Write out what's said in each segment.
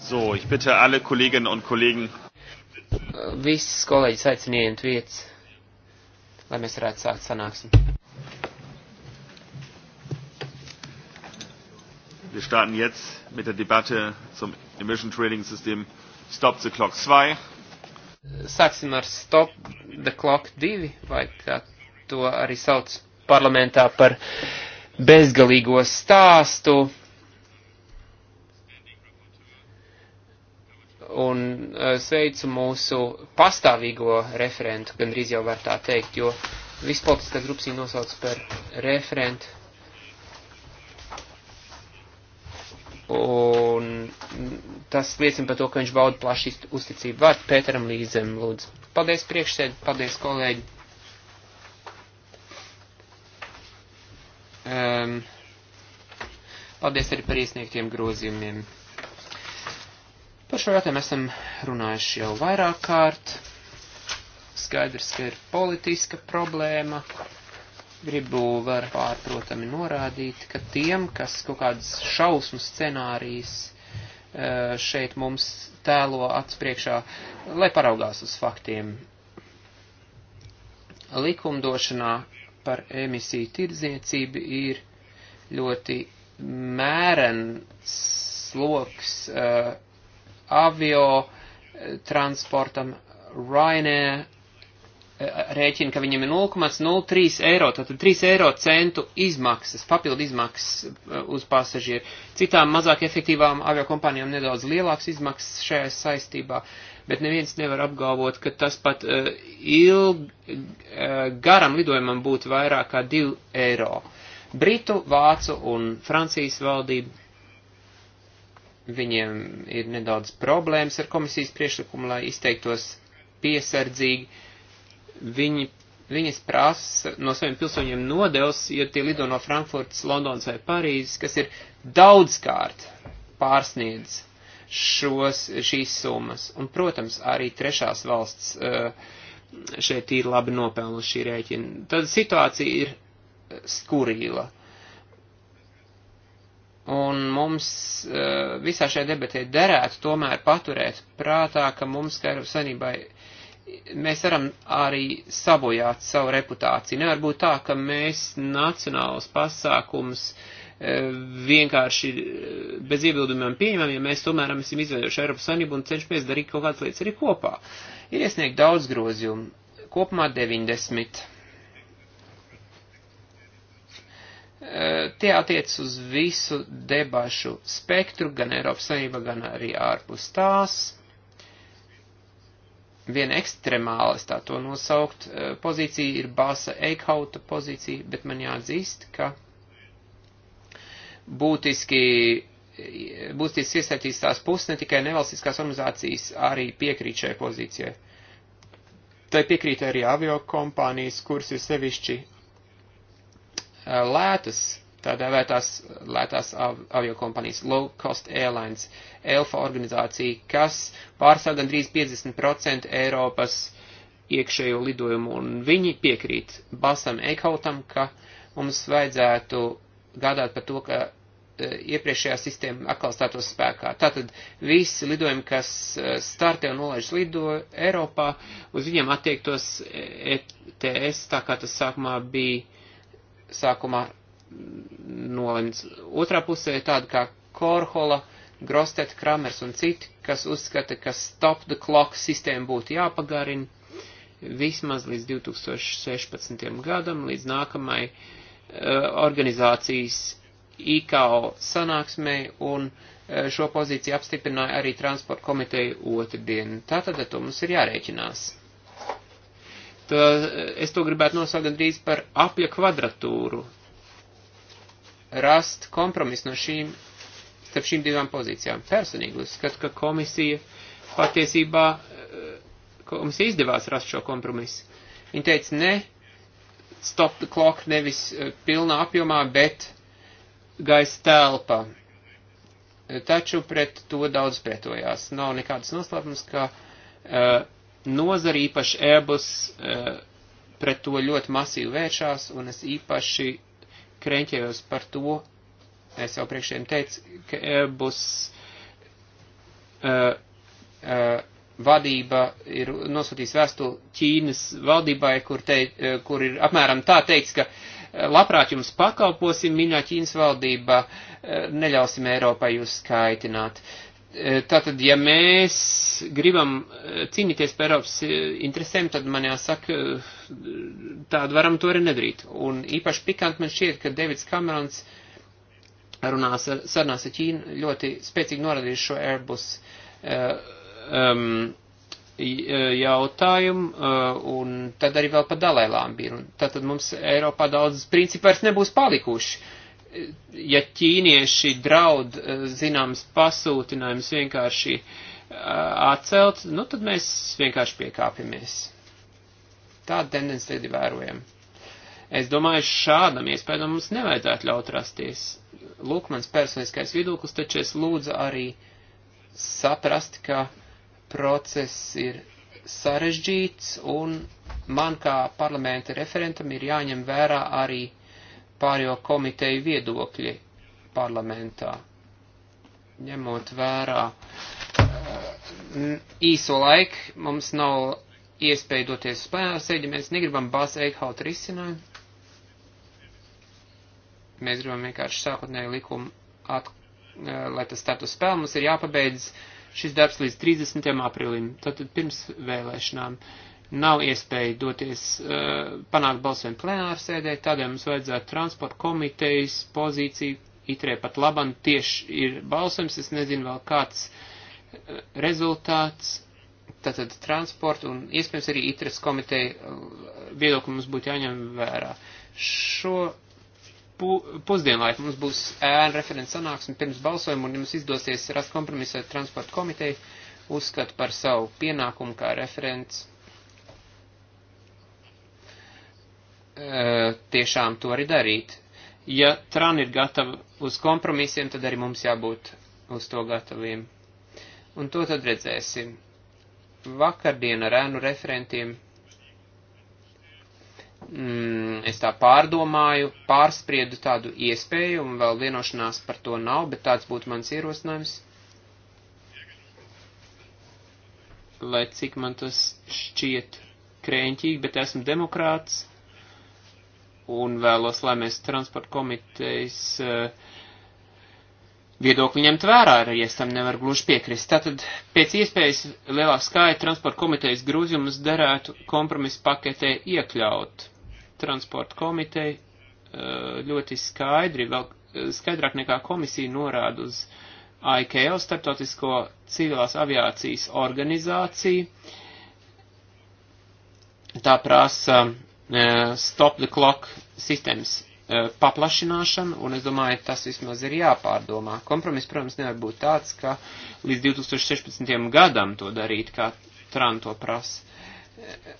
So, ich bitte alle Kolleginnen und Kollegen. Visus kolēģis aicinu ieņemt vietas, lai mēs varētu sākt sanāksmi. Wir starten jetzt mit der Debatte zum Emission Trading System Stop the Clock 2. Sāksim ar Stop the Clock 2, vai kā to arī sauc parlamentā par bezgalīgo stāstu un eh, sveicu mūsu pastāvīgo referentu, gandrīz jau var tā teikt, jo vispolitiskās grupas viņa nosauc par referentu. Un tas liecina par to, ka viņš bauda plašu uzticību. Vārds Pēteram Līdzem, lūdzu. Paldies priekšsēd, paldies kolēģi. Um, paldies arī par iesniegtiem grozījumiem. Par šo jautājumu esam runājuši jau vairāk kārt. Skaidrs, ka ir politiska problēma. Gribu var pārprotami norādīt, ka tiem, kas kaut kādas šausmu scenārijas e, šeit mums tēlo atspriekšā, lai paraugās uz faktiem. Likumdošanā par emisiju tirdzniecību ir ļoti mērens sloks uh, avio eh, transportam Ryanair eh, rēķina, ka viņam ir 0,03 eiro, tātad 3 eiro centu izmaksas, papildu izmaksas eh, uz pasažieru. Citām mazāk efektīvām aviokompānijām nedaudz lielāks izmaksas šajā saistībā, bet neviens nevar apgalvot, ka tas pat uh, ilg, uh, garam lidojumam būtu vairāk kā 2 eiro. Britu, Vācu un Francijas valdība Viņiem ir nedaudz problēmas ar komisijas priešlikumu, lai izteiktos piesardzīgi. Viņi, viņas prasa no saviem pilsoņiem nodevs, ja tie lido no Frankfurtas, Londonas vai Parīzes, kas ir daudzkārt pārsniedz šos, šīs summas. Un, protams, arī trešās valsts eh, šeit ir labi nopelnuši šī rēķina. Tad situācija ir skurīla. Un mums eh, visā šajā debatē derētu tomēr paturēt prātā, ka mums, kā Eiropas Savienībai, mēs varam arī sabojāt savu reputāciju. Nevar būt tā, ka mēs nacionālus pasākums eh, vienkārši eh, bez iebildumiem pieņemam, ja mēs tomēr esam izveidojuši Eiropas Savienību un cenšamies darīt kaut kādas lietas arī kopā. Ir iesniegt daudz grozījumu, kopumā 90 Eh, tie attiec uz visu debašu spektru, gan Eiropas Savienība, gan arī ārpus tās. Viena ekstremāla, es tā to nosaukt, eh, pozīcija ir Bāsa Eikhauta pozīcija, bet man jāatzīst, ka būtiski eh, būs iesaistīts tās puses, ne tikai nevalstiskās organizācijas arī piekrīt šai pozīcijai. Tai piekrīt arī avio kompānijas, kuras ir sevišķi Uh, lētas, tā dēvētās lētās av, aviokompanijas, low cost airlines, Elfa organizācija, kas pārstāv gandrīz 50% Eiropas iekšējo lidojumu, un viņi piekrīt Basam Eikhautam, ka mums vajadzētu gādāt par to, ka uh, iepriekšējā sistēma atkal stātos spēkā. Tātad visi lidojumi, kas uh, startē un nolaiž lido Eiropā, uz viņiem attiektos ETS, tā kā tas sākumā bija sākumā nolemts. Otrā pusē ir tāda kā Korhola, Grostet, Kramers un citi, kas uzskata, ka stop the clock sistēma būtu jāpagarina vismaz līdz 2016. gadam, līdz nākamai uh, organizācijas IKO sanāksmei un uh, šo pozīciju apstiprināja arī transporta komiteja otrdien. Tātad ar to mums ir jārēķinās tā, uh, es to gribētu nosaukt gandrīz par apļa kvadratūru. Rast kompromisu no šīm, starp šīm divām pozīcijām. Personīgi uzskatu, ka komisija patiesībā, uh, komisija izdevās rast šo kompromisu. Viņa teica, ne, stop the clock nevis uh, pilnā apjomā, bet gaisa telpa. Taču pret to daudz pretojās. Nav nekādas noslēpums, ka uh, Nozara īpaši ebus e, pret to ļoti masīvi vēršās, un es īpaši kreņķējos par to, es jau priekšējiem teicu, ka ebus uh, uh, vadība ir nosūtījis vēstuli Ķīnas valdībai, kur, te, uh, kur ir apmēram tā teikts, ka e, labprāt jums pakalposim, mīļā Ķīnas valdība, neļausim Eiropai jūs skaitināt. Uh, E, tātad, ja mēs gribam e, cīnīties par Eiropas e, interesēm, tad man jāsaka, tādu varam to arī nedarīt. Un īpaši pikanti man šķiet, ka Davids Kamerons runās, sarunās ar Ķīnu ļoti spēcīgi norādījis šo Airbus um, jautājumu, un tad arī vēl par Dalēlām bija. Tātad mums Eiropā daudz principu vairs nebūs palikuši. Uh, ja ķīnieši draud e, zināms pasūtinājums vienkārši e, atcelt, nu tad mēs vienkārši piekāpjamies. Tāda tendence tad ir vērojama. Es domāju, šādam iespējam mums nevajadzētu ļaut rasties. Lūk, mans personiskais viedoklis, taču es lūdzu arī saprast, ka process ir sarežģīts un man kā parlamenta referentam ir jāņem vērā arī pārējo komiteju viedokļi parlamentā, ņemot vērā eh, īso laiku mums nav iespēja doties uz plenāru sēdi, mēs negribam bas eikhaut risinājumu. Mēs gribam vienkārši sākotnēju likumu, at, eh, lai tas status spēl. Mums ir jāpabeidz šis darbs līdz 30. aprīlim, tātad pirms vēlēšanām. Uh, nav iespēja doties, uh, panākt balsojumu plenāru sēdē, tādēļ mums vajadzētu transporta komitejas pozīciju, itrē pat laban tieši ir balsojums, es nezinu vēl kāds uh, rezultāts, tātad transporta un iespējams arī itres komiteja eh, viedokli mums būtu jāņem vērā. Šo pu, pusdienlaiku mums būs ēna referents sanāksme pirms balsojuma un jums izdosies rast kompromisu ar transporta komiteju, uzskat par savu pienākumu kā referents Eh, tiešām to arī darīt. Ja Tran ir gatava uz kompromisiem, tad arī mums jābūt uz to gataviem. Un to tad redzēsim. Vakardien ar ēnu referentiem mm, es tā pārdomāju, pārspriedu tādu iespēju, un vēl vienošanās par to nav, bet tāds būtu mans ierosinājums. Lai cik man tas šķiet krēņķīgi, bet esmu demokrāts un vēlos, lai mēs transporta komitejas eh, viedokli ņemt vērā, arī es tam nevaru gluži piekrist. Tātad pēc iespējas lielā skaita transporta komitejas grūzījumus derētu kompromisu paketē iekļaut. Transporta komiteja eh, ļoti skaidri, vēl eh, skaidrāk nekā komisija norāda uz ICAO, Startautisko civilās aviācijas organizāciju. Tā prasa uh, Eh, stop the clock sistēmas eh, paplašināšanu, un es domāju, tas vismaz ir jāpārdomā. Kompromis, protams, nevar būt tāds, ka līdz 2016. gadam to darīt, kā Tran to prasa. Eh,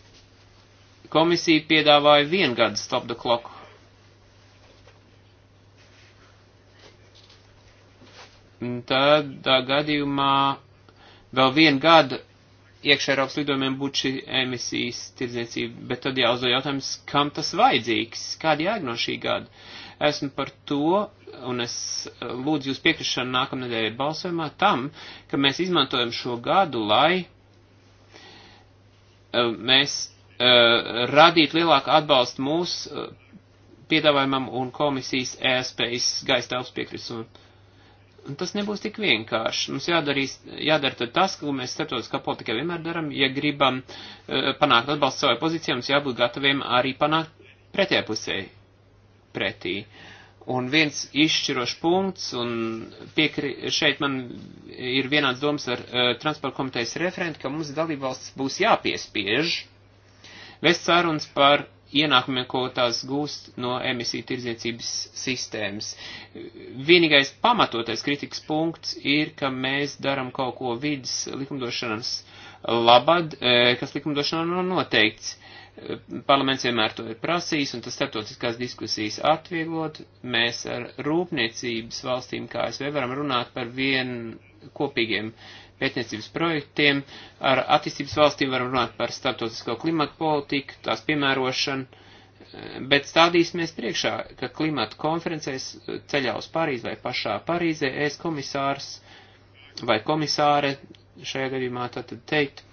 komisija piedāvāja vienu gadu stop the clock. Tad gadījumā vēl vienu gadu iekšā Eiropas lidojumiem būtu šī emisijas tirdzniecība, bet tad jāuzdo jautājums, kam tas vajadzīgs, kāda jēga no šī gada. Esmu par to, un es eh, lūdzu jūs piekrišanu nākamnedēļ balsojumā tam, ka mēs izmantojam šo gadu, lai eh, mēs eh, radītu lielāku atbalstu mūsu piedāvājumam un komisijas ESPS gaisa telpas piekrišanu tas nebūs tik vienkārši. Mums jādarīs, jādara tas, ko mēs starptautiskā politikā vienmēr daram. Ja gribam uh, panākt atbalstu savai pozīcijai, mums jābūt gataviem arī panākt pretējā pusē pretī. Un viens izšķirošs punkts, un piekri, šeit man ir vienāds domas ar uh, transporta komitejas referentu, ka mums dalībvalsts būs jāpiespiež vest sarunas par ienākumiem, ko tās gūst no emisiju tirdzniecības sistēmas. Vienīgais pamatotais kritikas punkts ir, ka mēs daram kaut ko vidas likumdošanas labad, e, kas likumdošanā nav noteikts. Parlaments vienmēr to ir prasījis, un tas starptautiskās diskusijas atvieglot. Mēs ar rūpniecības valstīm, kā es vēl varam runāt par vien kopīgiem uh, pētniecības projektiem. Ar attīstības valstīm varam runāt par starptautisko klimatu politiku, tās piemērošanu, eh, bet stādīsimies priekšā, ka klimatu konferencēs eh, ceļā uz Parīzi vai pašā Parīzē es komisārs vai komisāre šajā gadījumā tātad teikt,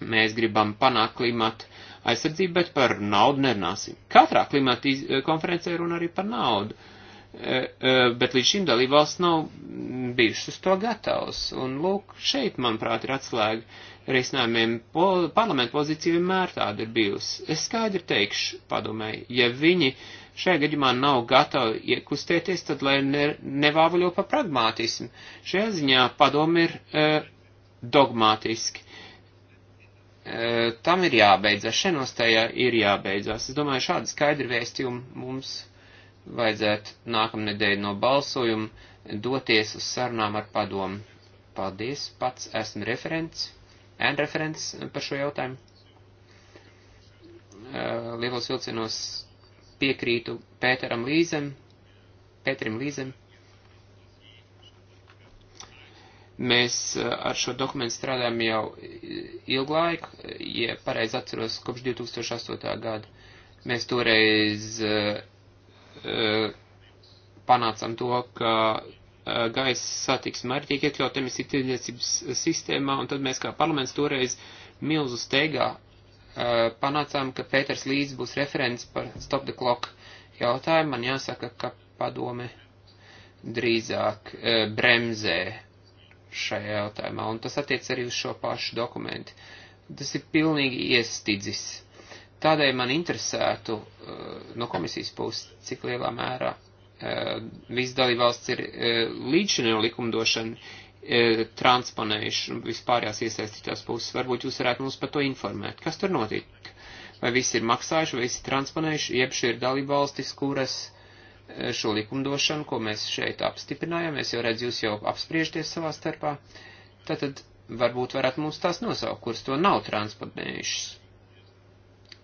mēs gribam panākt klimatu aizsardzību, bet par naudu nerunāsim. Katrā klimata konferencē runa arī par naudu. Uh, Eh, eh, bet līdz šim dalība valsts nav bijušas to gatavs. Un lūk, šeit, manuprāt, ir atslēga risinājumiem. Po, parlamenta pozīcija vienmēr tāda ir bijusi. Es skaidri teikšu padomēji, ja viņi šajā gadījumā nav gatavi iekustēties, tad lai ne, nevāvuļo pa pragmātismu. Šajā ziņā padomi ir e, dogmātiski. E, tam ir jābeidzas, šai nostājā ir jābeidzas. Es domāju, šādi skaidri vēstījumi mums vajadzētu nākamnedēļ no balsojuma doties uz sarunām ar padomu. Paldies, pats esmu referents, and referents par šo jautājumu. Lielos vilcienos piekrītu Pēteram Līzem, Pēterim Līzem. Mēs ar šo dokumentu strādājam jau ilgu laiku, ja pareizi atceros, kopš 2008. gada. Mēs toreiz Eh, panācām to, ka eh, gaisa satiksme arī tiek iekļaut emisiju tirdzniecības sistēmā, un tad mēs kā parlaments toreiz milzu steigā eh, panācām, ka Pēters Līdz būs referents par stop the clock jautājumu. Man jāsaka, ka padome drīzāk bremzē šajā jautājumā, un tas attiec arī uz šo pašu dokumentu. Tas ir pilnīgi iestidzis Tādēļ man interesētu eh, no komisijas puses, cik lielā mērā eh, visas dalībvalsts ir eh, līdzšinējo likumdošanu transponējuši un vispārējās iesaistītās puses. Varbūt jūs varētu mums par to informēt. Kas tur notiek? Vai visi ir maksājuši, vai visi transponējuši, jeb šie ir dalībvalstis, kuras šo likumdošanu, ko mēs šeit apstiprinājām, es jau redzu, jūs jau apspriežties savā starpā. Tātad varbūt varat mums tās nosaukt, kuras to nav transponējušas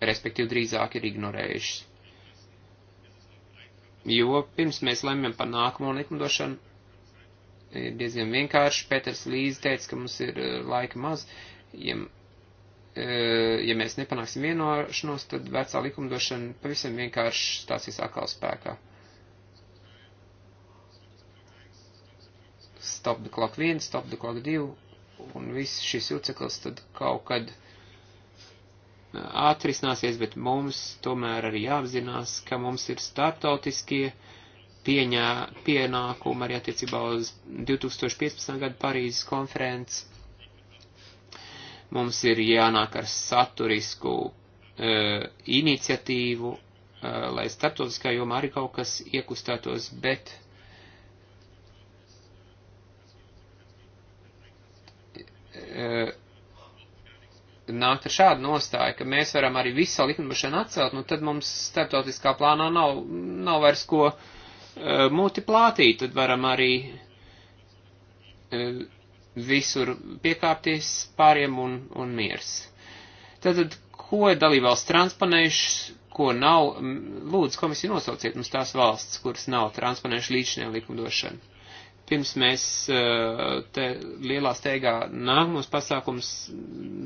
respektīvi drīzāk ir ignorējušas. Jo pirms mēs lemjam par nākamo likumdošanu, ir diezgan vienkārši. Pēters Līze teica, ka mums ir eh, laika maz. Ja, eh, ja mēs nepanāksim vienošanos, tad vecā likumdošana pavisam vienkārši stāsies atkal spēkā. Stop the clock 1, stop the clock 2, un viss šis jūceklis tad kaut kad uh, atrisināsies, bet mums tomēr arī jāapzinās, ka mums ir startautiskie pieņā, pienākumi arī attiecībā uz 2015. gadu Parīzes konferenci. Mums ir jānāk ar saturisku e, iniciatīvu, e, lai starptautiskā jomā arī kaut kas iekustētos, bet e, nākt ar šādu nostāju, ka mēs varam arī visu savu likumdošanu atcelt, nu tad mums starptautiskā plānā nav, nav vairs ko uh, multiplātīt, tad varam arī uh, visur piekāpties pāriem un, un miers. Tātad, ko ir dalībvalsts transponējuši, ko nav, lūdzu komisija nosauciet mums tās valsts, kuras nav transponējuši līdz šiem likumdošanu pirms mēs eh, te lielā steigā nākamos pasākums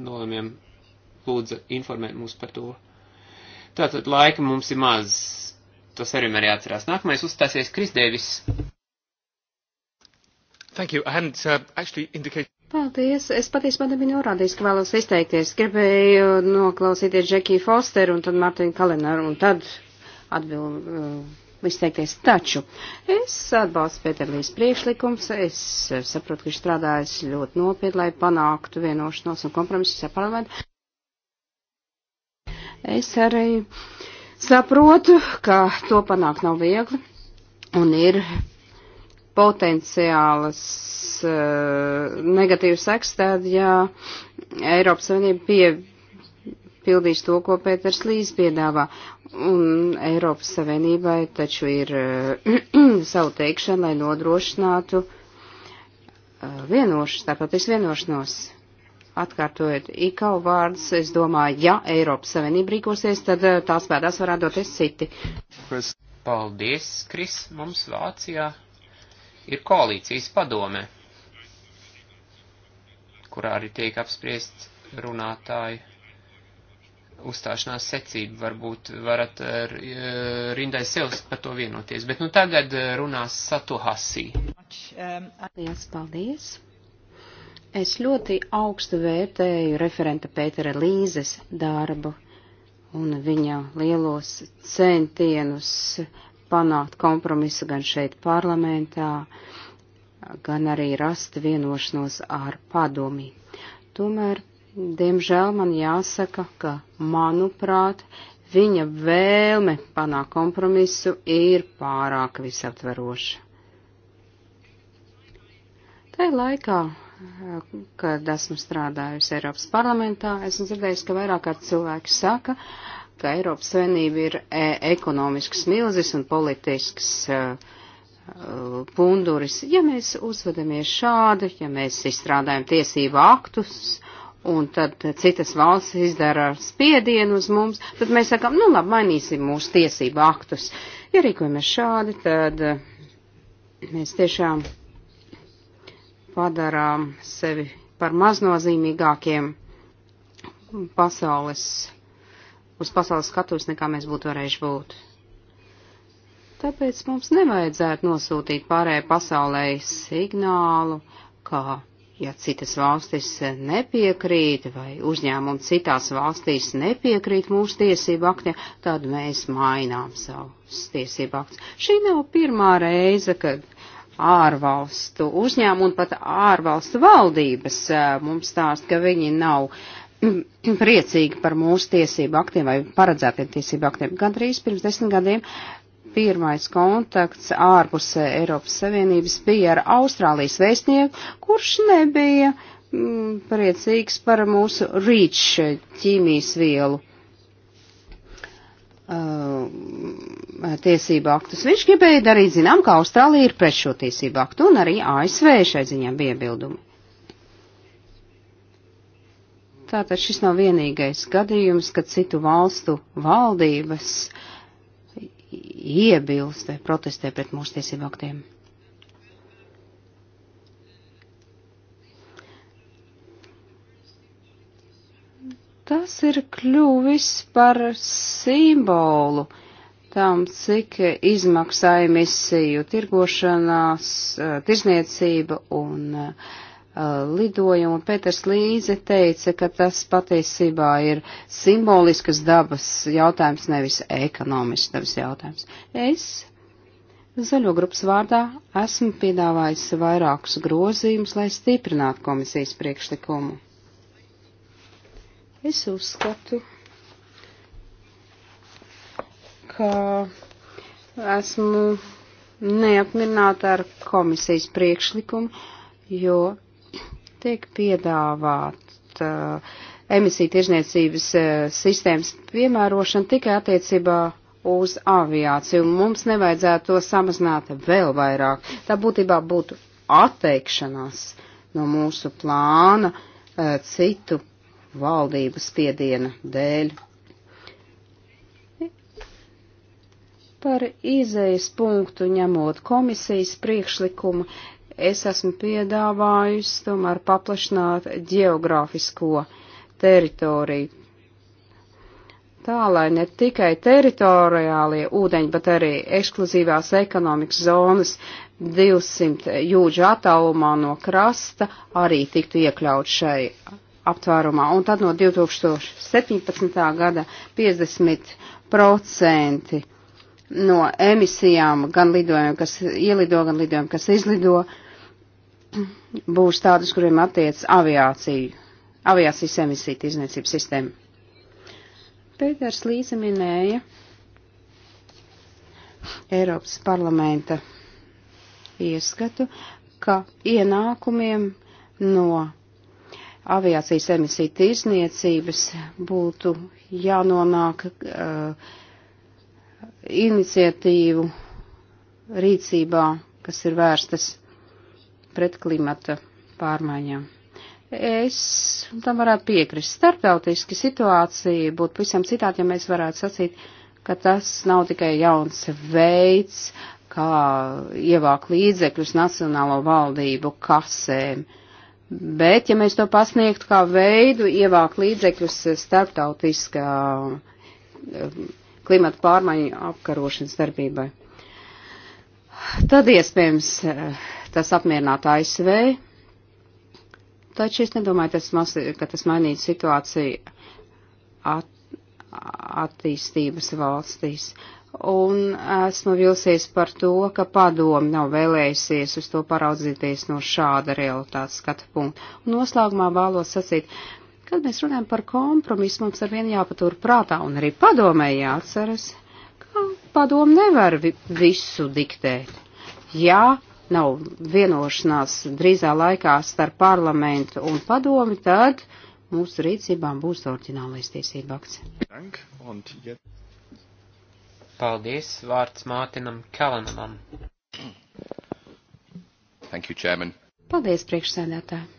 nolēmiem lūdza informēt mūs par to. Tātad laika mums ir maz. Tas arī man jāatcerās. Nākamais uzstāsies Kris Devis. Thank you. I hadn't uh, actually indicated. Paldies! Es patiesībā nebiju norādījis, ka vēlos izteikties. Gribēju noklausīties Džekiju Fosteru un tad Martinu Kalinaru un tad atbildu. Uh, izteikties. Taču es atbalstu Pēterlīs priekšlikums, es eh, saprotu, ka viņš strādājas ļoti nopietni, lai panāktu vienošanos un kompromisus ar parlamentu. Es arī saprotu, ka to panākt nav viegli un ir potenciālas uh, negatīvas seks, tad, ja Eiropas Savienība pie pildīs to, ko Pēters Līs piedāvā. Un Eiropas Savienībai taču ir eh, savu teikšanu, lai nodrošinātu eh, vienošas, tāpat es vienošanos. Atkārtojot ikau vārdus, es domāju, ja Eiropas Savienība rīkosies, tad eh, tās pēdās varētu doties citi. Paldies, Kris, mums Vācijā ir koalīcijas padome, kurā arī tiek apspriest runātāji uzstāšanās secību, varbūt varat eh, eh, rindai sev par to vienoties. Bet nu tagad eh, runās Satu Hasī. Liels paldies! Es ļoti augstu vērtēju referenta Pētera Līzes darbu un viņa lielos centienus panākt kompromisu gan šeit parlamentā, gan arī rast vienošanos ar padomi. Tomēr Diemžēl man jāsaka, ka, manuprāt, viņa vēlme panākt kompromisu ir pārāk visaptveroša. Tā ir laikā, kad esmu strādājusi Eiropas parlamentā, esmu dzirdējusi, ka vairāk kārt cilvēki saka, ka Eiropas Savienība ir e ekonomisks milzis un politisks uh, punduris. Ja mēs uzvedamies šādi, ja mēs izstrādājam tiesību aktus, un tad citas valsts izdara spiedienu uz mums, tad mēs sakam, nu labi, mainīsim mūsu tiesību aktus. Ja rīkojamies šādi, tad eh, mēs tiešām padarām sevi par maznozīmīgākiem pasaules, uz pasaules skatus, nekā mēs būtu varējuši būt. Tāpēc mums nevajadzētu nosūtīt pārējai pasaulē signālu, ka ja citas valstis nepiekrīt vai uzņēmumi citās valstīs nepiekrīt mūsu tiesību aktiem, tad mēs mainām savus tiesību aktus. Šī nav pirmā reize, kad ārvalstu uzņēmumi un pat ārvalstu valdības eh, mums stāst, ka viņi nav priecīgi par mūsu tiesību aktiem vai paredzētiem tiesību aktiem. Gan drīz pirms desmit gadiem pirmais kontakts ārpusē Eiropas Savienības bija ar Austrālijas vēstnieku, kurš nebija m, mm, priecīgs par mūsu rīču ķīmijas vielu uh, tiesību aktus. Viņš gribēja darīt zinām, ka Austrālija ir pret šo tiesību aktu, un arī ASV šai ziņā bija iebildumi. Tātad šis nav vienīgais gadījums, kad citu valstu valdības uh, iebilst vai protestē pret mūsu tiesību aktiem. Tas ir kļuvis par simbolu tam, cik izmaksā emisiju tirgošanās, eh, tirzniecība un uh, Uh, lidojumu. Pēters Līze teica, ka tas patiesībā ir simboliskas dabas jautājums, nevis ekonomisks dabas jautājums. Es Zaļo grupas vārdā esmu piedāvājis vairākus grozījumus, lai stiprinātu komisijas priekšlikumu. Es uzskatu, ka esmu neapmierināta ar komisijas priekšlikumu, jo tiek piedāvāt uh, emisiju tirzniecības uh, sistēmas piemērošana tikai attiecībā uz aviāciju. Mums nevajadzētu to samazināt vēl vairāk. Tā būtībā būtu atteikšanās no mūsu plāna uh, citu valdību spiediena dēļ. Par izējas punktu ņemot komisijas priekšlikumu, es esmu piedāvājusi tomēr paplašināt geogrāfisko teritoriju. Tā, lai ne tikai teritoriālie ūdeņi, bet arī ekskluzīvās ekonomikas zonas 200 jūdžu attālumā no krasta arī tiktu iekļaut šai aptvērumā. Un tad no 2017. gada 50% no emisijām, gan lidojumiem, kas ielido, gan lidojumiem, kas izlido, uh, būs tādas, kuriem attiec aviāciju, aviācijas emisiju izniecības sistēma. Pēters Līze minēja Eiropas parlamenta ieskatu, ka ienākumiem no aviācijas emisiju tirzniecības būtu jānonāk uh, iniciatīvu rīcībā, kas ir vērstas pret klimata pārmaiņām. Es tam varētu piekrist. Startautiski situācija būtu pavisam citādi, ja mēs varētu sacīt, ka tas nav tikai jauns veids, kā ievāk līdzekļus Nacionālo valdību kasēm. Bet, ja mēs to pasniegtu kā veidu ievāk līdzekļus starptautiskā um, klimata pārmaiņu apkarošanas darbībai, tad iespējams uh, tas apmierinātu ASV, taču es nedomāju, tas mas, ka tas mainītu situāciju at, attīstības valstīs. Un esmu vilsies par to, ka padomi nav vēlējusies uz to paraudzīties no šāda realitātes skatu punkta. Un noslēgumā vēlos sacīt, kad mēs runājam par kompromisu, mums ar vienu jāpatur prātā un arī padomēji jāatceras, ka padomi nevar vi visu diktēt. Jā, nav vienošanās drīzā laikā starp parlamentu un padomi, tad mūsu rīcībām būs orģinālais tiesība akts. Paldies, vārds Mātinam Kalanamam. Thank you, Chairman. Paldies, priekšsēdētāji.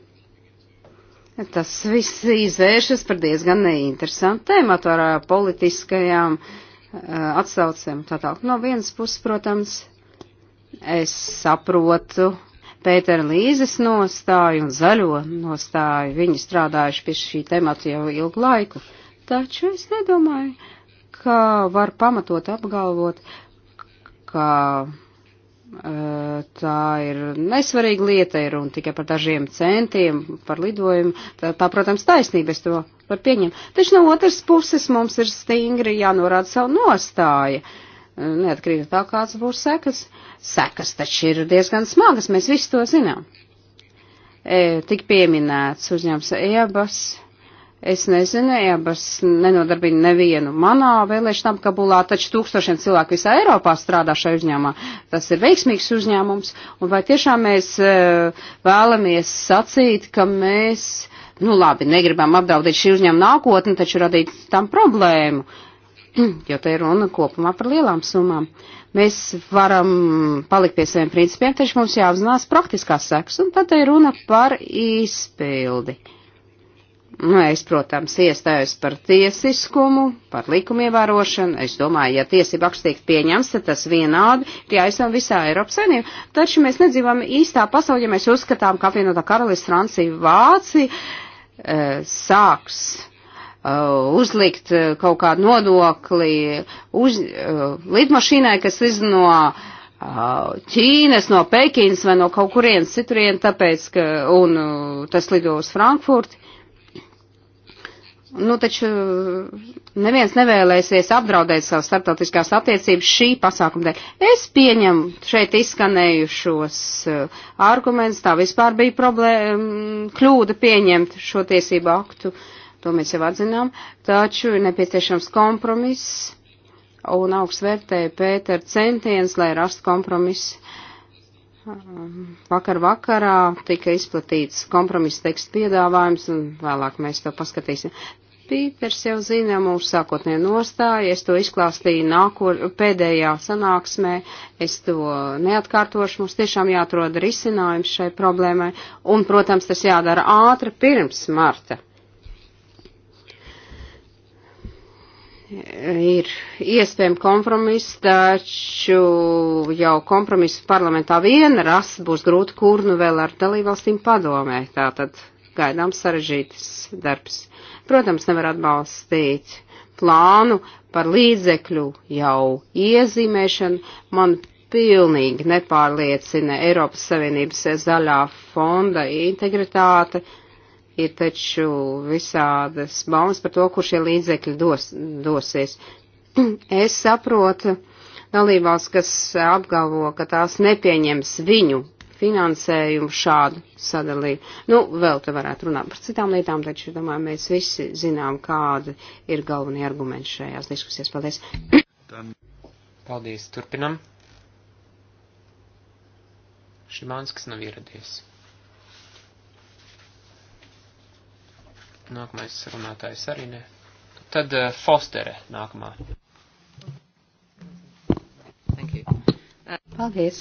Tas viss izvēršas par diezgan neinteresantu tēmatu ar politiskajām uh, atsaucēm. Tātad no vienas puses, protams, Es saprotu Pētera Līzes nostāju un zaļo nostāju. Viņi strādājuši pie šī temata jau ilgu laiku. Taču es nedomāju, ka var pamatot apgalvot, ka e, tā ir nesvarīga lieta ir un tikai par dažiem centiem par lidojumu. Tā, tā protams, taisnība es to var pieņemt. Taču no otras puses mums ir stingri jānorāda savu nostāju. Uh, neatkarīgi no tā, kāds būs sekas. Sekas taču ir diezgan smagas, mēs visi to zinām. E, tik pieminēts uzņēmums Ebas. Es nezinu, Ebas nenodarbina nevienu manā vēlēšanām kabulā, taču tūkstošiem cilvēku visā Eiropā strādā šajā uzņēmumā. Tas ir veiksmīgs uzņēmums, un vai tiešām mēs e, vēlamies sacīt, ka mēs, nu labi, negribam apdraudēt šī uzņēmuma nākotni, taču radīt tam problēmu. Uh, jo te ir runa kopumā par lielām summām. Mēs varam palikt pie saviem principiem, taču mums jāapzinās praktiskās sekas, un tad te ir runa par izpildi. Nu, es, protams, iestājos par tiesiskumu, par likumu ievērošanu. Es domāju, ja tiesība akts tiek pieņems, tad tas vienādi ir jāizsam visā Eiropas saimnībā. Taču mēs nedzīvām īstā pasaulē, ja mēs uzskatām, ka apvienotā karalists Francija Vācija e, sāks Uh, uzlikt uh, kaut kādu nodokli uz, uh, lidmašīnai, kas iz no Ķīnas, no Pekinas vai no kaut kurienes citurien, tāpēc, ka un, tas lido uz Frankfurti. Nu, taču neviens nevēlēsies apdraudēt savas starptautiskās attiecības šī pasākuma dēļ. Es pieņemu šeit izskanējušos argumentus, tā vispār bija problēma, mm, kļūda pieņemt šo tiesību aktu. Uh, to mēs jau atzinām, taču ir nepieciešams kompromiss un augstvērtēja Pēter centiens, lai rastu kompromisu. Um, vakar vakarā tika izplatīts kompromisa teksta piedāvājums, un vēlāk mēs to paskatīsim. Pīters jau zina mūsu sākotnējo nostāju, es to izklāstīju nākot, pēdējā sanāksmē, es to neatkārtošu, mums tiešām jāatrod risinājums šai problēmai, un, protams, tas jādara ātri pirms marta. ir iespējami kompromiss, taču jau kompromisu parlamentā viena rast būs grūti, kur nu vēl ar dalībvalstīm padomē. Tātad gaidām sarežģītas darbs. Protams, nevar atbalstīt plānu par līdzekļu jau iezīmēšanu. Man pilnīgi nepārliecina Eiropas Savienības zaļā fonda integritāte. Uh, ir taču visādas baumas par to, kur šie līdzekļi dos, dosies. Es saprotu dalībās, kas apgalvo, ka tās nepieņems viņu finansējumu šādu sadalīju. Nu, vēl te varētu runāt par citām lietām, taču, domāju, mēs visi zinām, kāda ir galvenie argumenti šajās diskusijās. Paldies! Paldies, turpinam! Šimāns, kas nav ieradies. Nākamais runātājs arī ne. Tad uh, Fostere nākamā. Paldies.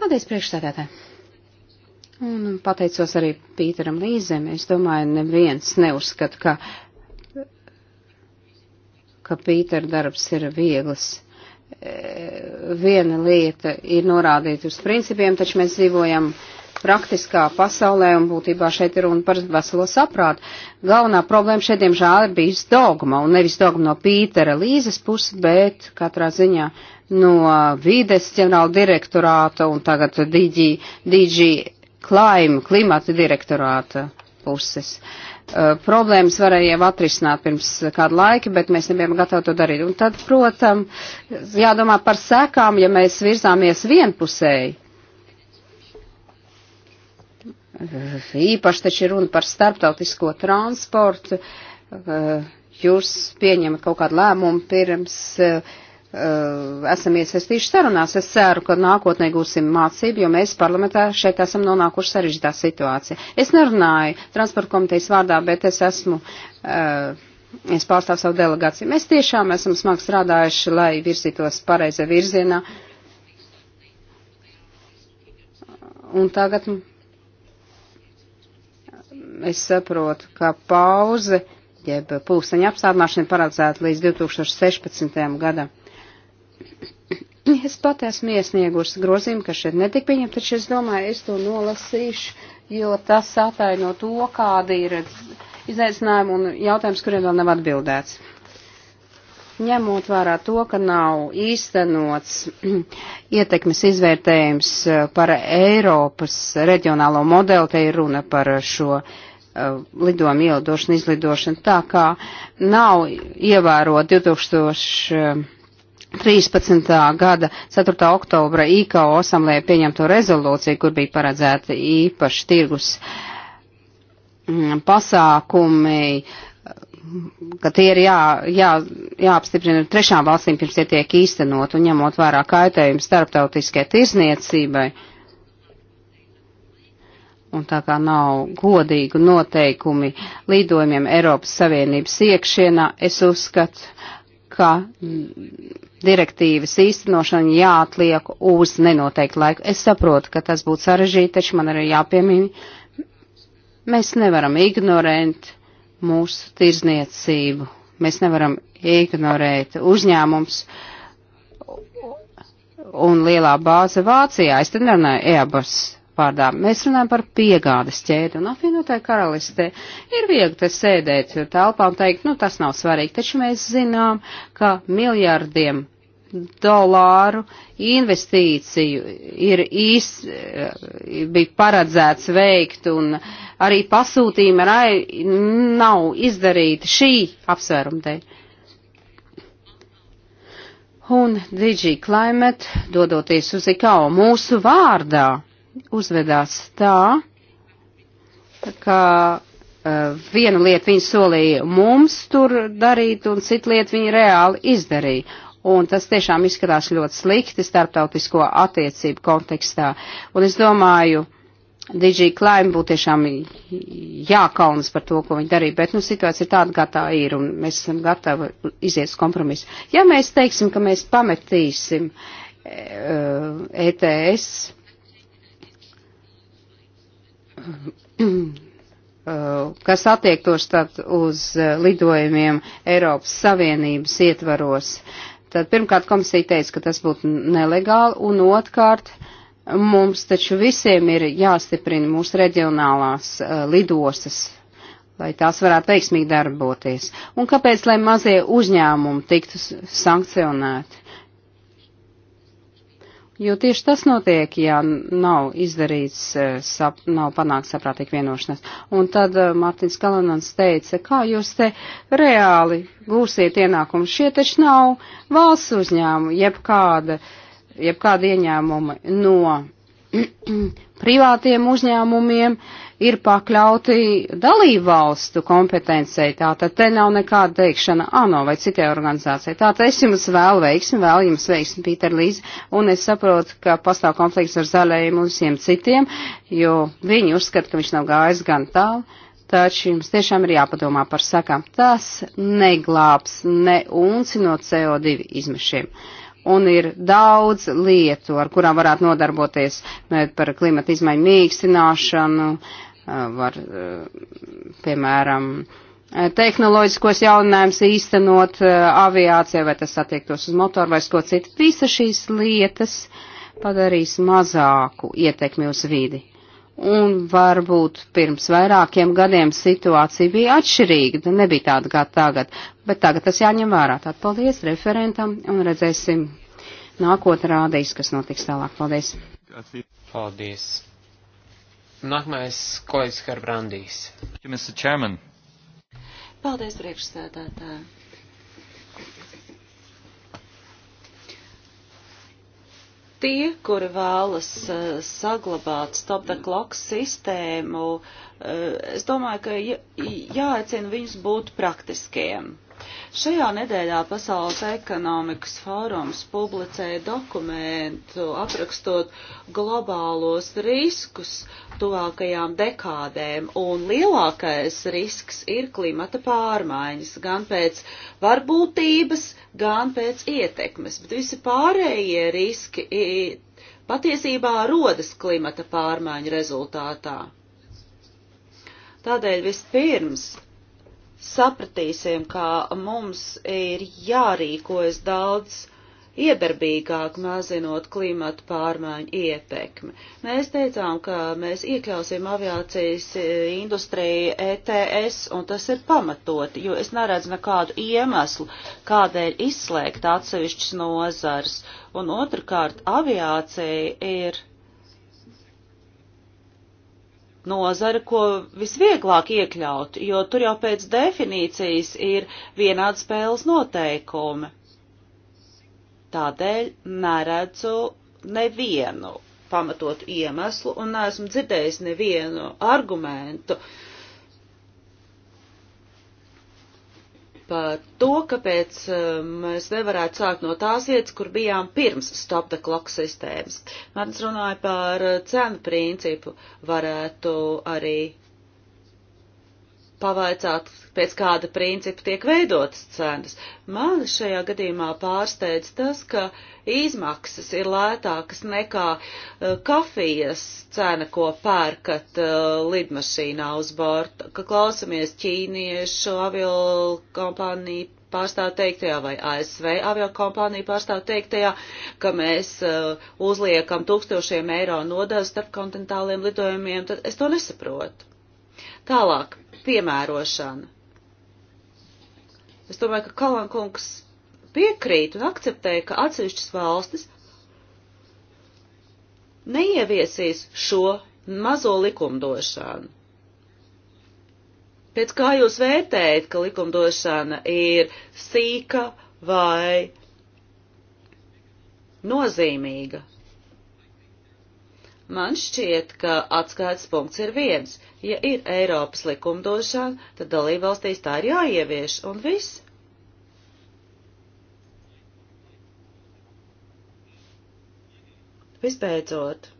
Paldies priekšstādātāji. Un pateicos arī Pīteram Līzēm. Es domāju, neviens neuzskata, ka, ka Pītera darbs ir viegls. E, viena lieta ir norādīt uz principiem, taču mēs dzīvojam uh, praktiskā pasaulē, un būtībā šeit ir runa par veselo saprātu. Galvenā problēma šeit, diemžēl, ir bijis dogma, un nevis dogma no Pītera Līzes puses, bet katrā ziņā no vides ģenerāla direktorāta un tagad DG, DG Klaim, klimata direktorāta puses. Uh, problēmas varēja jau atrisināt pirms kādu laiku, bet mēs nebijām gatavi to darīt. Un tad, protams, jādomā par sekām, ja mēs virzāmies vienpusēji Īpaši taču ir runa par starptautisko transportu. Jūs pieņemat kaut kādu lēmumu pirms esam iesaistījuši sarunās. Es ceru, ka nākotnē gūsim mācību, jo mēs parlamentā šeit esam nonākuši sarežģītā situācija. Es nerunāju transporta komitejas vārdā, bet es esmu, es pārstāvu savu delegāciju. Mēs tiešām esam smagi strādājuši, lai virzītos pareizā virzienā. Un tagad es saprotu, ka pauze, jeb pulksteņa apstādināšana paredzēta līdz 2016. gadam. Es pat esmu iesniegusi grozījumu, kas šeit netika pieņemta, taču es domāju, es to nolasīšu, jo tas ataino to, kāda ir izaicinājuma un jautājums, kuriem vēl nav atbildēts ņemot vērā to, ka nav īstenots ietekmes izvērtējums par Eiropas reģionālo modeli, te ir runa par šo Uh, lidojumu ielidošana, izlidošana, tā kā nav ievērot 2013. gada 4. oktobra IKO asamblēja pieņemto rezolūciju, kur bija paredzēta īpaši tirgus mm, pasākumi, ka tie ir jā, jā, jāapstiprina trešām valstīm pirms tie tiek īstenot un ņemot vērā kaitējumu starptautiskai tirzniecībai. Uh, Un tā kā nav godīgu noteikumi lidojumiem Eiropas Savienības iekšienā, es uzskatu, ka direktīvas īstenošana jāatliek uz nenoteiktu laiku. Es saprotu, ka tas būtu sarežģīti, taču man arī jāpiemīna, mēs nevaram ignorēt mūsu tirzniecību. Mēs nevaram ignorēt uzņēmums un lielā bāze Vācijā. Es te nerunāju EABAS vārdā. Mēs runājam par piegādes ķēdi, un apvienotāji karalistē ir viegli te sēdēt telpā un teikt, nu tas nav svarīgi, taču mēs zinām, ka miljardiem dolāru investīciju ir īs, eh, bija paredzēts veikt, un arī pasūtījumi arī nav izdarīti šī apsvēruma dēļ. Un DG Climate, dodoties uz IKO mūsu vārdā, uzvedās tā, ka eh, viena lieta viņi solīja mums tur darīt, un cita lieta viņi reāli izdarīja. Un tas tiešām izskatās ļoti slikti starptautisko attiecību kontekstā. Un es domāju, DJ Klaim būtu tiešām jākaunas par to, ko viņi darīja, bet nu, situācija ir tāda, kā tā ir, un mēs esam gatavi iziet uz kompromisu. Ja mēs teiksim, ka mēs pametīsim ETS, eh, e kas attiektos tad uz eh, lidojumiem Eiropas Savienības ietvaros. Tad pirmkārt komisija teica, ka tas būtu nelegāli, un otrkārt mums taču visiem ir jāstiprina mūsu reģionālās uh, lidostas, lai tās varētu veiksmīgi darboties. Un kāpēc, lai mazie uzņēmumi tiktu sankcionēti? Jo tieši tas notiek, ja nav izdarīts, eh, sap, nav panākts saprātīgi vienošanās. Un tad eh, Mārtiņš Kalanans teica, kā jūs te reāli gūsiet ienākumu. Šie taču nav valsts uzņēmumi, jebkāda, jebkāda ieņēmuma no privātiem uzņēmumiem ir pakļauti dalībvalstu kompetencei. Tātad te nav nekāda teikšana ANO ah, vai citai organizācijai. Tātad es jums vēlu veiksmi, vēlu jums veiksmi, Pīter Līz, un es saprotu, ka pastāv konflikts ar zaļajiem un visiem citiem, jo viņi uzskata, ka viņš nav gājis gan tālu. Taču jums tiešām ir jāpadomā par sakām. Tas neglābs ne unci no CO2 izmešiem. Uh, un ir daudz lietu, ar kurām varētu nodarboties nu, par klimata izmaiņu mīkstināšanu, var, piemēram, tehnoloģiskos jauninājumus īstenot aviācijā, vai tas attiektos uz motoru vai ko citu. Visas šīs lietas padarīs mazāku ietekmi uz vidi. Un varbūt pirms vairākiem gadiem situācija bija atšķirīga, nebija tāda kā tagad, bet tagad tas jāņem vērā. Tātad paldies referentam un redzēsim, nākotnē rādīs, kas notiks tālāk. Paldies! Paldies! Nākamais kolēģis Herbrandīs. Paldies, priekšsēdētāji! tie, kuri vēlas eh, saglabāt stop the clock sistēmu, eh, es domāju, ka jāaicina viņus būt praktiskiem. Šajā nedēļā Pasaules ekonomikas fórums publicēja dokumentu aprakstot globālos riskus tuvākajām dekādēm, un lielākais risks ir klimata pārmaiņas, gan pēc varbūtības, gan pēc ietekmes, bet visi pārējie riski patiesībā rodas klimata pārmaiņu rezultātā. Tādēļ vispirms sapratīsim, ka mums ir jārīkojas daudz iedarbīgāk mazinot klimatu pārmaiņu ietekmi. Mēs teicām, ka mēs iekļausim aviācijas e, industriju ETS, un tas ir pamatoti, jo es neredzu nekādu iemeslu, kādēļ izslēgt atsevišķas nozars. Un otrkārt, aviācija ir nozara, ko visvieglāk iekļaut, jo tur jau pēc definīcijas ir vienādi spēles noteikumi. Tādēļ neredzu nevienu pamatotu iemeslu un neesmu dzirdējis nevienu argumentu, uh, par to, kāpēc um, mēs nevarētu sākt no tās vietas, kur bijām pirms stop the clock sistēmas. Mans runāja par uh, cenu principu, varētu arī pavaicāt, pēc kāda principa tiek veidotas cenas. Mani šajā gadījumā pārsteidz tas, ka izmaksas ir lētākas nekā uh, kafijas cena, ko pērkat uh, lidmašīnā uz borta, ka klausamies ķīniešu aviokompāniju pārstāv teiktajā vai ASV aviokompānija pārstāv teiktajā, ka mēs uh, uzliekam tūkstošiem eiro nodevu starpkontinentāliem lidojumiem, tad es to nesaprotu. Tālāk, piemērošana. Es domāju, ka Kalankungs piekrīt un akceptē, ka atsevišķas valstis neieviesīs šo mazo likumdošanu. Pēc kā jūs vērtējat, ka likumdošana ir sīka vai nozīmīga? Man šķiet, ka atskaites punkts ir viens. Ja ir Eiropas likumdošana, tad dalībvalstīs tā ir jāievieš, un viss. Visbeidzot.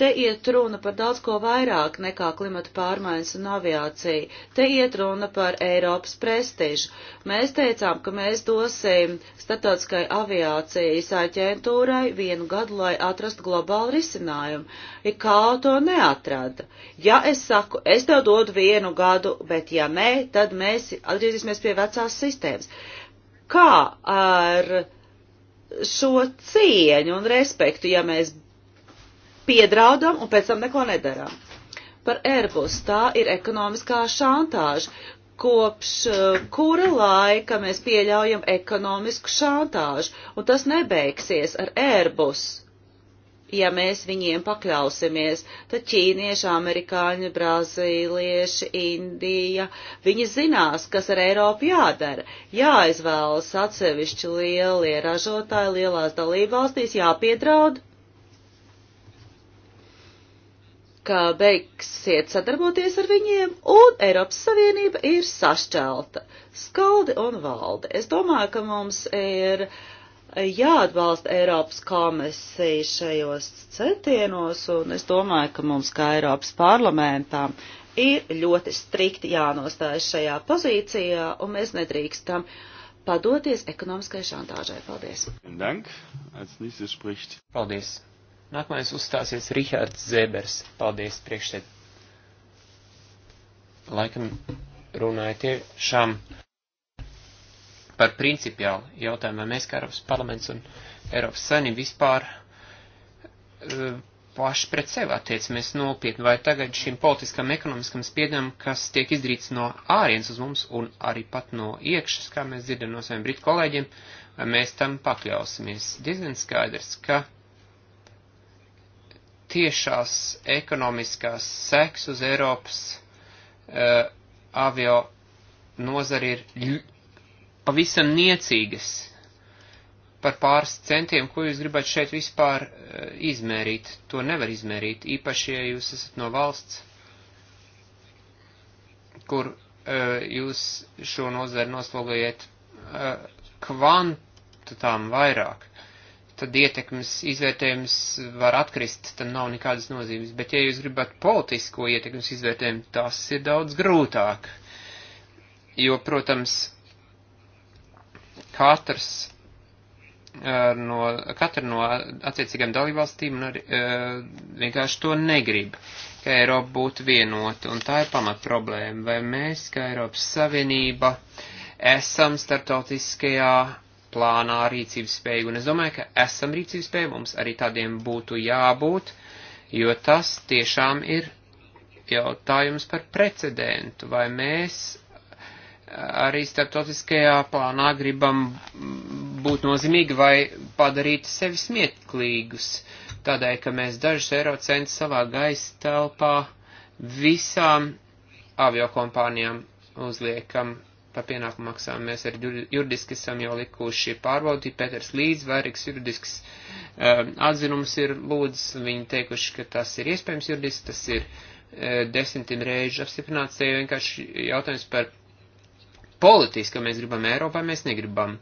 Te iet runa par daudz ko vairāk nekā klimata pārmaiņas un aviācija. Te iet runa par Eiropas prestižu. Mēs teicām, ka mēs dosim Statotiskai aviācijas aģentūrai vienu gadu, lai atrastu globālu risinājumu. IKAO to neatrada. Ja es saku, es tev dodu vienu gadu, bet ja nē, tad mēs atgriezīsimies pie vecās sistēmas. Kā ar šo cieņu un respektu, ja mēs piedraudam un pēc tam neko nedaram. Par Airbus tā ir ekonomiskā šantāža. Kopš eh, kura laika mēs pieļaujam ekonomisku šantāžu, un tas nebeigsies ar Airbus. Ja mēs viņiem pakļausimies, tad ķīnieši, amerikāņi, brazīlieši, Indija, viņi zinās, kas ar Eiropu jādara. Jāizvēlas atsevišķi lielie ražotāji lielās dalībvalstīs, jāpiedraud ka beigsiet sadarboties ar viņiem, un Eiropas Savienība ir sašķelta. Skaldi un valde. Es domāju, ka mums ir jāatbalsta Eiropas komisija šajos centienos, un es domāju, ka mums kā Eiropas parlamentām ir ļoti strikti jānostājas šajā pozīcijā, un mēs nedrīkstam padoties ekonomiskai šantāžai. Paldies! Paldies! Nākamais uzstāsies Rihards Zēbers. Paldies, priekšsēd. Laikam runāja tiešām par principiālu jautājumu, vai mēs kā Eiropas parlaments un Eiropas sani vispār e, paši pret sevi attiecamies nopietni, vai tagad šim politiskam ekonomiskam spiedam, kas tiek izdarīts no ārienes uz mums un arī pat no iekšas, kā mēs dzirdam no saviem britu kolēģiem, vai mēs tam pakļausimies. Diezgan skaidrs, ka tiešās ekonomiskās seks uz Eiropas uh, avio nozari ir pavisam niecīgas par pāris centiem, ko jūs gribat šeit vispār uh, izmērīt. To nevar izmērīt, īpaši, ja jūs esat no valsts, kur uh, jūs šo nozari noslogojat uh, kvantitām vairāk tad ietekmes izvērtējums var atkrist, tam nav nekādas nozīmes. Bet ja jūs gribat politisko ietekmes izvērtējumu, tas ir daudz grūtāk. Jo, protams, katrs eh, no, katra no attiecīgām dalībvalstīm un arī, eh, vienkārši to negrib, ka Eiropa būtu vienota, un tā ir pamat problēma, vai mēs, kā Eiropas Savienība, esam starptautiskajā plānā rīcības spēju, un es domāju, ka esam rīcības spēju, mums arī tādiem būtu jābūt, jo tas tiešām ir jautājums par precedentu, vai mēs arī starptautiskajā plānā gribam būt nozīmīgi vai padarīt sevi smieklīgus, tādēļ, ka mēs dažus eiro centus savā gaisa telpā visām aviokompānijām uzliekam par pienākumu maksājumu. Mēs arī juridiski esam jau likuši pārbaudīt. Pēters Līdz vairīgs juridisks um, atzinums ir lūdzis. Viņi teikuši, ka tas ir iespējams juridiski, tas ir uh, desmitim reižu apstiprināts. Te jau vienkārši jautājums par politiski, ka mēs gribam Eiropu vai mēs negribam.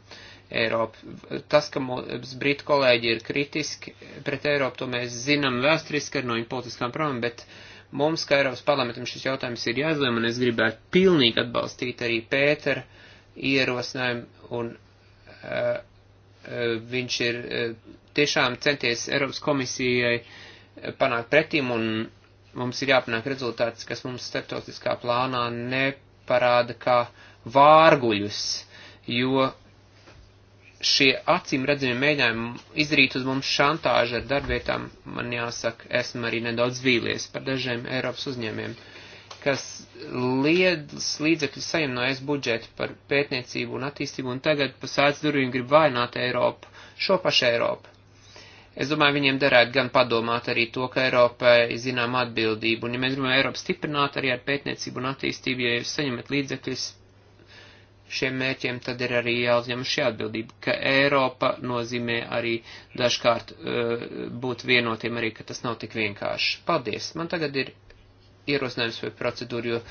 Eiropu. Tas, ka mums britu kolēģi ir kritiski pret Eiropu, to mēs zinām vēsturiski ar no viņu politiskām problēmām, bet uh, Mums, kā Eiropas parlamentam, šis jautājums ir jāizlēma, un es gribētu pilnīgi atbalstīt arī Pētera ierosinājumu, un uh, uh, viņš ir uh, tiešām centies Eiropas komisijai panākt pretim, un mums ir jāpanāk rezultāts, kas mums starptautiskā plānā neparāda kā vārguļus, jo šie acīm redzami mēģinājumi izdarīt uz mums šantāžu ar darbvietām, man jāsaka, esmu arī nedaudz vīlies par dažiem Eiropas uzņēmiem, kas liedz līdzekļu saņem no es budžeta par pētniecību un attīstību, un tagad pa sēdz durvīm grib vainot Eiropu, šo pašu Eiropu. Es domāju, viņiem derētu gan padomāt arī to, ka Eiropai zinām atbildību, un ja mēs gribam Eiropu stiprināt arī ar pētniecību un attīstību, ja jūs saņemat līdzekļus šiem mērķiem, tad ir arī jāuzņem šī atbildība, ka Eiropa nozīmē arī dažkārt uh, būt vienotiem arī, ka tas nav tik vienkārši. Paldies! Man tagad ir ierosinājums vai procedūra, jo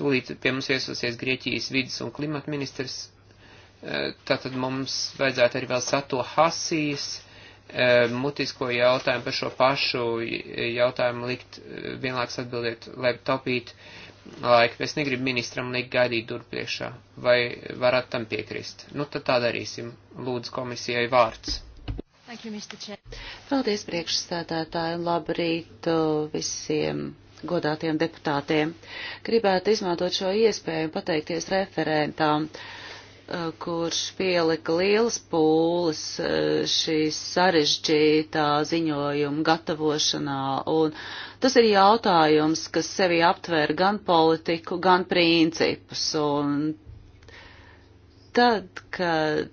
tūlīt pie mums viesosies Grieķijas vidas un klimata ministrs. Uh, tātad mums vajadzētu arī vēl Sato Hasijas uh, mutisko jautājumu par šo pašu jautājumu likt vienlaiks atbildēt, lai taupītu laika. Es negribu ministram likt gaidīt tur priekšā. Vai varat tam piekrist? Nu, tad tā darīsim. Lūdzu komisijai vārds. Thank you, Mr. Chair. Paldies priekšstādātāji un labrīt uh, visiem godātiem deputātiem. Gribētu izmantot šo iespēju un pateikties referentām. Uh, Eh, kurš pielika lielas pūles eh, šīs sarežģītā ziņojuma gatavošanā, un tas ir jautājums, kas sevi aptver gan politiku, gan principus, un tad, kad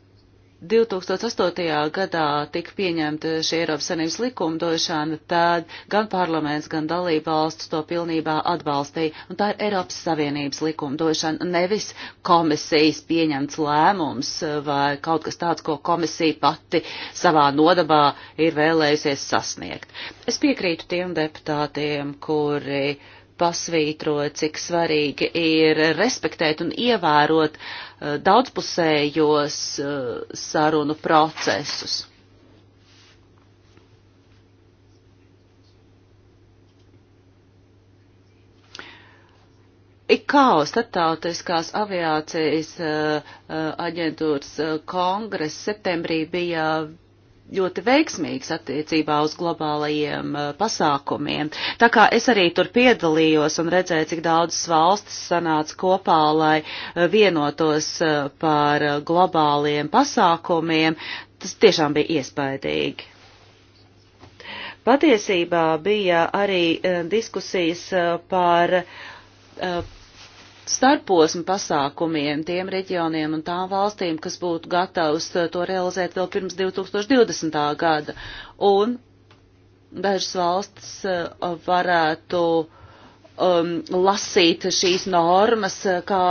2008. gadā tika pieņemta šī Eiropas Savienības likumdošana, tad gan parlaments, gan dalība valsts to pilnībā atbalstīja. Un tā ir Eiropas Savienības likumdošana, nevis komisijas pieņemts lēmums vai kaut kas tāds, ko komisija pati savā nodabā ir vēlējusies sasniegt. Es piekrītu tiem deputātiem, kuri uh, pasvītroja, cik svarīgi ir respektēt un ievērot uh, daudzpusējos uh, sarunu procesus. ICAO starptautiskās aviācijas uh, aģentūras kongress septembrī bija ļoti veiksmīgs attiecībā uz globālajiem eh, pasākumiem. Tā kā es arī tur piedalījos un redzēju, cik daudzas valstis sanāca kopā, lai eh, vienotos eh, par globāliem pasākumiem, tas tiešām bija iespaidīgi. Patiesībā bija arī diskusijas par starposmu pasākumiem tiem reģioniem un tām valstīm, kas būtu gatavs eh, to realizēt vēl pirms 2020. gada. Un dažas valstis eh, varētu um, lasīt šīs normas eh, kā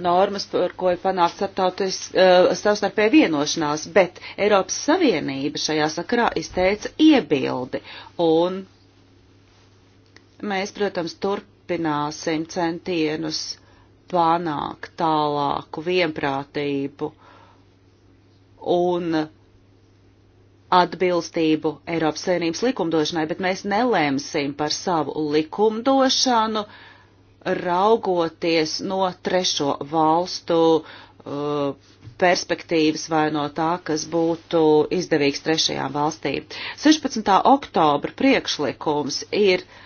normas, par ko ir panākt savstarpēja uh, vienošanās, bet Eiropas Savienība šajā sakarā izteica iebildi. Un mēs, protams, turpināsim centienus panākt tālāku vienprātību un atbilstību Eiropas Savienības likumdošanai, bet mēs nelēmsim par savu likumdošanu, raugoties no trešo valstu uh, perspektīvas vai no tā, kas būtu izdevīgs trešajām valstīm. 16. oktobra priekšlikums ir uh,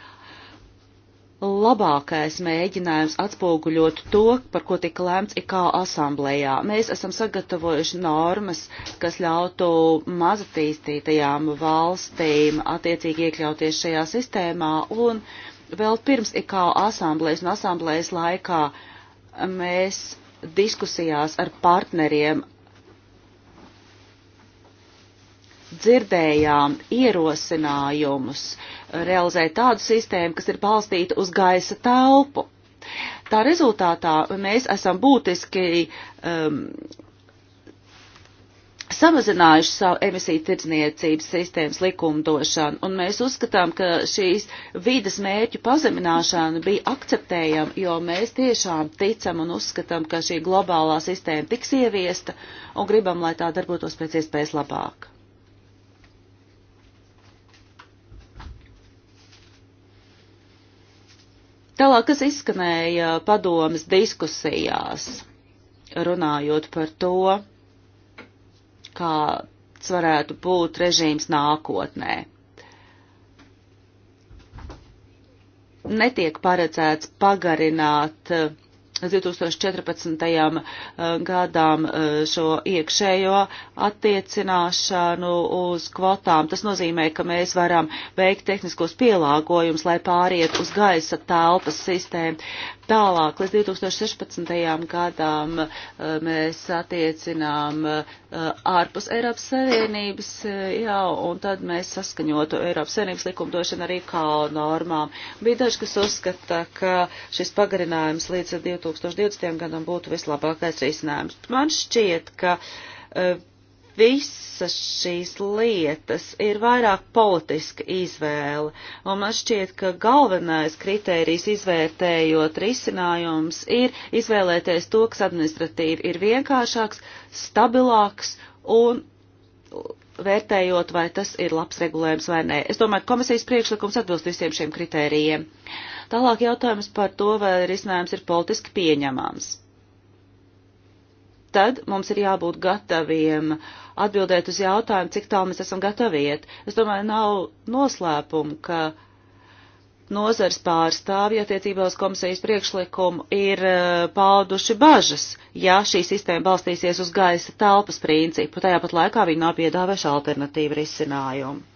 labākais mēģinājums atspoguļot to, par ko tika lēmts IKO asamblējā. Mēs esam sagatavojuši normas, kas ļautu mazatīstītajām valstīm attiecīgi iekļauties šajā sistēmā, un vēl pirms IKO asamblējas un asamblējas laikā mēs diskusijās ar partneriem dzirdējām ierosinājumus realizēt tādu sistēmu, kas ir balstīta uz gaisa telpu. Tā rezultātā mēs esam būtiski um, samazinājuši savu emisiju tirdzniecības sistēmas likumdošanu, un mēs uzskatām, ka šīs vides mērķu pazemināšana bija akceptējama, jo mēs tiešām ticam un uzskatām, ka šī globālā sistēma tiks ieviesta un gribam, lai tā darbotos pēc iespējas labāk. Tālāk, kas izskanēja padomas diskusijās, runājot par to, kāds varētu būt režīms nākotnē. Netiek paredzēts pagarināt uh, 2014. gadām eh, šo iekšējo attiecināšanu uz kvotām. Tas nozīmē, ka mēs varam veikt tehniskos pielāgojumus, lai pāriet uz gaisa telpas sistēmu. Tālāk, līdz 2016. gadām eh, mēs attiecinām eh, ārpus Eiropas Savienības, jā, un tad mēs saskaņotu Eiropas Savienības likumdošanu arī kā normām. Bija daži, kas uzskata, ka šis pagarinājums līdz 2016. 2020. gadam būtu vislabākais risinājums. Man šķiet, ka e, visas šīs lietas ir vairāk politiska izvēle, un man šķiet, ka galvenais kritērijs izvērtējot risinājums ir izvēlēties to, kas administratīvi ir vienkāršāks, stabilāks un vērtējot, vai tas ir labs regulējums vai nē. Es domāju, ka komisijas priekšlikums atbilst visiem šiem kritērijiem. Tālāk jautājums par to, vai risinājums ir politiski pieņemams. Tad mums ir jābūt gataviem atbildēt uz jautājumu, cik tālu mēs esam gatavi iet. Es domāju, nav noslēpumu, ka nozars pārstāvji attiecībā uz komisijas priekšlikumu ir eh, pauduši bažas, ja šī sistēma balstīsies uz gaisa telpas principu, tajā pat laikā viņi nav piedāvējuši alternatīvu risinājumu.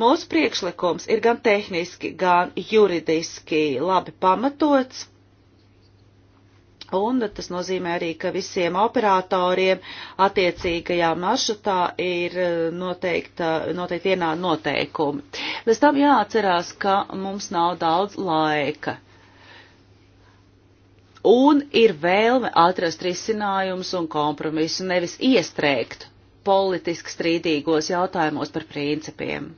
Mūsu priekšlikums ir gan tehniski, gan juridiski labi pamatots Un tas nozīmē arī, ka visiem operatoriem attiecīgajā maršrutā ir eh, noteikta, noteikti vienādi noteikumi. Bez tam jāatcerās, ka mums nav daudz laika. Un ir vēlme atrast risinājumus un kompromisu, nevis iestrēgt politiski strīdīgos jautājumos par principiem.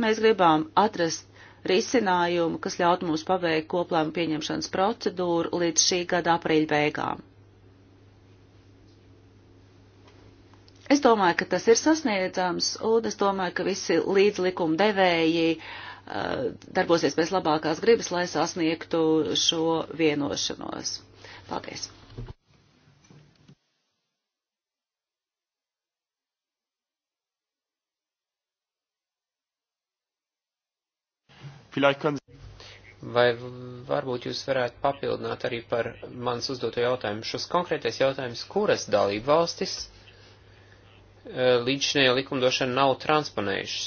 Mēs gribam atrast risinājumu, kas ļaut mums paveikt koplēmu pieņemšanas procedūru līdz šī gada aprīļa beigām. Es domāju, ka tas ir sasniedzams, un es domāju, ka visi līdzlikuma devēji uh, darbosies pēc labākās gribas, lai sasniegtu šo vienošanos. Paldies! Vai varbūt jūs varētu papildināt arī par manas uzdoto jautājumu? Šos konkrētais jautājums, kuras dalība valstis e, līdzšinēja likumdošana nav transponējušas?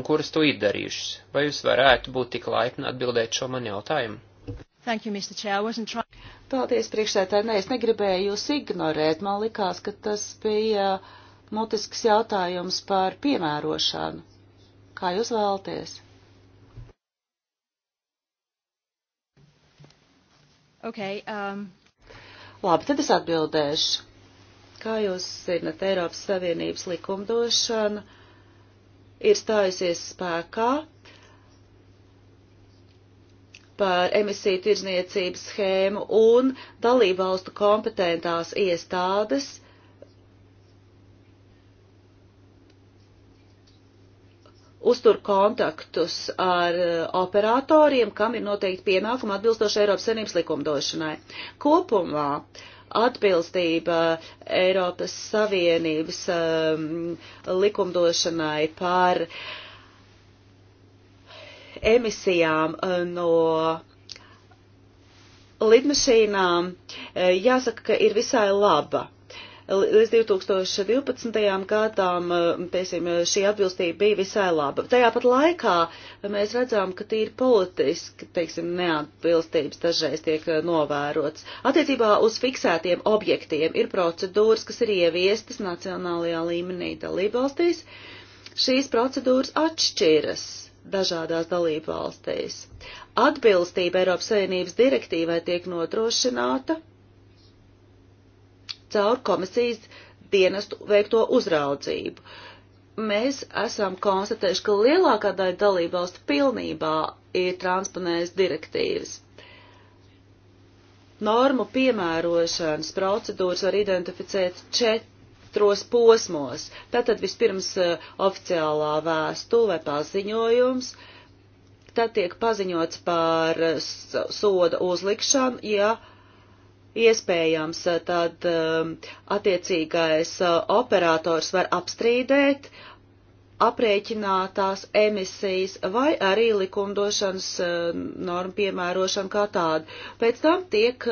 Un kuras to ir darījušas? Vai jūs varētu būt tik laipni atbildēt šo man jautājumu? Thank you, Mr. Chair. I wasn't trying... Paldies, priekšsētāji. Nē, es negribēju jūs ignorēt. Man likās, ka tas bija mutisks jautājums par piemērošanu. Kā jūs vēlaties? Okay, um... Labi, tad es atbildēšu. Kā jūs zinat, Eiropas Savienības likumdošana ir stājusies spēkā par emisiju tirzniecības schēmu un dalībvalstu kompetentās iestādes uztur kontaktus ar eh, operatoriem, kam ir noteikti pienākumi atbilstoši Eiropas Savienības likumdošanai. Kopumā atbilstība Eiropas Savienības um, likumdošanai par emisijām eh, no lidmašīnām eh, jāsaka, ka ir visai laba. Līdz 2012. gadām eh, tiesim, šī atbilstība bija visai laba. Tajā pat laikā mēs redzam, ka tīri politiski teiksim, neatbilstības dažreiz tiek eh, novērots. Attiecībā uz fiksētiem objektiem ir procedūras, kas ir ieviestas nacionālajā līmenī dalībvalstīs. Šīs procedūras atšķiras dažādās dalībvalstīs. Atbilstība Eiropas Savienības direktīvai tiek nodrošināta caur komisijas dienestu veikto uzraudzību. Mēs esam konstatējuši, ka lielākā daļa dalībvalstu pilnībā ir transponējusi direktīvas. Normu piemērošanas procedūras var identificēt četros posmos. Tātad vispirms eh, oficiālā vēstule vai paziņojums, tad tiek paziņots par eh, soda uzlikšanu, ja iespējams eh, tad eh, attiecīgais eh, operators var apstrīdēt aprēķinātās emisijas vai arī likumdošanas normu piemērošanu kā tādu. Pēc tam tiek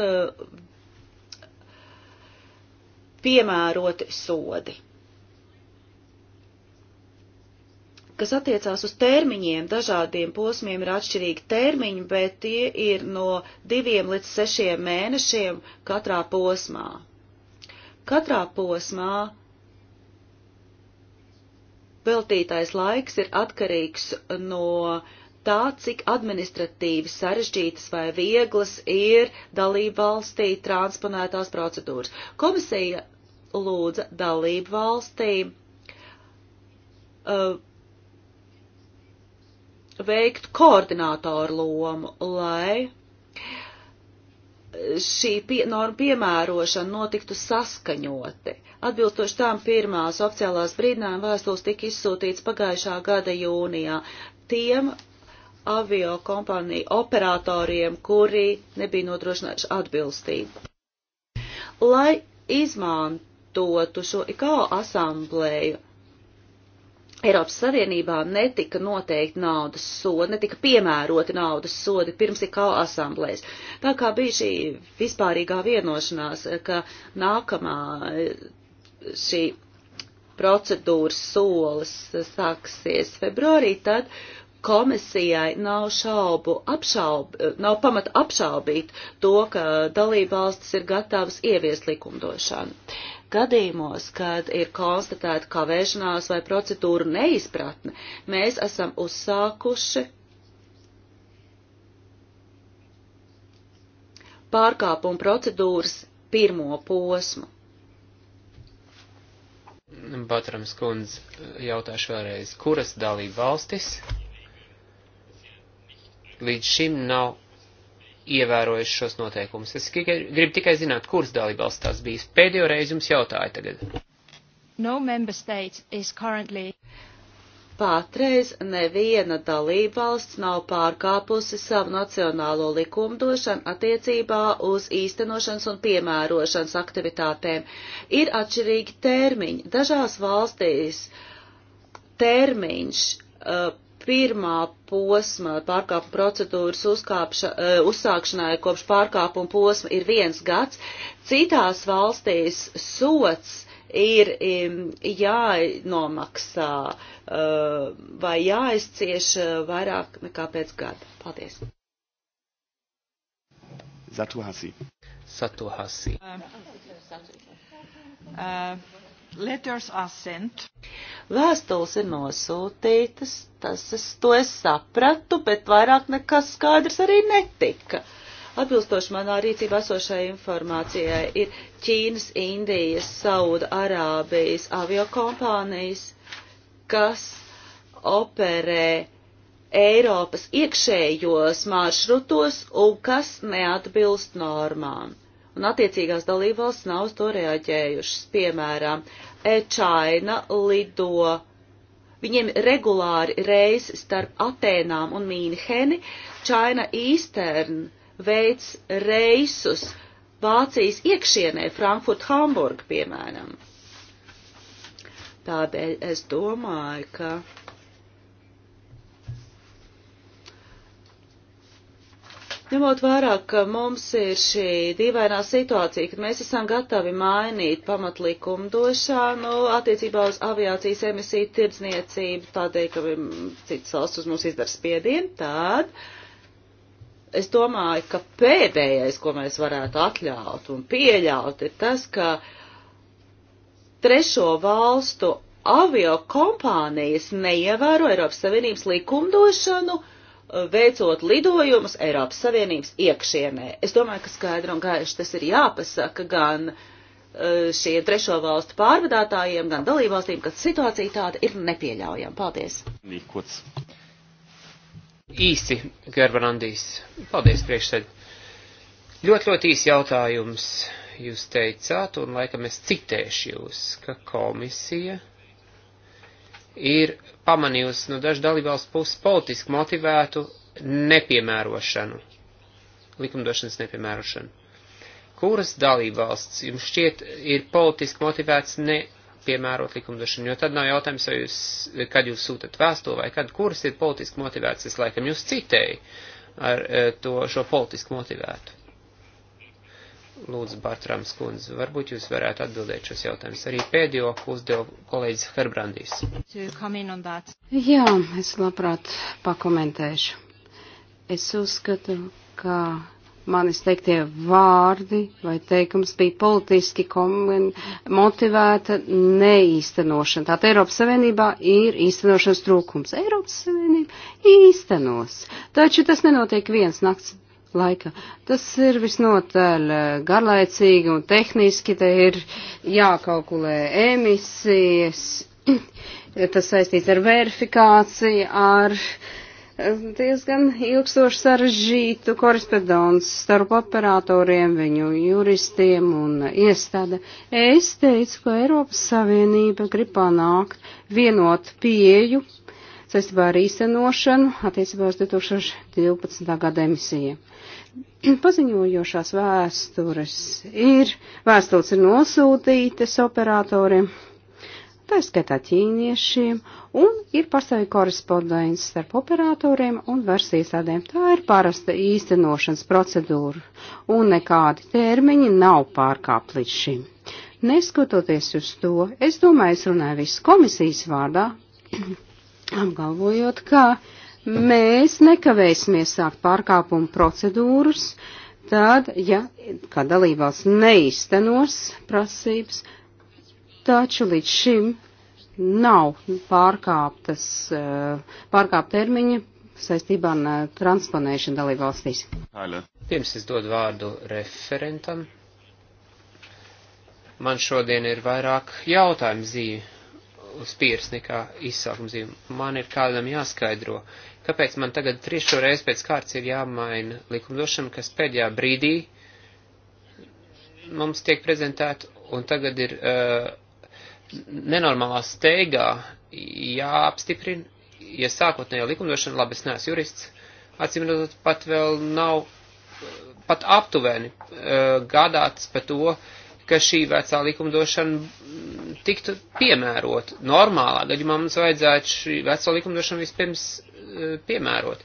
piemēroti sodi. kas attiecās uz termiņiem, dažādiem posmiem ir atšķirīgi termiņi, bet tie ir no diviem līdz sešiem mēnešiem katrā posmā. Katrā posmā veltītais laiks ir atkarīgs no tā, cik administratīvi sarežģītas vai vieglas ir dalību valstī transponētās procedūras. Komisija lūdza dalību valstīm uh, veikt koordinātoru lomu, lai šī pie, norma piemērošana notiktu saskaņoti. Atbilstoši tām pirmās oficiālās brīdinājuma vēstules tika izsūtīts pagājušā gada jūnijā tiem avio kompāniju operatoriem, kuri nebija nodrošinājuši atbilstību. Lai izmantotu šo IKO asamblēju, Eiropas Savienībā netika noteikti naudas sodi, netika piemēroti naudas sodi pirms ikā asamblēs. Tā kā bija šī vispārīgā vienošanās, ka nākamā eh, šī procedūras solis sāksies februārī, tad komisijai nav šaubu apšaub, eh, nav pamata apšaubīt to, ka dalībvalstis ir gatavas ieviest likumdošanu. Gadījumos, kad ir konstatēta kavēšanās vai procedūru neizpratne, mēs esam uzsākuši pārkāpuma procedūras pirmo posmu. Batrams kundze, jautāšu vēlreiz, kuras dalība valstis līdz šim nav ievērojuši šos noteikumus. Es tikai, gribu tikai zināt, kuras dalībvalsts tās bijis. Pēdējo reizi jums jautāju tagad. No member state is currently. Patreiz neviena dalībvalsts nav pārkāpusi savu nacionālo likumdošanu attiecībā uz īstenošanas un piemērošanas aktivitātēm. Ir atšķirīgi termiņi. Dažās valstīs termiņš uh, pirmā posma pārkāpuma procedūras uzkāpša, eh, uzsākšanai kopš pārkāpuma posma ir viens gads. Citās valstīs sots ir jānomaksā eh, vai jāizcieš eh, vairāk nekā pēc gada. Paldies! Satu Hasi. Satu Hasi. Uh, uh, Vēstules ir nosūtītas, tas es to es sapratu, bet vairāk nekas skaidrs arī netika. Atbilstoši manā rīcībā esošai informācijai ir Ķīnas, Indijas, Sauda Arābijas aviokompānijas, kas operē Eiropas iekšējos maršrutos un kas neatbilst normām un attiecīgās dalībvalsts nav uz to reaģējušas. Piemēram, e-čaina lido, viņiem regulāri reis starp Atēnām un Mīnheni, Čaina Eastern veids reisus Vācijas iekšienē, Frankfurt Hamburg, piemēram. Tādēļ es domāju, ka Ņemot vērā, ka mums ir šī dīvainā situācija, kad mēs esam gatavi mainīt pamatlikumu došanu attiecībā uz aviācijas emisiju tirdzniecību, tādēļ, ka citas valsts uz mums izdara spiedienu, tad es domāju, ka pēdējais, ko mēs varētu atļaut un pieļaut, ir tas, ka trešo valstu avio kompānijas neievēro Eiropas Savienības likumdošanu, veicot lidojumus Eiropas Savienības iekšienē. Es domāju, ka skaidri un gaiši tas ir jāpasaka gan e, šiem trešo valstu pārvadātājiem, gan dalībvalstīm, ka situācija tāda ir nepieļaujama. Paldies! Nīkots. Īsi, Gerbrandīs. Paldies, priekšsēd. Ļoti, ļoti īsi jautājums. Jūs teicāt, un laikam es citēšu jūs, ka komisija ir pamanījusi no dažu dalībvalstu puses politiski motivētu nepiemērošanu, likumdošanas nepiemērošanu. Kuras dalībvalsts jums šķiet ir politiski motivēts nepiemērot likumdošanu? Jo tad nav jautājums, jūs, kad jūs sūtat vēstuli vai kad, kuras ir politiski motivēts, es laikam jūs citēju ar eh, to, šo politiski motivētu. Lūdzu, Bārtrāms kundze, varbūt jūs varētu atbildēt šos jautājumus. Arī pēdējo uzdeva kolēģis Herbrandīs. Jā, es labprāt pakomentēšu. Es uzskatu, ka manis teiktie vārdi vai teikums bija politiski motivēta neīstenošana. Tātad Eiropas Savienībā ir īstenošanas trūkums. Eiropas Savienība īstenos. Taču tas nenotiek viens nakts laika. Tas ir visnotaļ eh, garlaicīgi un tehniski, te ir jākalkulē emisijas, tas saistīts ar verifikāciju, ar eh, diezgan ilgstoši sarežģītu korespondents starp operatoriem, viņu juristiem un iestāde. Es teicu, ka Eiropas Savienība grib panākt vienot pieju saistībā ar īstenošanu attiecībā uz 2012. gada emisijiem. Paziņojošās vēstures ir, vēstules ir nosūtītas operatoriem, tā skaitā ķīniešiem, un ir pastāvīgi korespondence starp operatoriem un versijastādēm. Tā ir parasta īstenošanas procedūra, un nekādi termiņi nav pārkāpt līdz šim. Neskatoties uz to, es domāju, es runāju visu komisijas vārdā, apgalvojot, ka mēs nekavēsimies sākt pārkāpumu procedūras, tad, ja kā dalībās neiztenos prasības, taču līdz šim nav pārkāptas, eh, pārkāpt termiņa saistībā ar eh, transponēšanu dalībvalstīs. Pirms es dodu vārdu referentam. Man šodien ir vairāk jautājumu zīmju uz pieres nekā izsākumzīme. Man ir kādam jāskaidro, kāpēc man tagad trešo reizi pēc kārtas ir jāmaina likumdošana, kas pēdējā brīdī mums tiek prezentēta un tagad ir uh, nenormālā steigā jāapstiprina, ja sākotnējā likumdošana, labi, es neesmu jurists, acīm redzot, pat vēl nav uh, pat aptuveni uh, gādāts par to, uh, ka šī vecā likumdošana tiktu piemērot. Normālā gadījumā mums vajadzētu šī vecā likumdošana vispirms e, piemērot.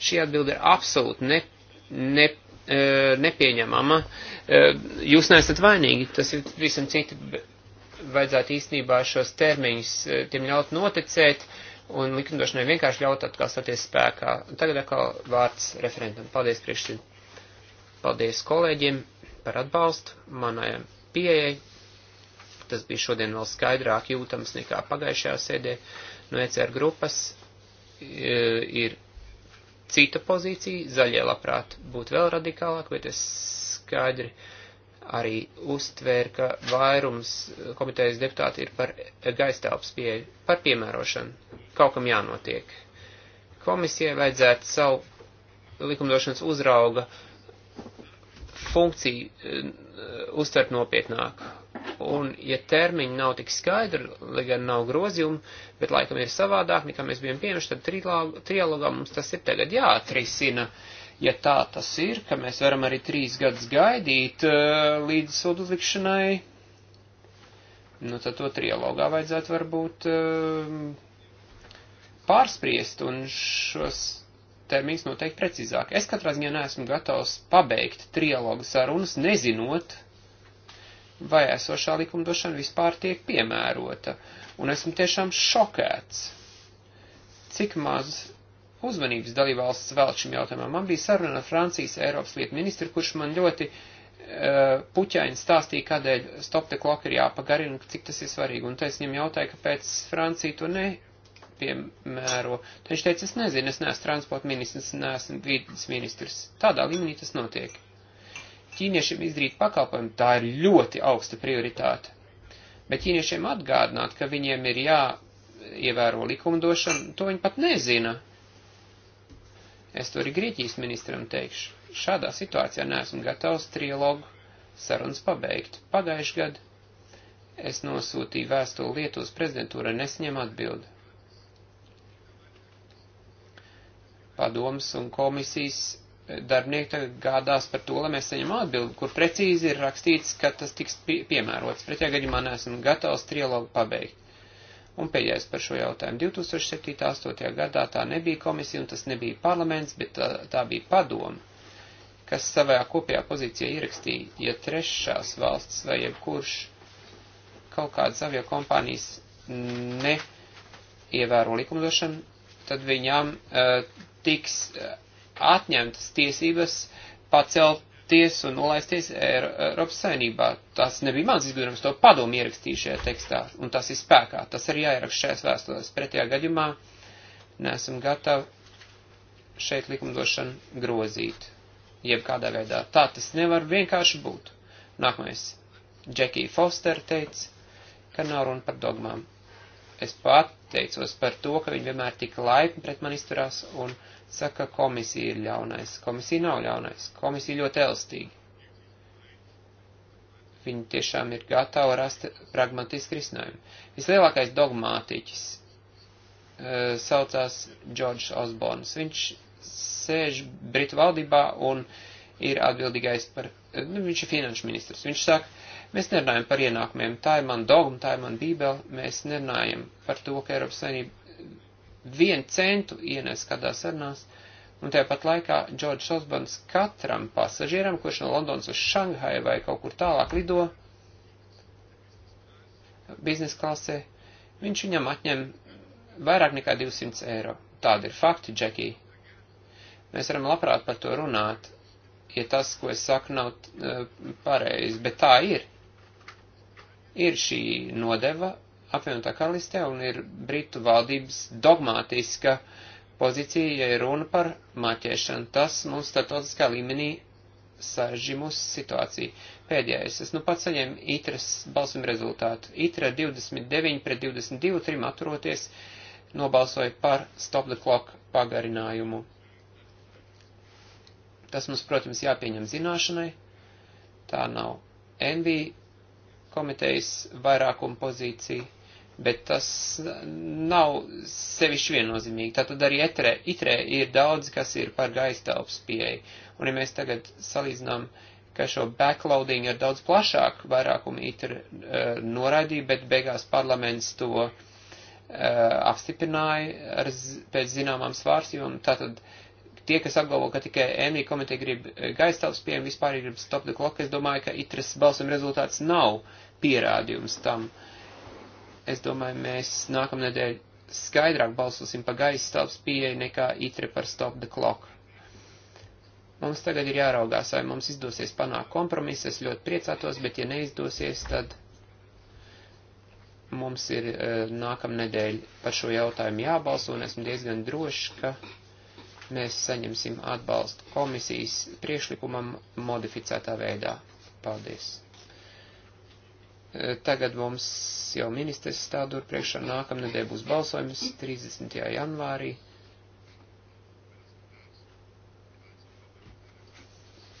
Šī atbilde ir absolūti ne, ne, e, nepieņemama. E, jūs neesat vainīgi, tas ir visam citi. Vajadzētu īstenībā šos termiņus tiem ļaut noticēt un likumdošanai vienkārši ļaut atkal staties spēkā. Tagad atkal vārds referentam. Paldies priekšsim. Paldies kolēģiem par atbalstu manajam pieejai. Tas bija šodien vēl skaidrāk jūtams nekā pagājušajā sēdē. No ECR grupas e, ir cita pozīcija, zaļie labprāt būtu vēl radikālāk, bet es skaidri arī uztvēru, ka vairums komitejas deputāti ir par gaistelpas pieeju, par piemērošanu. Kaut kam jānotiek. Komisijai vajadzētu savu likumdošanas uzrauga uh, funkciju eh, uztvert nopietnāk. Un, ja termiņi nav tik skaidri, lai gan nav grozījumi, bet laikam ir savādāk, nekā mēs bijām pieņemši, tad trialogā mums tas ir tagad jāatrisina. Ja tā tas ir, ka mēs varam arī trīs gadus gaidīt eh, līdz sodu uzlikšanai, nu tad to trialogā vajadzētu varbūt eh, pārspriest un šos termins noteikti precīzāk. Es katrā ziņā neesmu gatavs pabeigt trialogu sarunas, nezinot, vai esošā likumdošana vispār tiek piemērota. Un esmu tiešām šokēts, cik maz uzmanības dalībvalsts vēl šim jautājumam. Man bija saruna ar Francijas Eiropas lietu ministru, kurš man ļoti uh, puķaini stāstīja, kādēļ stop the clock ir jāpagarina, cik tas ir svarīgi. Un tad es viņam jautāju, kāpēc Francija to ne piemēro. Tad viņš teica, es nezinu, es neesmu transporta ministrs, neesmu vīdes ministrs. Tādā līmenī tas notiek. Ķīniešiem izdarīt pakalpojumu, tā ir ļoti augsta prioritāte. Bet ķīniešiem atgādināt, ka viņiem ir jāievēro likumdošana, to viņi pat nezina. Es to arī Grieķijas ministram teikšu. Šādā situācijā neesmu gatavs trilogu sarunas pabeigt. Pagājuši gadu es nosūtīju vēstuli Lietuvas prezidentūrai, nesņem atbildi. padomas un komisijas eh, darbinieki tagad gādās par to, lai mēs saņem atbildi, kur precīzi ir rakstīts, ka tas tiks piemērots. Pretējā gadījumā neesam gatavs trilogu pabeigt. Un pēdējais par šo jautājumu. 2007.8. gadā tā nebija komisija un tas nebija parlaments, bet tā, tā bija padoma, kas savajā kopējā pozīcijā ierakstīja, ja trešās valsts vai jebkurš kaut kādas avio kompānijas neievēro likumdošanu, tad viņām uh, tiks eh, atņemtas tiesības pacelties un nolaisties Eiropas Savienībā. Tas nebija mans izgudrums, to padomu ierakstīju šajā tekstā, un tas ir spēkā. Tas arī jāieraksta šajās vēstulēs. Pretējā gadījumā neesam gatavi šeit likumdošanu grozīt, jeb kādā veidā. Tā tas nevar vienkārši būt. Nākamais. Džekija Foster teica, ka nav runa par dogmām. Es pateicos par to, ka viņi vienmēr tik laipni pret mani izturās un saka, komisija ir ļaunais. Komisija nav ļaunais. Komisija ļoti elstīga. Viņi tiešām ir gatavi rast pragmatisku risinājumu. Vislielākais dogmātiķis uh, saucās Džordžs Osborns. Viņš sēž Britu valdībā un ir atbildīgais par, eh, nu, viņš ir finanšu ministrs. Viņš saka, mēs nerunājam par ienākumiem, tā ir man dogma, tā ir man bībele, mēs nerunājam par to, ka Eiropas Savienība vienu centu ienes kādās sarunās, un tāpat laikā Džordžs Osborns katram pasažieram, kurš no Londonas uz Šanghai vai kaut kur tālāk lido biznesa klasē, viņš viņam atņem vairāk nekā 200 eiro. Tāda ir fakti, Džekija. Mēs varam labprāt par to runāt, ja tas, ko es saku, nav uh, pareizi, bet tā ir. Ir šī nodeva apvienotā karalistē un ir Britu valdības dogmātiska pozīcija, ja ir runa par maķēšanu. Tas mums startautiskā līmenī sarežģījusi situāciju. Pēdējais, es nu pats saņēmu ITRAS balsuma rezultātu. ITRA 29 pret 22, 3 atturoties, nobalsoja par stop the clock pagarinājumu. Tas mums, protams, jāpieņem zināšanai. Tā nav NV komitejas vairākuma pozīcija bet tas nav sevišķi viennozīmīgi. Tātad arī etrē, itrē ir daudz, kas ir par gaistelpas pieeja. Un ja mēs tagad salīdzinām, ka šo backloading ir daudz plašāk, vairākumu itre uh, noraidīja, bet beigās parlaments to uh, apstiprināja ar, pēc zināmām svārstībām. Tātad tie, kas apgalvo, ka tikai Enrija komiteja grib eh, gaistelpas pieeja, vispār grib stop the clock, es domāju, ka itres balsam rezultāts nav pierādījums tam. Uh, es domāju, mēs nākamnedēļ skaidrāk balsosim pa gaisa stāvs pieeja nekā itre par stop the clock. Mums tagad ir jāraugās, vai mums izdosies panākt kompromisu, es ļoti priecātos, bet ja neizdosies, tad mums ir uh, nākamnedēļ par šo jautājumu jābalso, un esmu diezgan drošs, ka mēs saņemsim atbalstu komisijas priekšlikumam modificētā veidā. Paldies! Tagad mums jau ministrs stāv dur priekšā, nākamnedēļ būs balsojums 30. janvārī.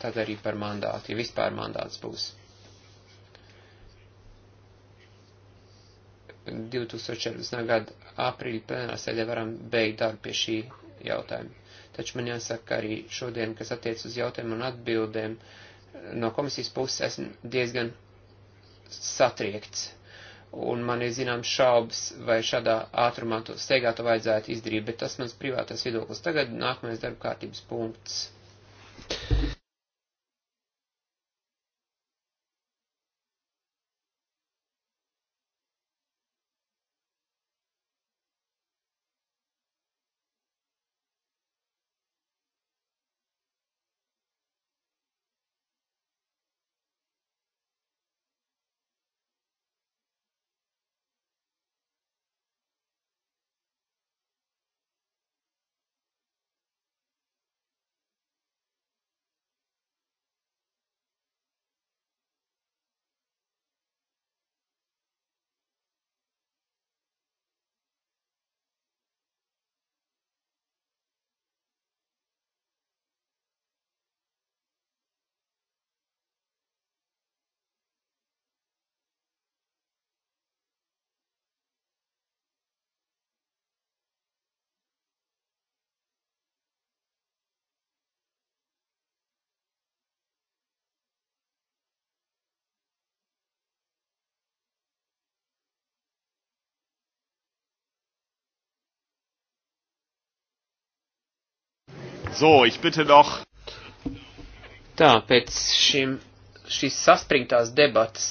Tad arī par mandātu, ja vispār mandāts būs. 2014. gada aprīļa plenārsēdē varam beigt darbu pie šī jautājuma. Taču man jāsaka arī šodien, kas attiec uz jautājumu un atbildēm, no komisijas puses esmu diezgan satriekts. Un man ir zināms šaubas, vai šādā ātrumā to steigā to vajadzētu izdarīt, bet tas mans privātais viedoklis. Tagad nākamais darba kārtības punkts. So, ich bitte noch. Tā, pēc šim, šīs saspringtās debatas,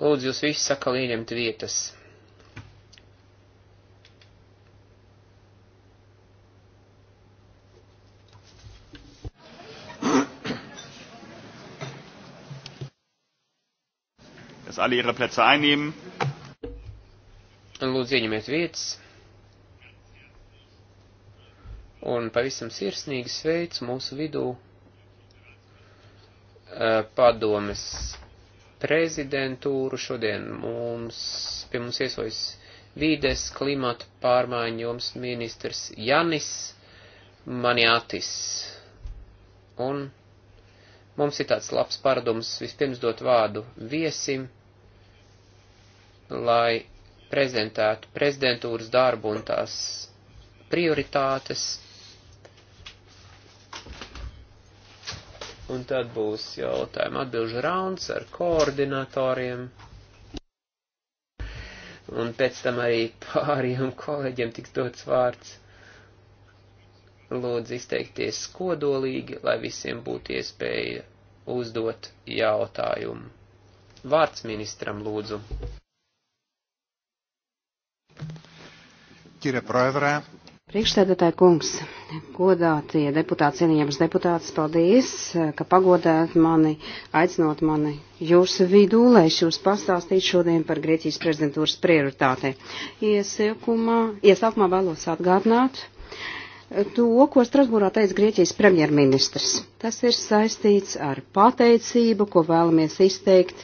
lūdzu jūs visus sakal ieņemt vietas. Dass alle ihre Plätze einnehmen. Lūdzu, ieņemiet vietas un pavisam sirsnīgi sveic mūsu vidū eh, padomes prezidentūru. Šodien mums, pie mums iesojas vīdes, klimata pārmaiņu joms ministrs Janis Maniatis. Un mums ir tāds labs paradums vispirms dot vārdu viesim, lai prezentētu prezidentūras darbu un tās prioritātes, un tad būs jautājuma atbilžu rauns ar koordinatoriem. Un pēc tam arī pāriem kolēģiem tiks dots vārds. Lūdzu izteikties kodolīgi, lai visiem būtu iespēja uzdot jautājumu. Vārds ministram lūdzu. Kire Proedrē, Priekšstādātāja kungs, godātie deputāti, cienījams deputāts, paldies, ka pagodājat mani, aicinot mani jūsu vidū, lai es jūs pastāstītu šodien par Grieķijas prezidentūras prioritātē. Iesākumā vēlos atgādināt to, ko Strasbūrā teica Grieķijas premjerministrs. Tas ir saistīts ar pateicību, ko vēlamies izteikt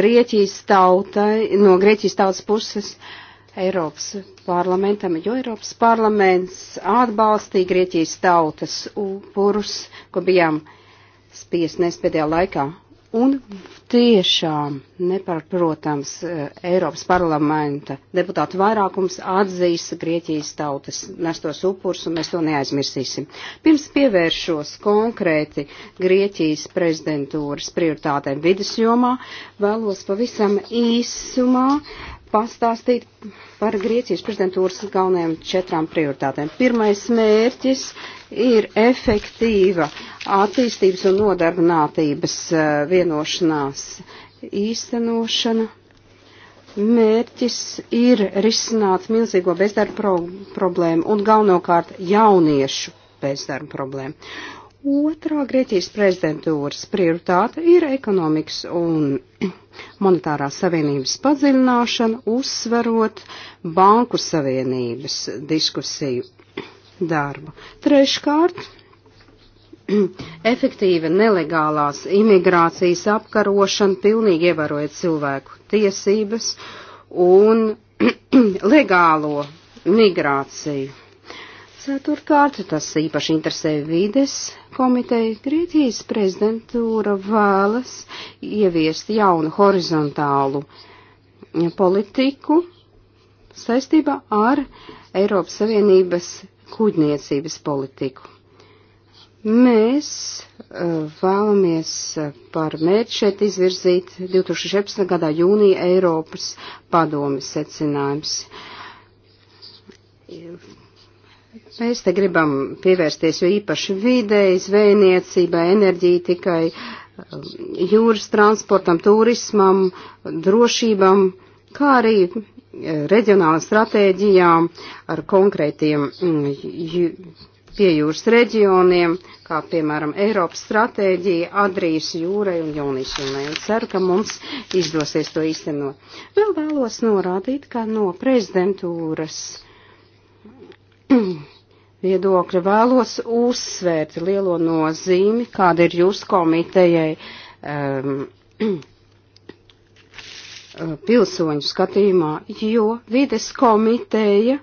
Grieķijas tautai, no Grieķijas tautas puses. Uh, Eiropas parlamentam, jo Eiropas parlaments atbalstīja Grieķijas tautas upurus, ko bijām spiest nespēdējā laikā. Un tiešām neparprotams eh, Eiropas parlamenta deputātu vairākums atzīs Grieķijas tautas nestos upurs, un mēs to neaizmirsīsim. Pirms pievēršos konkrēti Grieķijas prezidentūras prioritātēm vidas jomā, vēlos pavisam īsumā pastāstīt par Grieķijas prezidentūras galvenajām četrām prioritātēm. Pirmais mērķis ir efektīva attīstības un nodarbinātības eh, vienošanās īstenošana. Mērķis ir risināt milzīgo bezdarba pro problēmu un galvenokārt jauniešu bezdarba problēmu. Otrā Grieķijas prezidentūras prioritāte ir ekonomikas un monetārās savienības padziļināšana, uzsverot banku savienības diskusiju darbu. Treškārt efektīva nelegālās imigrācijas apkarošana pilnīgi ievērojot cilvēku tiesības un legālo migrāciju. Ceturkārt, tas īpaši interesē vides komiteju, Grieķijas prezidentūra vēlas ieviest jaunu horizontālu politiku saistībā ar Eiropas Savienības kuģniecības politiku Mēs eh, vēlamies eh, par mērķi šeit izvirzīt 2017. gadā jūnija Eiropas padomi secinājums. Mēs te gribam pievērsties jo īpaši videi, zvejniecībai, enerģītikai, eh, jūras transportam, turismam, drošībam, kā arī reģionālām stratēģijām ar konkrētiem mm, pie jūras reģioniem, kā piemēram Eiropas stratēģija Adrijas jūrai un Jonijas jūrai, un ceru, ka mums izdosies to īstenot. Vēl vēlos norādīt, ka no prezidentūras viedokļa vēlos uzsvērt lielo nozīmi, kāda ir jūsu komitejai um, pilsoņu skatījumā, jo vides komiteja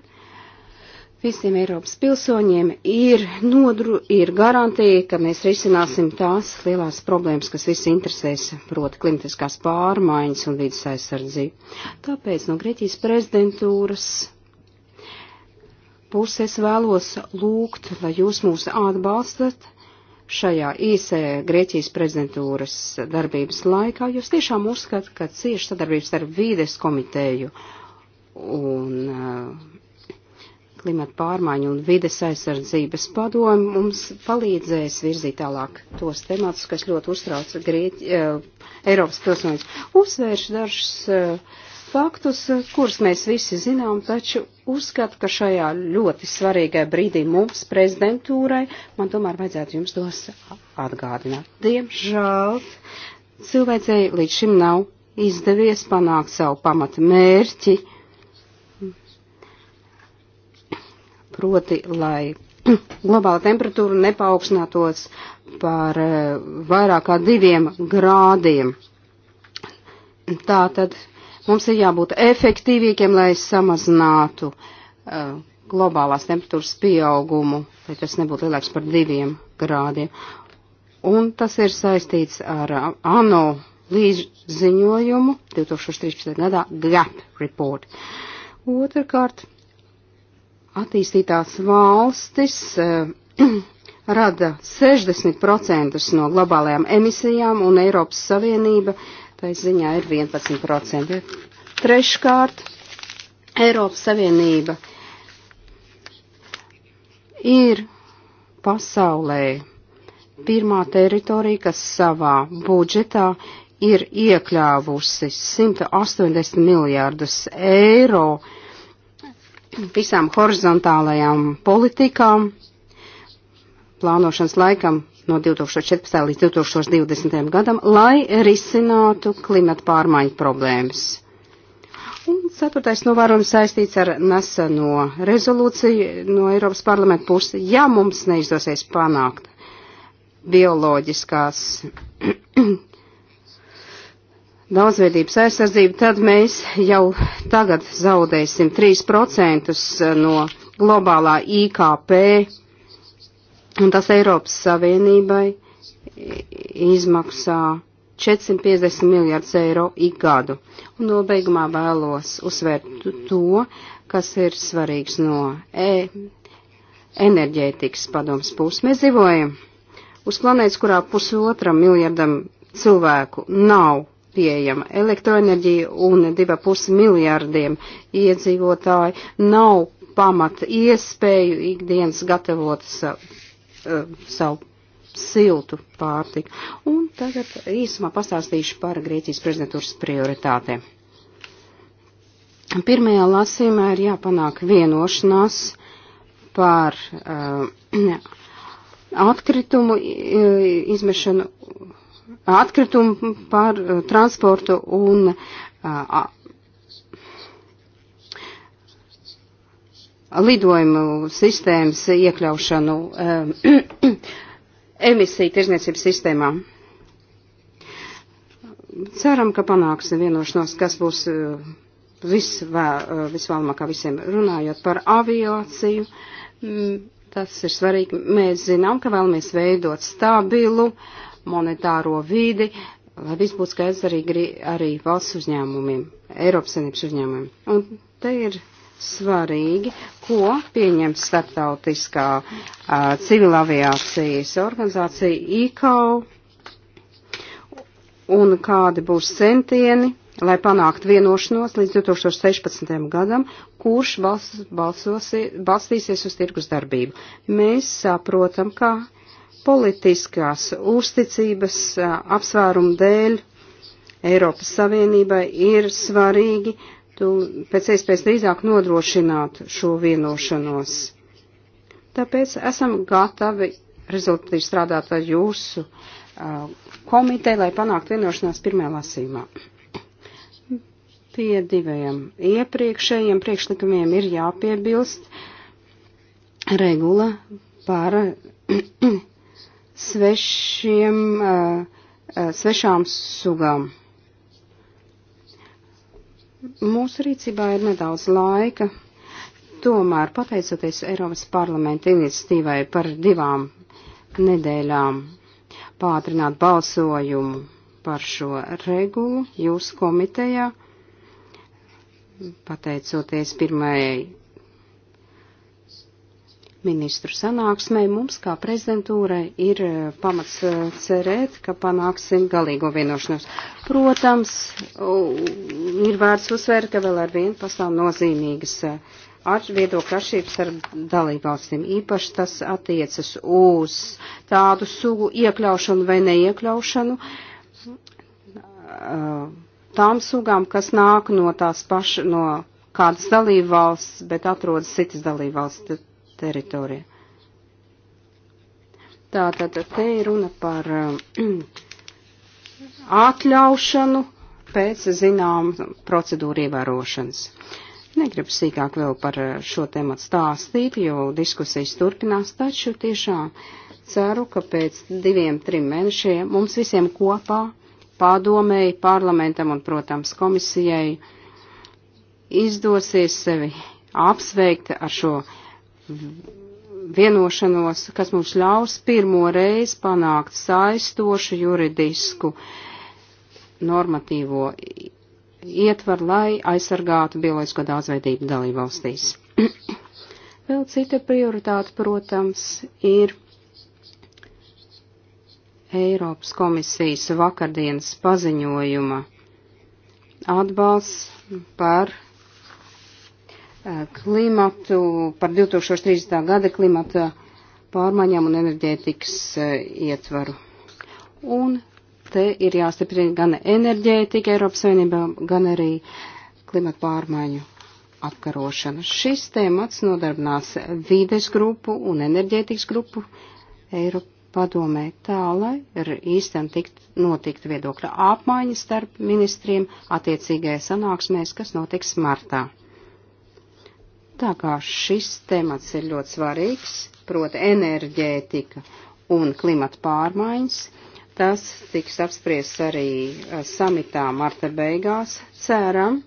visiem Eiropas pilsoņiem ir, nodru, ir garantija, ka mēs risināsim tās lielās problēmas, kas visi interesēs, proti klimatiskās pārmaiņas un vidas aizsardzību. Tāpēc no Grieķijas prezidentūras puses vēlos lūgt, lai jūs mūs atbalstat šajā īsē Grieķijas prezidentūras darbības laikā. Jūs tiešām uzskat, ka cieši sadarbības ar vīdes komiteju un uh, klimata pārmaiņu un vides aizsardzības padomu mums palīdzēs virzīt tālāk tos tematus, kas ļoti uztrauc Grieķi, uh, eh, Eiropas pilsoņus. Uzsvēršu dažus uh, faktus, kurus mēs visi zinām, taču uzskatu, ka šajā ļoti svarīgajā brīdī mums, prezidentūrai, man tomēr vajadzētu jums tos atgādināt. Diemžēl cilvēcei līdz šim nav izdevies panākt savu pamata mērķi proti, lai globāla temperatūra nepaaugstātos par eh, vairāk kā diviem grādiem. Tātad mums ir jābūt efektīvākiem, lai samazinātu uh, globālās temperatūras pieaugumu, lai tas nebūtu lielāks par diviem grādiem. Un tas ir saistīts ar uh, ANO līdziņojumu 2013. gadā GAP report. Otrakārt, attīstītās valstis eh, rada 60% no globālajām emisijām un Eiropas Savienība, tai ziņā ir 11%. Treškārt, Eiropas Savienība ir pasaulē pirmā teritorija, kas savā budžetā ir iekļāvusi 180 miljārdus eiro visām horizontālajām politikām plānošanas laikam no 2014. līdz 2020. gadam, lai risinātu klimata pārmaiņu problēmas. Un ceturtais novērojums saistīts ar neseno rezolūciju no Eiropas parlamenta puses. Ja mums neizdosies panākt bioloģiskās daudzveidības aizsardzību, tad mēs jau tagad zaudēsim 3% eh, no globālā IKP, un tas Eiropas Savienībai eh, izmaksā 450 miljardus eiro ik gadu. Un nobeigumā vēlos uzsvērt to, kas ir svarīgs no e enerģētikas padomas puses. Mēs dzīvojam uz planētas, kurā pusotra miljardam cilvēku nav pieejama. Elektroenerģija un 2,5 miljārdiem iedzīvotāji nav pamata iespēju ikdienas gatavot savu, e, savu siltu pārtiku. Un tagad īsumā pastāstīšu par Grieķijas prezidentūras prioritātēm. Pirmajā lasīmā ir jāpanāk vienošanās par uh, atkritumu e, izmešanu atkritumu par eh, transportu un uh, lidojumu sistēmas iekļaušanu uh, emisiju tirzniecības sistēmā. Ceram, ka panāksim vienošanos, kas būs uh, visvēl, visvēlamākā visiem runājot par aviāciju. Mm, tas ir svarīgi. Mēs zinām, ka vēlamies veidot stabilu uh, monetāro vīdi, lai viss būtu skaidrs arī, arī valsts uzņēmumiem, Eiropas Savienības uzņēmumiem. Un te ir svarīgi, ko pieņem starptautiskā uh, civilaviācijas organizācija ICAO un kādi būs centieni, lai panāktu vienošanos līdz 2016. gadam, kurš balsos, balstīsies uz tirgus darbību. Mēs saprotam, ka Politiskās uzticības apsvērumu dēļ Eiropas Savienībai ir svarīgi tu, pēc iespējas drīzāk nodrošināt šo vienošanos. Tāpēc esam gatavi rezultātīgi strādāt ar jūsu uh, komiteju, lai panāktu vienošanās pirmajā lasīmā. Pie diviem iepriekšējiem priekšlikumiem ir jāpiebilst regula par svešiem, eh, eh, svešām sugām. Mūsu rīcībā ir nedaudz laika, tomēr pateicoties Eiropas parlamenta iniciatīvai par divām nedēļām pātrināt balsojumu par šo regulu jūsu komitejā, pateicoties pirmajai ministru sanāksmē mums kā prezidentūrai ir eh, pamats eh, cerēt, ka panāksim galīgo vienošanos. Protams, ir vērts uzsvērt, ka vēl ar vienu pastāv nozīmīgas eh, viedokļa atšķirības ar dalībvalstīm. Īpaši tas attiecas uz tādu sugu iekļaušanu vai neiekļaušanu tām sugām, kas nāk no tās pašas, no kādas dalībvalsts, bet atrodas citas dalībvalsts teritorija. Tātad te ir runa par um, atļaušanu pēc zinām procedūru ievērošanas. Negribu sīkāk vēl par uh, šo tēmu stāstīt, jo diskusijas turpinās, taču tiešām ceru, ka pēc diviem, trim mēnešiem mums visiem kopā pārdomēji, parlamentam un, protams, komisijai izdosies sevi apsveikt ar šo vienošanos, kas mums ļaus pirmo reizi panākt saistošu juridisku normatīvo ietvaru, lai aizsargātu bioloģisko daudzveidību dalībvalstīs. Vēl cita prioritāte, protams, ir Eiropas komisijas vakardienas paziņojuma atbalsts par klimatu, par 2030. gada klimata pārmaiņām un enerģētikas e, ietvaru. Un te ir jāstiprina gan enerģētika Eiropas Savienībā, gan arī klimata pārmaiņu apkarošana. Šis temats nodarbinās vides grupu un enerģētikas grupu Eiropa padomē tā, lai ir īsten tikt, notikt viedokļa apmaiņa starp ministriem attiecīgajai sanāksmēs, kas notiks martā. Tā kā šis temats ir ļoti svarīgs, proti enerģētika un klimata pārmaiņas, tas tiks apspriests arī eh, samitā marta beigās. Ceram,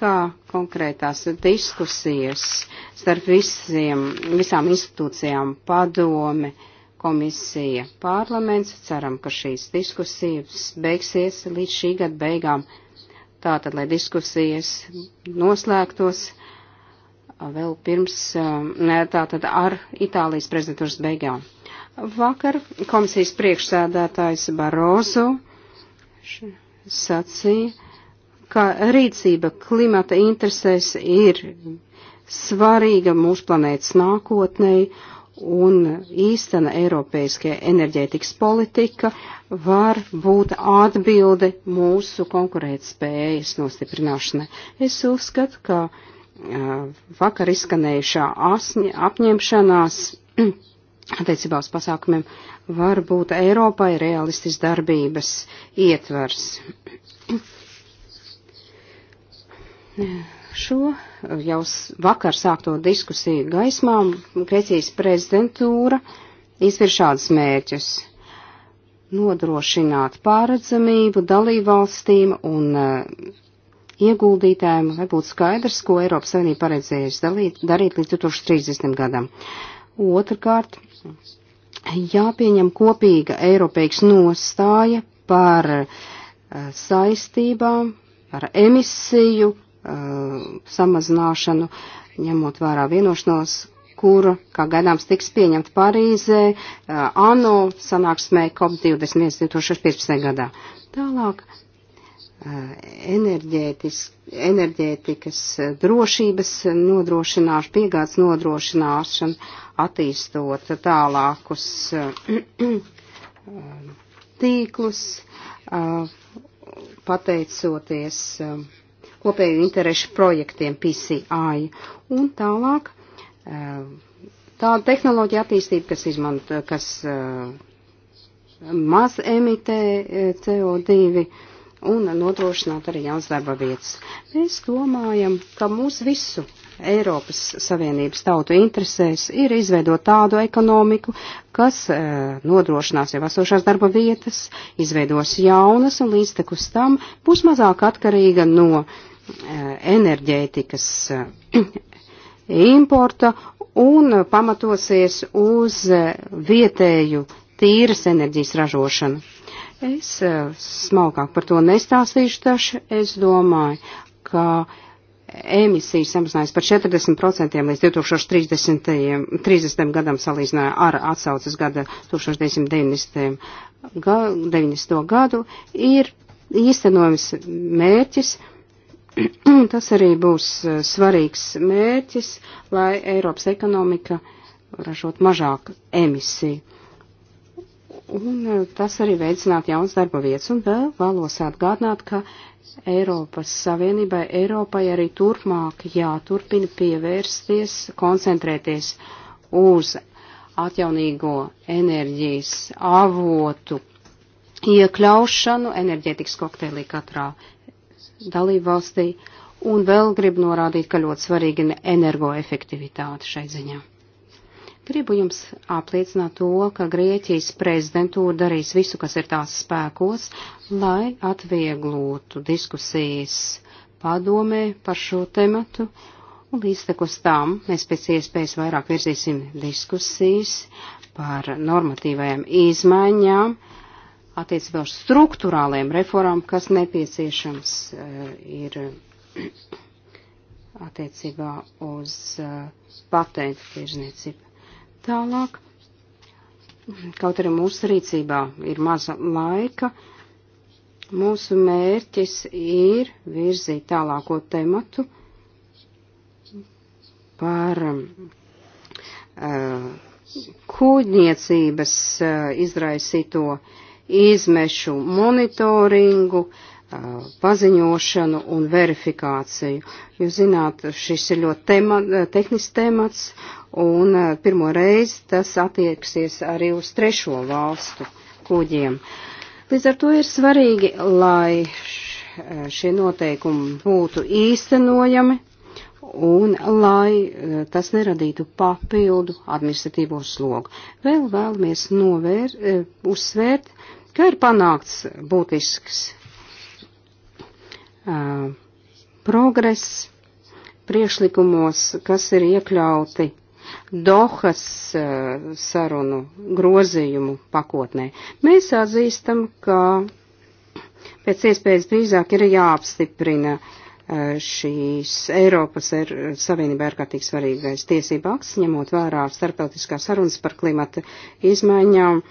kā konkrētās diskusijas starp visiem, visām institūcijām padome, komisija, parlaments. Ceram, ka šīs diskusijas beigsies līdz šī gada beigām. Tātad, lai diskusijas noslēgtos vēl pirms, um, tātad ar Itālijas prezidentūras beigām. Vakar komisijas priekšsēdētājs Barozu sacīja, ka rīcība klimata interesēs ir svarīga mūsu planētas nākotnei un īstena Eiropēskie enerģētikas politika var būt atbilde mūsu konkurētspējas nostiprināšanai. Es uzskatu, ka Eh, vakar izskanējušā asņa, apņemšanās attiecībā uz pasākumiem var būt Eiropai realistis darbības ietvers. Šo jau vakar sākto diskusiju gaismā Grēcijas prezidentūra izvir šādus mērķus nodrošināt pāredzamību dalībvalstīm un uh, ieguldītājiem, lai būtu skaidrs, ko Eiropas Savienība paredzējusi dalīt, darīt līdz 2030. gadam. Otrakārt, jāpieņem kopīga Eiropeiks nostāja par uh, saistībām, par emisiju uh, samazināšanu, ņemot vērā vienošanos, kura, kā gaidāms, tiks pieņemta Parīzē, uh, ANO sanāksmē COP21 2015. gadā. Tālāk Eh, enerģētikas eh, drošības nodrošināšana, piegādes nodrošināšana, attīstot tālākus eh, tīklus, pateicoties kopēju interešu projektiem PCI un tālāk tāda tehnoloģija attīstība, kas izmanto, kas maz emitē CO2 un nodrošināt arī jauns darba vietas. Mēs domājam, ka mūs visu Eiropas Savienības tautu interesēs ir izveidot tādu ekonomiku, kas e, nodrošinās jau esošās darba vietas, izveidos jaunas un līdztekus tam būs mazāk atkarīga no e, enerģētikas e, importa un pamatosies uz vietēju tīras enerģijas ražošanu. Es eh, smalkāk par to nestāstīšu, taču es domāju, ka emisijas samazinājās par 40% līdz 2030. 30. gadam salīdzinājumā ar atsaucas gada 1990. Ga, 90. gadu ir īstenojums mērķis. Tas arī būs eh, svarīgs mērķis, lai Eiropas ekonomika ražot mažāk emisiju. Un eh, tas arī veicinātu jauns darba vietas. Un vēl vēlos atgādināt, ka Eiropas Savienībai, Eiropai arī turpmāk jāturpina pievērsties, koncentrēties uz atjaunīgo enerģijas avotu iekļaušanu enerģētikas kokteilī katrā dalībvalstī. Un vēl gribu norādīt, ka ļoti svarīga energoefektivitāte šai ziņā. Gribu jums apliecināt to, ka Grieķijas prezidentūra darīs visu, kas ir tās spēkos, lai atvieglotu diskusijas padomē par šo tematu. Un līdztekus tam mēs pēc iespējas vairāk virzīsim diskusijas par normatīvajām izmaiņām, attiecībā uz struktūrāliem reformām, kas nepieciešams eh, ir attiecībā uz eh, patentu tirzniecību. Tālāk, kaut arī mūsu rīcībā ir maza laika, mūsu mērķis ir virzīt tālāko tematu par um, uh, kūģniecības uh, izraisīto izmešu monitoringu, uh, paziņošanu un verifikāciju. Jūs zināt, šis ir ļoti tema, tehnisks temats, un eh, pirmo reizi tas attieksies arī uz trešo valstu kuģiem. Līdz ar to ir svarīgi, lai šie noteikumi būtu īstenojami un lai eh, tas neradītu papildu administratīvo slogu. Vēl vēlamies novēr, eh, uzsvērt, ka ir panākts būtisks uh, progress priekšlikumos, kas ir iekļauti Dohas e, sarunu grozījumu pakotnē. Mēs atzīstam, ka pēc iespējas drīzāk ir jāapstiprina e, šīs Eiropas er, Savienība ārkārtīgi svarīgais tiesība akts, ņemot vērā starptautiskās sarunas par klimata izmaiņām,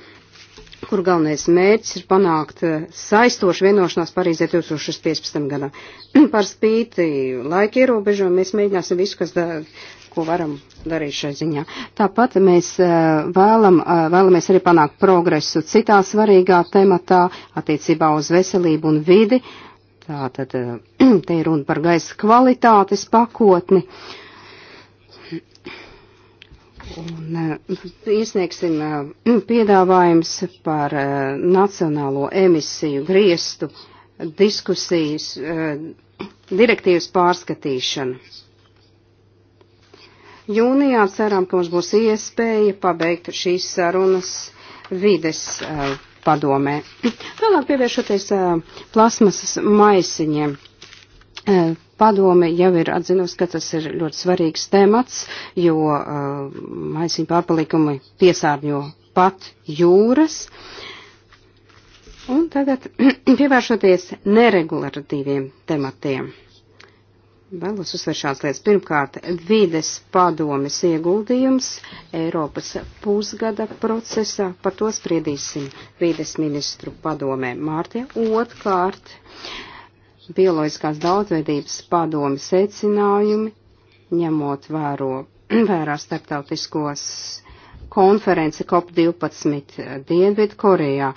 kur galvenais mērķis ir panākt e, saistošu vienošanās Parīzē 2015. gadā. Par spīti laika ierobežojumu mēs mēģināsim visu, kas da, ko varam darīt šai ziņā. Tāpat mēs eh, vēlam, eh, vēlamies arī panākt progresu citā svarīgā tematā attiecībā uz veselību un vidi. Tātad eh, te ir runa par gaisa kvalitātes pakotni. Un iesniegsim piedāvājums par nacionālo emisiju griestu diskusijas direktīvas pārskatīšanu Jūnijā ceram, ka mums būs iespēja pabeigt šīs sarunas vides eh, padomē. Tālāk pievēršoties eh, plasmasas maisiņiem. Eh, padome jau ir atzinusi, ka tas ir ļoti svarīgs temats, jo uh, maisiņu pārpalikumi piesārņo pat jūras. Un tagad pievēršoties neregulatīviem tematiem. Uh, Vēlos uzsvērt šādas lietas. Pirmkārt, vides padomes ieguldījums Eiropas pusgada procesā. Par to spriedīsim vides ministru padomē Mārtie. Otkārt, bioloģiskās daudzveidības padome secinājumi, ņemot vēro, vērā starptautiskos konferenci COP12 Dienvidu Korejā,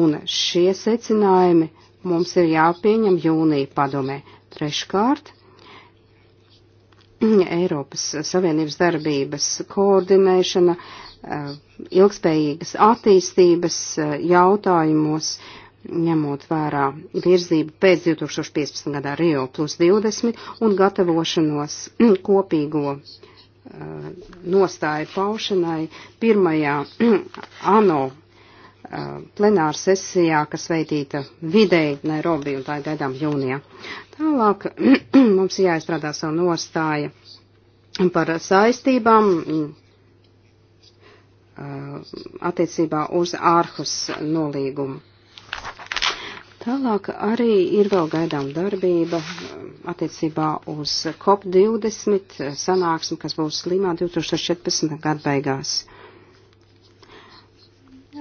un šie secinājumi mums ir jāpieņem jūnija padomē. Treškārt, Eiropas Savienības darbības koordinēšana, eh, ilgspējīgas attīstības eh, jautājumos, ņemot vērā virzību pēc 2015. gadā Rio plus 20 un gatavošanos kopīgo eh, nostāju paušanai pirmajā ANO Uh, plenāra sesijā, kas veidīta videi Nairobi un tā ir gaidām jūnijā. Tālāk mums jāizstrādā savu nostāju par saistībām uh, attiecībā uz ārhus nolīgumu. Tālāk arī ir vēl gaidām darbība uh, attiecībā uz COP20 sanāksmi, kas būs Limā 2014. gada beigās.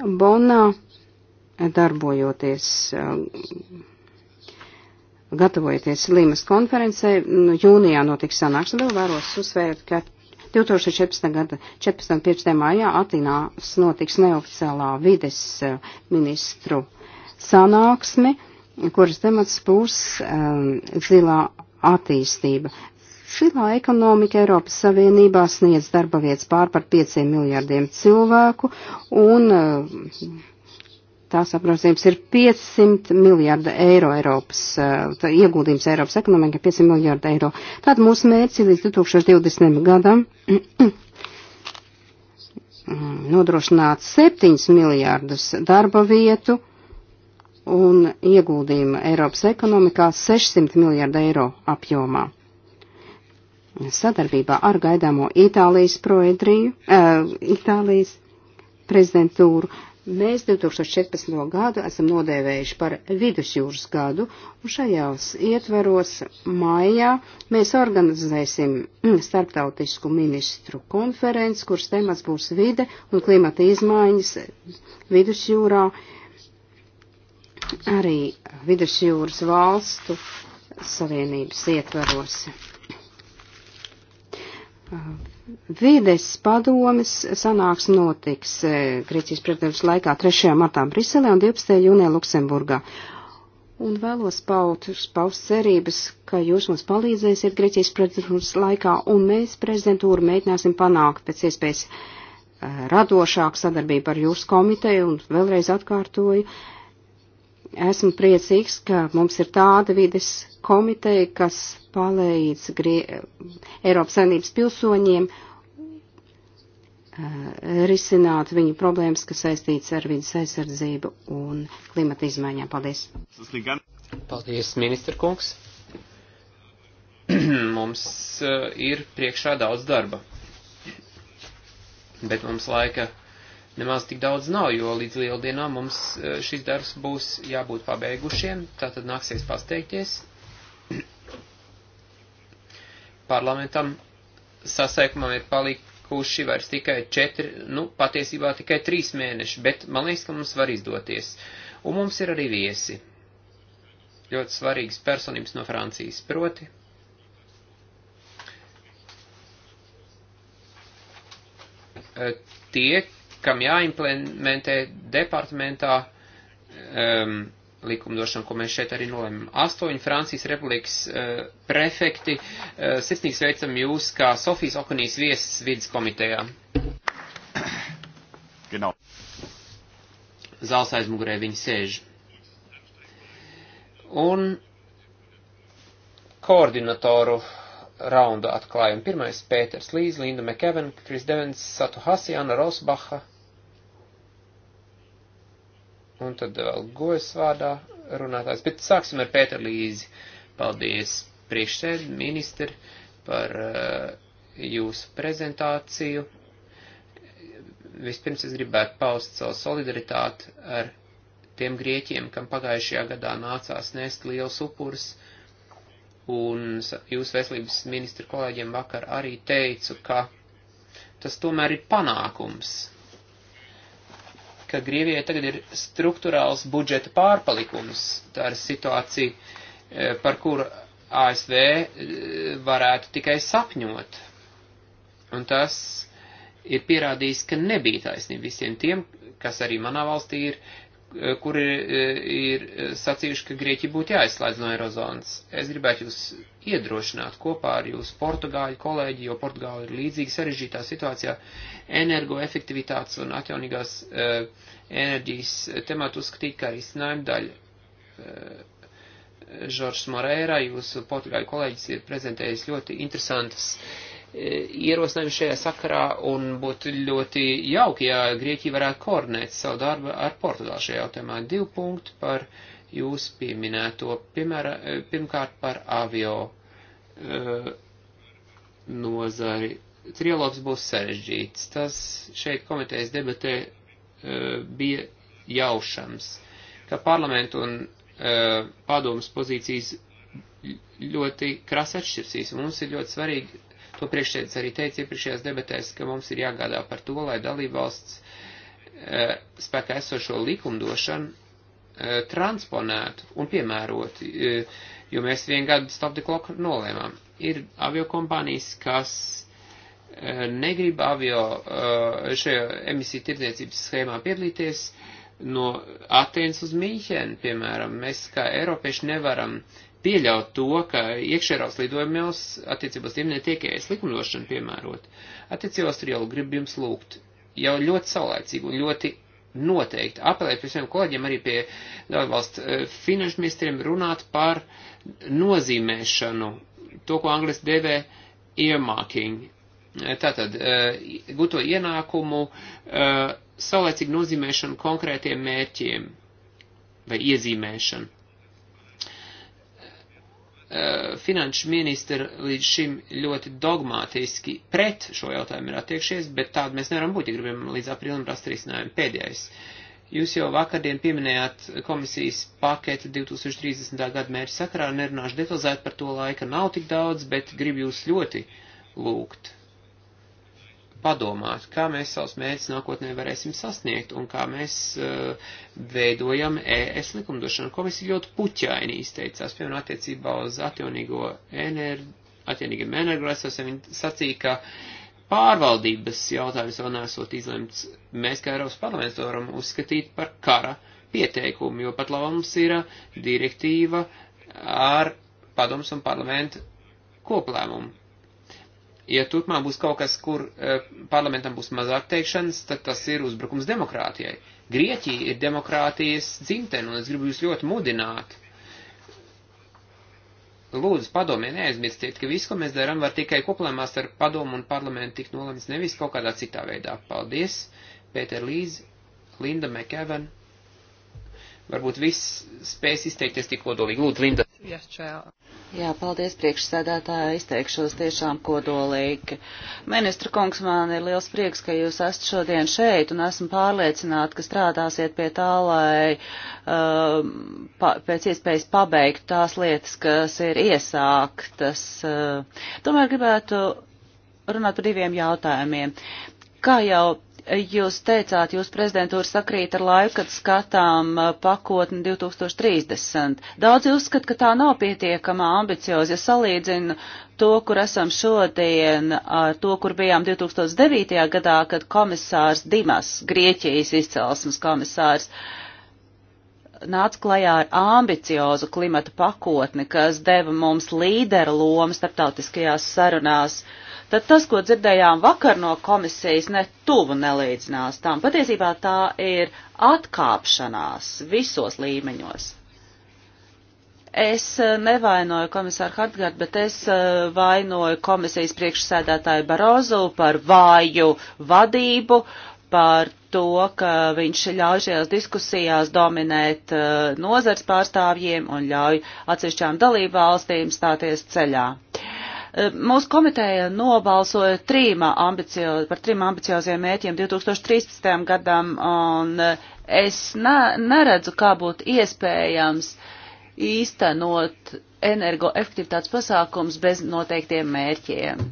Bonnā darbojoties, uh, gatavojoties Limas konferencē, nu, jūnijā notiks sanāksme, vēl vēros uzsvērt, ka 2014. gada 14. un 15. maijā Atīnās notiks neoficiālā vides uh, ministru sanāksme, kuras temats būs um, zilā attīstība. Šilā ekonomika Eiropas Savienībā sniedz darba vietas pār par 5 miljārdiem cilvēku, un eh, tās apgrozījums ir 500 miljārda eiro Eiropas, eh, ieguldījums Eiropas ekonomika 500 miljārda eiro. Tad mūsu mērķi līdz 2020. gadam nodrošināt 7 miljārdus darba vietu un ieguldījumu Eiropas ekonomikā 600 miljārda eiro apjomā sadarbībā ar gaidāmo Itālijas proedriju, uh, Itālijas prezidentūru. Mēs 2014. gadu esam nodēvējuši par vidusjūras gadu, un šajās ietveros maijā mēs organizēsim starptautisku ministru konferenci, kuras temats būs vide un klimata izmaiņas vidusjūrā, arī vidusjūras valstu savienības ietveros. Vides padomes sanāks notiks eh, Grieķijas pretdevas laikā 3. martā Briselē un 12. jūnijā Luksemburgā. Un vēlos paut, paust cerības, ka jūs mums palīdzēsiet Grieķijas pretdevas laikā un mēs prezidentūru mēģināsim panākt pēc iespējas eh, radošāku sadarbību ar jūsu komiteju un vēlreiz atkārtoju esmu priecīgs, ka mums ir tāda vides komiteja, kas palīdz Grie Eiropas saimnības pilsoņiem uh, risināt viņu problēmas, kas saistīts ar vidas aizsardzību un klimata izmaiņām. Paldies! Paldies, ministra kungs! mums uh, ir priekšā daudz darba, bet mums laika nemaz tik daudz nav, jo līdz lieldienām mums eh, šis darbs būs jābūt pabeigušiem, tātad nāksies pasteikties parlamentam. Sasaikumam ir palikuši vairs tikai četri, nu, patiesībā tikai trīs mēneši, bet man liekas, ka mums var izdoties. Un mums ir arī viesi. Ļoti svarīgas personības no Francijas. Proti, eh, tie, kam jāimplementē departamentā um, likumdošana, ko mēs šeit arī nolēmām. Astoņi Francijas republikas uh, prefekti. Uh, sirsnīgi sveicam jūs kā Sofijas Okonijas viesis vidas komitejā. Genau. Zāles aizmugurē viņi sēž. Un koordinatoru raundu atklājumu. Pirmais Pēters Līs, Linda Mekevena, Kris Devens, Satu Hasi, Anna Rosbacha, un tad vēl gojas vārdā runātājs. Bet sāksim ar Pēteru Līzi. Paldies priekšsēd ministri par uh, jūsu prezentāciju. Vispirms es gribētu paust savu solidaritāti ar tiem grieķiem, kam pagājušajā gadā nācās nest liels upurs. Un jūsu veselības ministra kolēģiem vakar arī teicu, ka tas tomēr ir panākums ka Grievijai tagad ir struktūrāls budžeta pārpalikums. Tā ir situācija, e, par kuru ASV e, varētu tikai sapņot. Un tas ir pierādījis, ka nebija taisnība visiem tiem, kas arī manā valstī ir Eh, kuri eh, ir eh, sacījuši, ka Grieķija būtu jāizslēdz no Eirozonas. Es gribētu jūs iedrošināt kopā ar jūsu portugāļu kolēģi, jo Portugāla ir līdzīgi sarežģītā situācijā energoefektivitātes un atjaunīgās uh, enerģijas tematu uzskatīt, kā arī snājuma daļa. Uh, Žoržs Moreira, jūsu portugāļu kolēģis, ir prezentējis ļoti interesantas uh, E, ierosinājumi šajā sakarā un būtu ļoti jauki, ja Grieķija varētu koordinēt savu darbu ar Portugālu šajā jautājumā. Divu punktu par jūs pieminēto, piemēra, e, pirmkārt par avio uh, nozari. Trialogs būs sarežģīts. Tas šeit komitejas debatē uh, bija jaušams, ka parlamentu un uh, padomas pozīcijas ļoti krasi atšķirsies. Mums ir ļoti svarīgi To priekšsēdus arī teica iepriekšējās debatēs, ka mums ir jāgādā par to, lai dalībvalsts e, spēkā esošo likumdošanu e, transponētu un piemērotu, e, jo mēs vien gadu stop the clock nolēmām. Ir aviokompānijas, kas e, negrib avio e, šajā emisiju tirdzniecības schēmā piedalīties, no Atenas uz Mīņķenu, piemēram, mēs kā Eiropieši nevaram pieļaut to, ka iekšērās lidojumos attiecībās tiem netiek ēs likumdošana piemērot. Attiecībās tur jau grib jums lūgt, jau ļoti saulēcīgi un ļoti noteikti apelēt pie saviem kolēģiem arī pie valsts eh, finanšu ministriem runāt par nozīmēšanu, to, ko angliski dēvē earmarking. Eh, tātad, eh, guto ienākumu, saulēcīgu nozīmēšanu konkrētiem mērķiem vai iezīmēšanu Eh, finanšu ministra līdz šim ļoti dogmātiski pret šo jautājumu ir attiekšies, bet tādu mēs nevaram būt, ja gribam līdz aprīlim rast risinājumu. Pēdējais. Jūs jau vakardien pieminējāt komisijas paketu 2030. gada mērķu sakarā, nerunāšu detalizēt par to laika, nav tik daudz, bet gribu jūs ļoti lūgt padomāt, kā mēs savus mērķus nākotnē varēsim sasniegt un kā mēs uh, veidojam ES likumdošanu. Komisija ļoti puķaini izteicās, piemēram, attiecībā uz atjaunīgo enerģiju, atjaunīgiem energoresursiem. Viņi sacīja, ka pārvaldības jautājums vēl nesot izlemts. Mēs kā Eiropas parlaments to varam uzskatīt par kara pieteikumu, jo pat labā mums ir eh, direktīva ar padoms un parlamentu koplēmumu ja turpmāk būs kaut kas, kur eh, parlamentam būs mazāk teikšanas, tad tas ir uzbrukums demokrātijai. Grieķija ir demokrātijas dzimtene, un es gribu jūs ļoti mudināt. Lūdzu, padomē, neaizmirstiet, ka visu, ko mēs darām, var tikai koplēmās ar padomu un parlamentu tikt nolemts nevis kaut kādā citā veidā. Paldies, Pēter Līz, Linda McEvan varbūt viss spēs izteikties tik kodolīgi. Lūdzu, Linda. Jā, paldies priekšsēdētāja, izteikšos tiešām kodolīgi. Ministra kungs, man ir liels prieks, ka jūs esat šodien šeit un esmu pārliecināta, ka strādāsiet pie tā, lai uh, pa, pēc iespējas pabeigt tās lietas, kas ir iesāktas. Uh, tomēr gribētu runāt par diviem jautājumiem. Kā jau Jūs teicāt, jūs prezidentūra sakrīt ar laiku, kad skatām uh, pakotni 2030. Daudzi uzskat, ka tā nav pietiekamā ambiciozi, ja salīdzinu to, kur esam šodien, ar to, kur bijām 2009. gadā, kad komisārs Dimas, Grieķijas izcelsmes komisārs, uh, nāca klajā ar ambiciozu klimata pakotni, kas deva mums līdera lomu starptautiskajās sarunās, tad tas, ko dzirdējām vakar no komisijas, ne tuvu nelīdzinās tām. Patiesībā tā ir atkāpšanās visos līmeņos. Es eh, nevainoju komisāru Hartgārdu, bet es eh, vainoju komisijas priekšsēdētāju Barozu par vāju vadību, par to, ka viņš ļauj šajās diskusijās dominēt eh, nozars pārstāvjiem un ļauj atsevišķām dalību valstīm stāties ceļā. Eh, mūsu komiteja nobalsoja trīma ambicioz, par trim ambicioziem mēķiem 2013. gadam, un eh, es ne, neredzu, kā būtu iespējams īstenot energoefektivitātes pasākums bez noteiktiem mērķiem.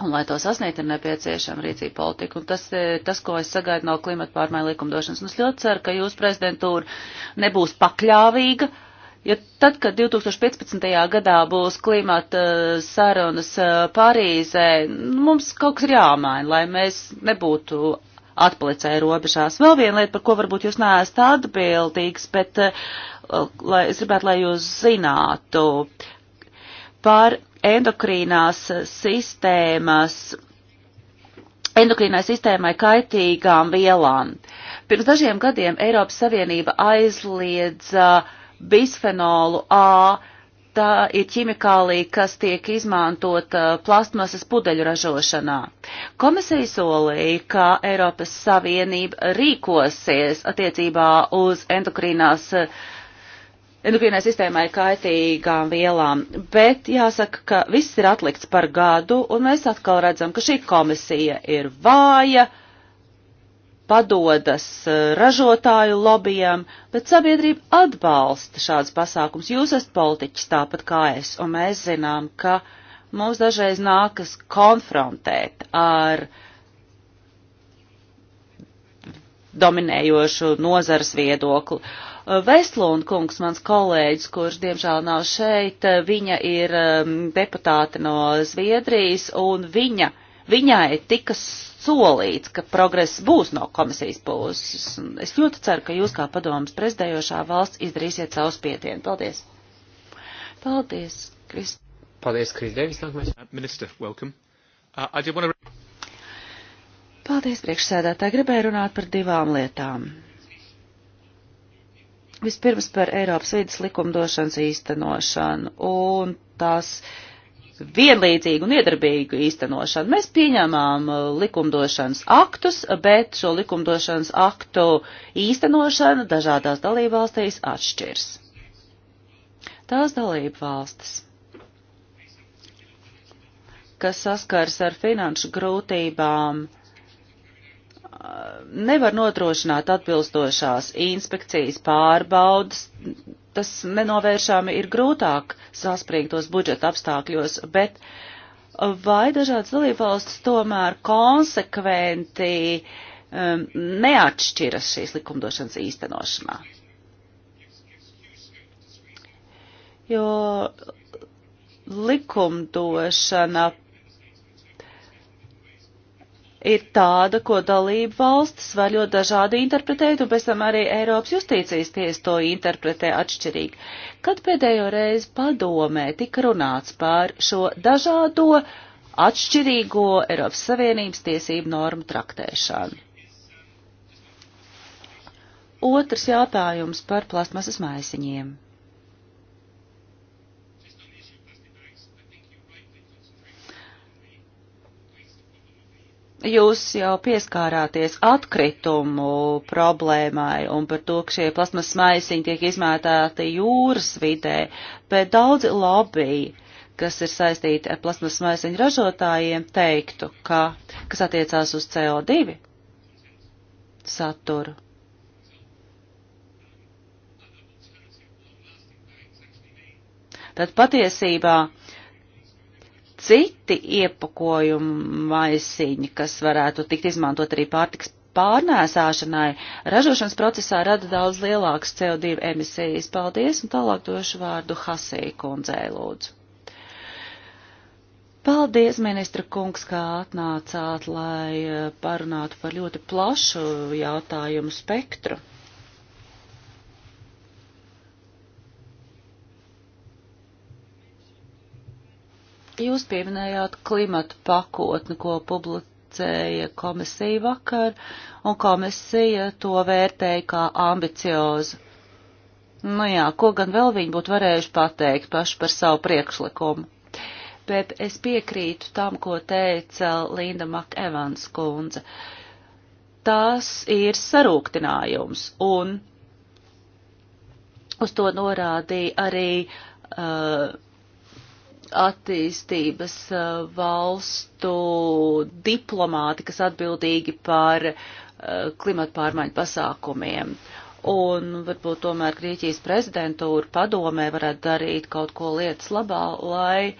Un, lai to sasniegt, ir nepieciešama rīcība politika. Un tas, eh, tas, ko es sagaidu no klimata pārmaiņu likumdošanas. Un es ļoti ceru, ka jūsu prezidentūra nebūs pakļāvīga. Ja tad, kad 2015. gadā būs klimata eh, sarunas eh, Parīzē, nu, mums kaut kas ir jāmaina, lai mēs nebūtu atpalicēji robežās. Vēl viena lieta, par ko varbūt jūs neesat atbildīgs, bet lai, es gribētu, lai jūs zinātu par endokrīnās sistēmas, endokrīnai sistēmai kaitīgām vielām. Pirms dažiem gadiem Eiropas Savienība aizliedza bisfenolu A. Tā ir ķimikālija, kas tiek izmantota uh, plastmasas pudeļu ražošanā. Komisija solīja, ka Eiropas Savienība rīkosies attiecībā uz endokrīnās uh, Nu, endokrinai sistēmai kaitīgām vielām, bet jāsaka, ka viss ir atlikts par gadu, un mēs atkal redzam, ka šī komisija ir vāja, padodas eh, ražotāju lobijam, bet sabiedrība atbalsta šādus pasākums. Jūs esat politiķis tāpat kā es, un mēs zinām, ka mums dažreiz nākas konfrontēt ar dominējošu nozars viedokli. Uh, Vestlūna kungs, mans kolēģis, kurš diemžēl nav šeit, viņa ir um, deputāte no Zviedrijas, un viņa, viņai tika solīts, ka progress būs no komisijas puses. Es ļoti ceru, ka jūs kā padomas prezidējošā valsts izdarīsiet savu spiedienu. Paldies! Paldies, Kris! Paldies, Kris Devis, nākamais. Uh, minister, welcome. Uh, I did want to... Paldies, priekšsēdētāji. Gribēju runāt par divām lietām. Vispirms par Eiropas vidas likumdošanas īstenošanu un tās vienlīdzīgu un iedarbīgu īstenošanu. Mēs pieņemām uh, likumdošanas aktus, bet šo likumdošanas aktu īstenošana dažādās dalībvalstīs atšķirs. Tās dalībvalstis, kas saskars ar finanšu grūtībām, nevar nodrošināt atbilstošās inspekcijas pārbaudas, tas nenovēršami ir grūtāk saspringtos budžeta apstākļos, bet vai dažādas dalībvalstis tomēr konsekventi um, neatšķiras šīs likumdošanas īstenošanā? Jo likumdošana ir tāda, ko dalību valstis var ļoti dažādi interpretēt, un pēc tam arī Eiropas justīcijas tiesa to interpretē atšķirīgi. Kad pēdējo reizi padomē tika runāts par šo dažādo atšķirīgo Eiropas Savienības tiesību normu traktēšanu? Otrs jautājums par plasmasas maisiņiem. Jūs jau pieskārāties atkritumu problēmai un par to, ka šie plasmas maisiņi tiek izmētāti jūras vidē, bet daudzi lobby, kas ir saistīti ar plasmas maisiņu ražotājiem, teiktu, ka, kas attiecās uz CO2 saturu. Tad patiesībā citi iepakojumu maisiņi, kas varētu tikt izmantot arī pārtiks pārnēsāšanai, ražošanas procesā rada daudz lielākas CO2 emisijas. Paldies, un tālāk došu vārdu Hasī kundzei lūdzu. Paldies, ministra kungs, kā atnācāt, lai eh, parunātu par ļoti plašu jautājumu spektru. Jūs pieminējāt klimatu pakotni, ko publicēja komisija vakar, un komisija to vērtēja kā ambiciozu. Nu jā, ko gan vēl viņi būtu varējuši pateikt paši par savu priekšlikumu. Bet es piekrītu tam, ko teica Linda Makevans kundze. Tas ir sarūktinājums, un uz to norādīja arī uh, attīstības eh, valstu diplomāti, kas atbildīgi par eh, klimatu pārmaiņu pasākumiem. Un varbūt tomēr Grieķijas prezidentūra padomē varētu darīt kaut ko lietas labā, lai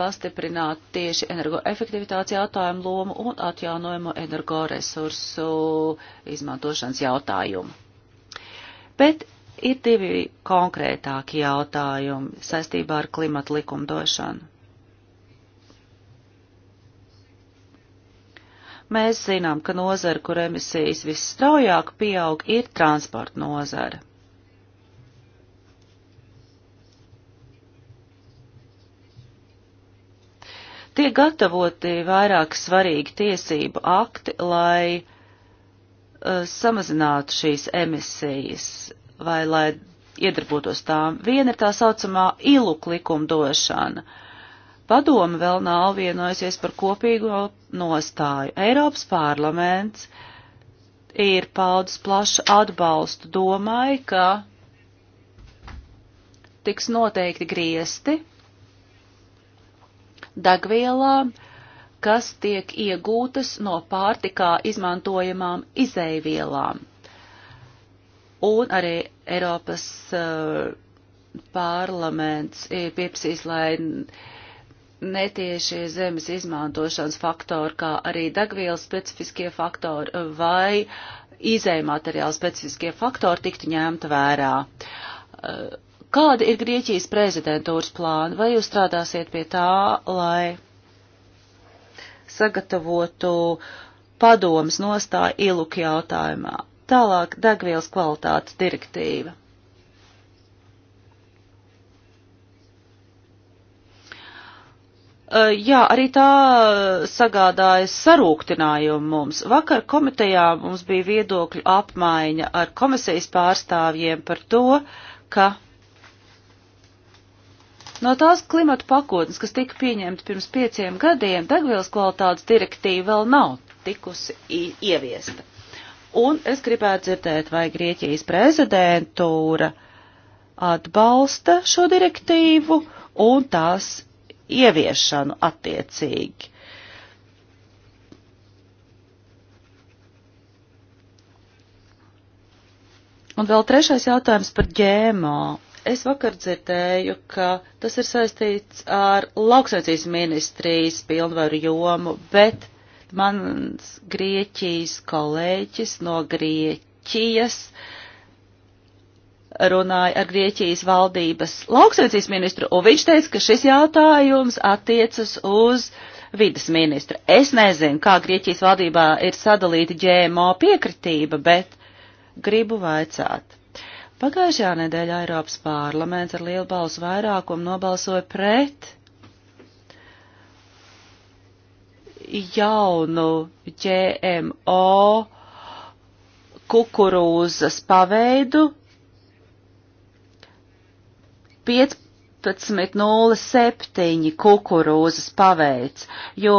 pastiprinātu tieši energoefektivitātes jautājumu lomu un atjaunojumu energoresursu izmantošanas jautājumu. Bet Ir divi konkrētāki jautājumi saistībā ar klimatu likumdošanu. Mēs zinām, ka nozara, kur emisijas visstraujāk pieaug, ir transporta nozara. Tiek gatavoti vairāk svarīgi tiesību akti, lai uh, samazinātu šīs emisijas vai lai iedarbotos tām. Viena ir tā saucamā iluk likumdošana. Padoma vēl nav vienojusies par kopīgo nostāju. Eiropas parlaments ir paudis plašu atbalstu domai, ka tiks noteikti griesti degvielām, kas tiek iegūtas no pārtikā izmantojamām izeivielām. Un arī Eiropas uh, parlaments ir pieprasījis, lai netiešie zemes izmantošanas faktori, kā arī degvielas specifiskie faktori vai izējumateriāla specifiskie faktori tiktu ņemta vērā. Uh, eh, Kāda ir Grieķijas prezidentūras plāna? Vai jūs strādāsiet pie tā, lai sagatavotu padomas nostāju iluk jautājumā? Tālāk degvielas kvalitātes direktīva. jā, arī tā sagādāja sarūktinājumu mums. Vakar komitejā mums bija viedokļu apmaiņa ar komisijas pārstāvjiem par to, ka no tās klimata pakotnes, kas tika pieņemta pirms pieciem gadiem, degvielas kvalitātes direktīva vēl nav tikusi ieviesta. Un es gribētu dzirdēt, vai Grieķijas prezidentūra atbalsta šo direktīvu un tās ieviešanu attiecīgi. Un vēl trešais jautājums par ģēmo. Es vakar dzirdēju, ka tas ir saistīts ar lauksaimniecības ministrijas pilnvaru jomu, bet Mans Grieķijas kolēģis no Grieķijas runāja ar Grieķijas valdības lauksaimniecības ministru, un viņš teica, ka šis jautājums attiecas uz vidas ministru. Es nezinu, kā Grieķijas valdībā ir sadalīta ģēmo piekritība, bet gribu vaicāt. Pagājušajā nedēļā Eiropas parlaments ar lielu balsu vairākumu nobalsoja pret jaunu GMO kukurūzas paveidu 15.07 kukurūzas paveids, jo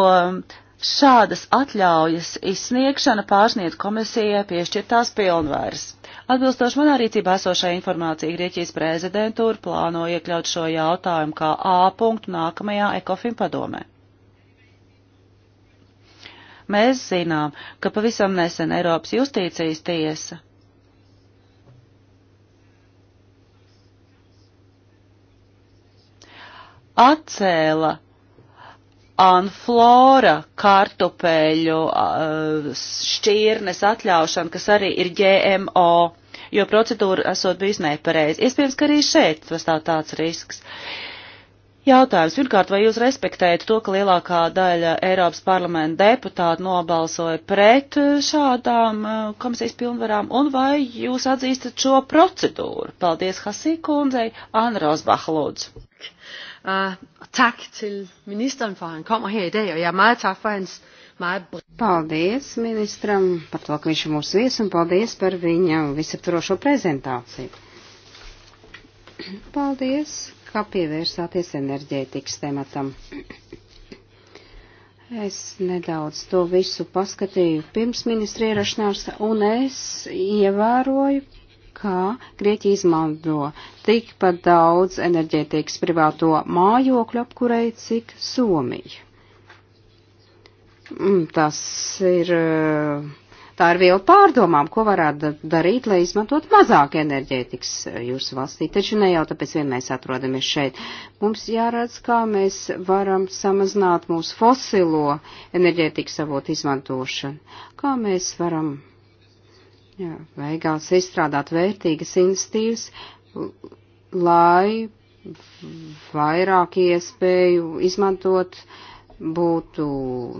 šādas atļaujas izsniegšana pārsniedz komisijai piešķirtās pilnvaras. Atbilstoši manā rīcībā esošai informācijai, Grieķijas prezidentūra plāno iekļaut šo jautājumu kā A punktu nākamajā ECOFIN padomē. Mēs zinām, ka pavisam nesen Eiropas justīcijas tiesa atcēla anflora kartupeļu uh, šķirnes atļaušanu, kas arī ir GMO, jo procedūra esot bijis nepareizi. Iespējams, ka arī šeit pastāv tāds risks. Uh, Jautājums pirmkārt, vai jūs respektējat to, ka lielākā daļa Eiropas parlamenta deputātu nobalsoja pret eh, šādām eh, komisijas pilnvarām, un vai jūs atzīstat šo procedūru? Paldies Hasī kundzei, Anna Rosbaha lūdzu. Uh, tak til ministeren for, at han kommer her i dag, og jeg er meget tak for hans Paldies ministram par to, ka viņš ir mūsu viesis, un paldies par viņa visaptvarošo prezentāciju. Paldies kā pievērsāties enerģētikas tematam. Es nedaudz to visu paskatīju pirms ministra ierašanās, un es ievēroju, ka Grieķija izmanto tikpat daudz enerģētikas privāto mājokļu apkurei, cik Somija. Mm, tas ir uh, tā ir viela pārdomām, ko varētu darīt, lai izmantot mazāk enerģētikas eh, jūsu valstī. Taču ne jau tāpēc vien mēs atrodamies šeit. Mums jāredz, kā mēs varam samazināt mūsu fosilo enerģētikas avotu izmantošanu. Kā mēs varam jā, veigās izstrādāt vērtīgas institīvas, lai vairāk iespēju izmantot būtu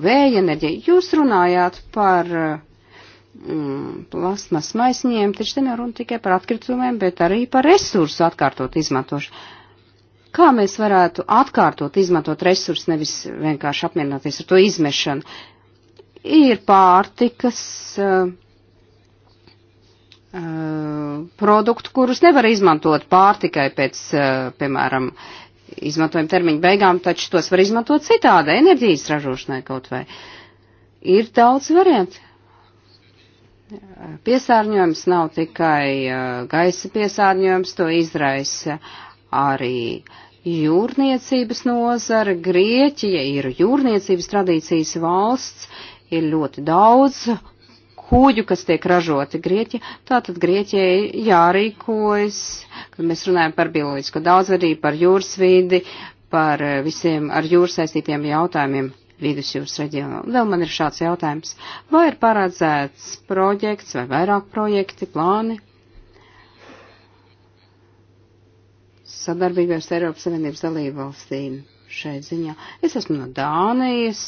vēja enerģija. Jūs runājāt par eh, Mm, plasmas maisiņiem, taču te nav runa tikai par atkritumiem, bet arī par resursu atkārtot izmantošanu. Kā mēs varētu atkārtot izmantot resursus, nevis vienkārši apmierināties ar to izmešanu? Ir pārtikas uh, uh, produktu, kurus nevar izmantot pārtikai pēc, uh, piemēram, izmantojuma termiņa beigām, taču tos var izmantot citādi, enerģijas ražošanai kaut vai. Ir daudz variantu Piesārņojums nav tikai gaisa piesārņojums, to izraisa arī jūrniecības nozara. Grieķija ir jūrniecības tradīcijas valsts, ir ļoti daudz kuģu, kas tiek ražoti Grieķijā. Tātad Grieķijai jārīkojas, kad mēs runājam par bioloģisko daudzvarību, par jūras vidi, par visiem ar jūras saistītiem jautājumiem vidusjūras reģionā. Vēl man ir šāds jautājums. Vai ir paredzēts projekts vai vairāk projekti, plāni sadarbībās Eiropas Savienības dalību valstīm šai ziņā? Es esmu no Dānijas,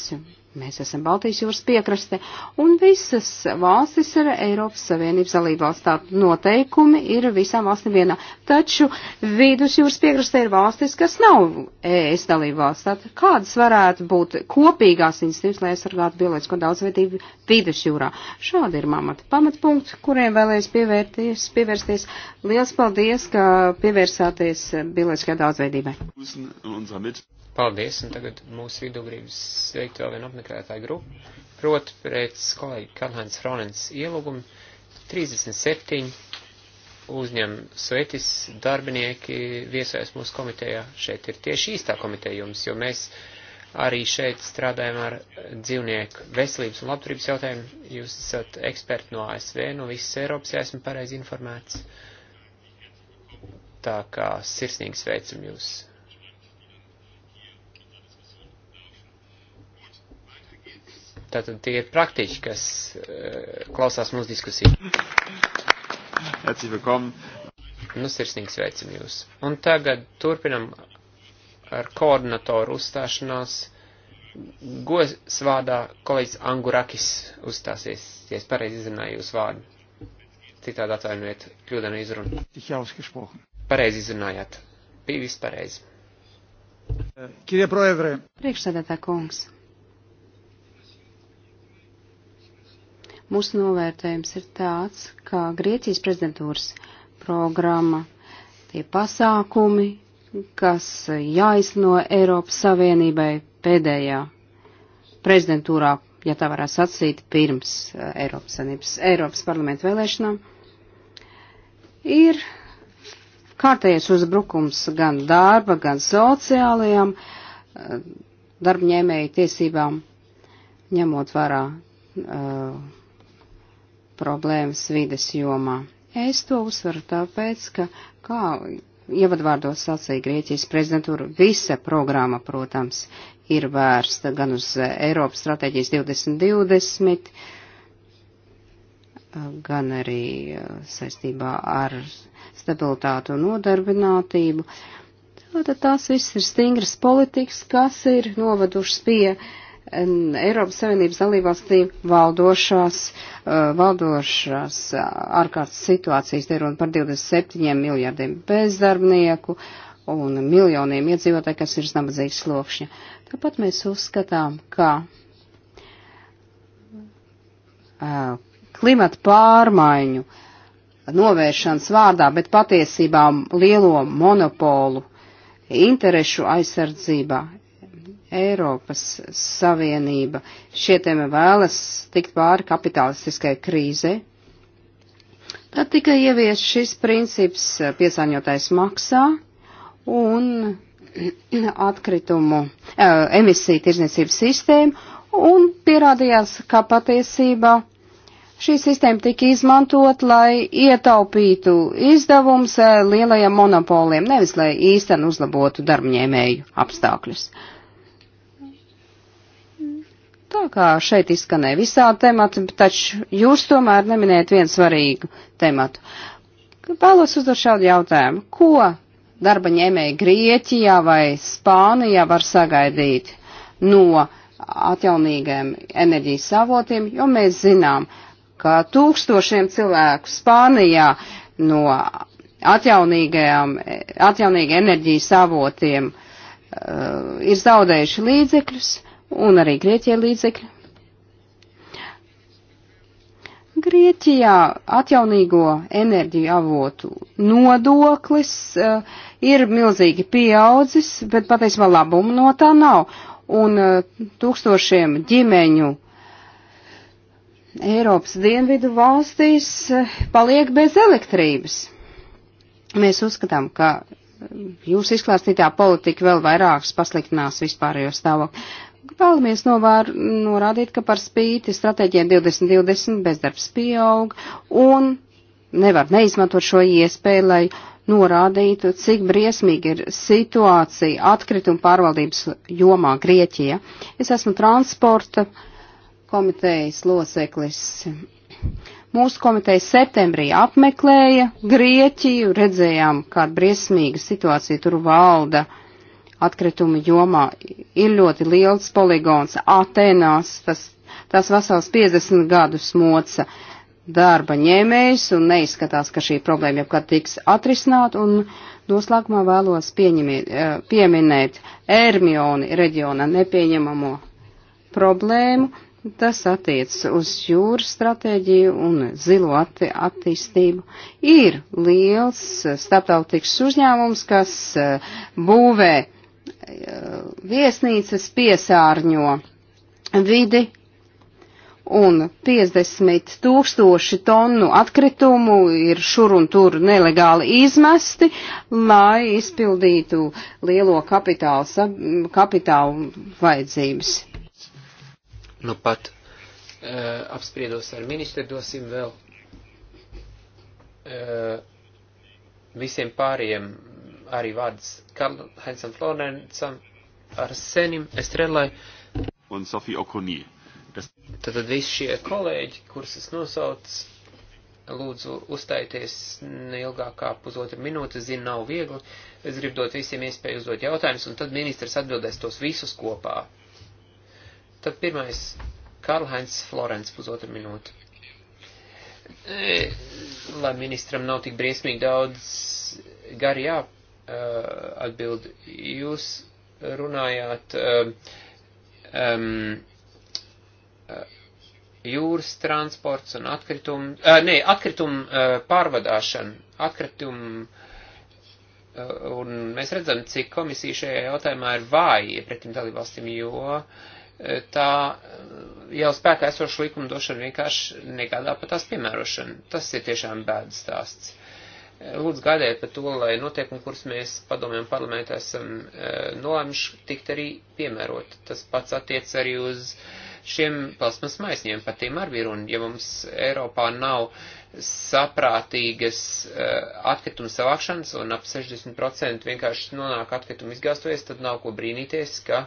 Mēs esam Baltijas jūras piekraste, un visas valstis ir Eiropas Savienības dalībvalsts. Tā noteikumi ir visām valstīm vienā. Taču vidus jūras piekraste ir valstis, kas nav ES dalībvalsts. Tātad kādas varētu būt kopīgās institīvas, lai aizsargātu bioloģisko daudzveidību vidus jūrā? Šādi ir mamata pamatpunkti, kuriem vēlēs pievērties, pievērsties. Liels paldies, ka pievērsāties bioloģiskajai daudzveidībai. Paldies, un tagad mūsu vidū gribas sveikt vēl vienu apmeklētāju apmeklētāju grupu, proti pēc kolēģi Karlheinz Fronens ielūguma 37 uzņem svetis darbinieki viesojas mūsu komitejā. Šeit ir tieši īstā komiteja jums, jo mēs arī šeit strādājam ar dzīvnieku veselības un labturības jautājumu. Jūs esat eksperti no ASV, no visas Eiropas, ja esmu pareizi informēts. Tā kā sirsnīgi sveicam jūs Tātad tie ir praktiķi, kas eh, klausās mūsu diskusiju. Nu, sirsnīgi sveicam jūs. Un tagad turpinam ar koordinatoru uzstāšanos. Gos vārdā kolēģis Angurakis uzstāsies, ja es pareizi izrunāju jūsu vārdu. Citādi atvainojiet, kļūdami izrunu. Pareizi izrunājāt. Bija viss pareizi. Priekšsēdētā kungs. Mūsu novērtējums ir tāds, ka Grieķijas prezidentūras programma, tie pasākumi, kas jāizno Eiropas Savienībai pēdējā prezidentūrā, ja tā varētu sacīt, pirms eh, Eiropas, Sanības, Eiropas parlamenta vēlēšanām, ir kārtējies uzbrukums gan darba, gan sociālajām eh, darbņēmēju tiesībām, ņemot vērā uh, problēmas vides jomā. Es to uzsveru tāpēc, ka, kā ievadvārdos sacīja Grieķijas prezidentūra, visa programma, protams, ir vērsta gan uz eh, Eiropas stratēģijas 2020, eh, gan arī eh, saistībā ar stabilitātu un nodarbinātību. Tātad tās viss ir stingras politikas, kas ir novadušas pie uh, Eiropas Savienības dalībvalstī valdošās, uh, valdošās uh, ārkārtas situācijas, te runa par 27 miljardiem bezdarbnieku un miljoniem iedzīvotāju, kas ir nabadzīgs slokšņa. Tāpat mēs uzskatām, ka uh, klimata pārmaiņu novēršanas vārdā, bet patiesībā lielo monopolu interešu aizsardzībā Eiropas Savienība šietiem vēlas tikt pāri kapitalistiskai krīzei. Tad tika ievies šis princips piesāņotais maksā un atkritumu eh, emisiju tirzniecības sistēmu un pierādījās, ka patiesībā šī sistēma tika izmantot, lai ietaupītu izdevums eh, lielajiem monopoliem, nevis lai īsten uzlabotu darbņēmēju apstākļus. Uh, Tā kā šeit izskanē visādi temati, taču jūs tomēr neminējat vienu svarīgu tematu. Vēlos uzdot šādu jautājumu. Ko darba ņēmēji Grieķijā vai Spānijā var sagaidīt no atjaunīgiem enerģijas avotiem, jo mēs zinām, ka tūkstošiem cilvēku Spānijā no atjaunīgiem enerģijas avotiem uh, ir zaudējuši līdzekļus un arī Grieķijai līdzekļi. Grieķijā atjaunīgo enerģiju avotu nodoklis uh, ir milzīgi pieaudzis, bet patiesībā labumu no tā nav. Un uh, tūkstošiem ģimeņu Eiropas dienvidu valstīs uh, paliek bez elektrības. Mēs uzskatām, ka jūsu izklāstītā politika vēl vairākas pasliktinās vispārējo stāvokli. Vēlamies novēr, norādīt, ka par spīti stratēģiem 2020 bezdarbs pieaug un nevar neizmantot šo iespēju, lai norādītu, cik briesmīgi ir situācija atkrituma pārvaldības jomā Grieķija. Es esmu transporta komitejas loceklis. Mūsu komiteja septembrī apmeklēja Grieķiju, redzējām, kāda briesmīga situācija tur valda. Uh, atkritumu jomā. Ir ļoti liels poligons Atenās, tas, tas vesels 50 gadus moca darba ņēmējs un neizskatās, ka šī problēma jebkad tiks atrisināt. Un noslēgumā vēlos pieņemiet, eh, pieminēt Ermioni reģiona nepieņemamo problēmu. Tas attiec uz jūras stratēģiju un zilo atti attīstību. Ir liels eh, starptautisks uzņēmums, kas eh, būvē viesnīcas piesārņo vidi un 50 tūkstoši tonu atkritumu ir šur un tur nelegāli izmesti, lai izpildītu lielo kapitālu, kapitālu vajadzības. Nu pat uh, apspriedos ar ministru, dosim vēl uh, visiem pāriem arī vārds Karl-Heinzam Florencam, Arsenim, Estrelai un Sofiju Okunī. Tas... Tad visi šie kolēģi, kurus es nosaucu, lūdzu uzstājieties neilgāk kā pusotru minūti, zinu, nav viegli. Es gribu dot visiem iespēju uzdot jautājumus, un tad ministrs atbildēs tos visus kopā. Tad pirmais - Karlheinz Florence pusotru minūti. E, lai ministram nav tik briesmīgi daudz gari jāp Uh, atbildi. Jūs runājāt um, um uh, jūras transports un atkritumu, uh, nē, atkritumu uh, pārvadāšana, atkritumu, uh, un mēs redzam, cik komisija šajā jautājumā ir vāja pretim dalībvalstīm, jo uh, tā uh, jau spēkā esošu likumdošanu vienkārši negādā pat tās piemērošanu. Tas ir tiešām bēdas stāsts. Lūdzu gādējiet par to, lai noteikumi, kurus mēs padomjam parlamentā esam e, nolēmuši, tikt arī piemērot. Tas pats attiec arī uz šiem plasmas maisņiem, par tiem arī runa. Ja mums Eiropā nav saprātīgas e, atkrituma savākšanas un ap 60% vienkārši nonāk atkrituma izgāstoties, tad nav ko brīnīties, ka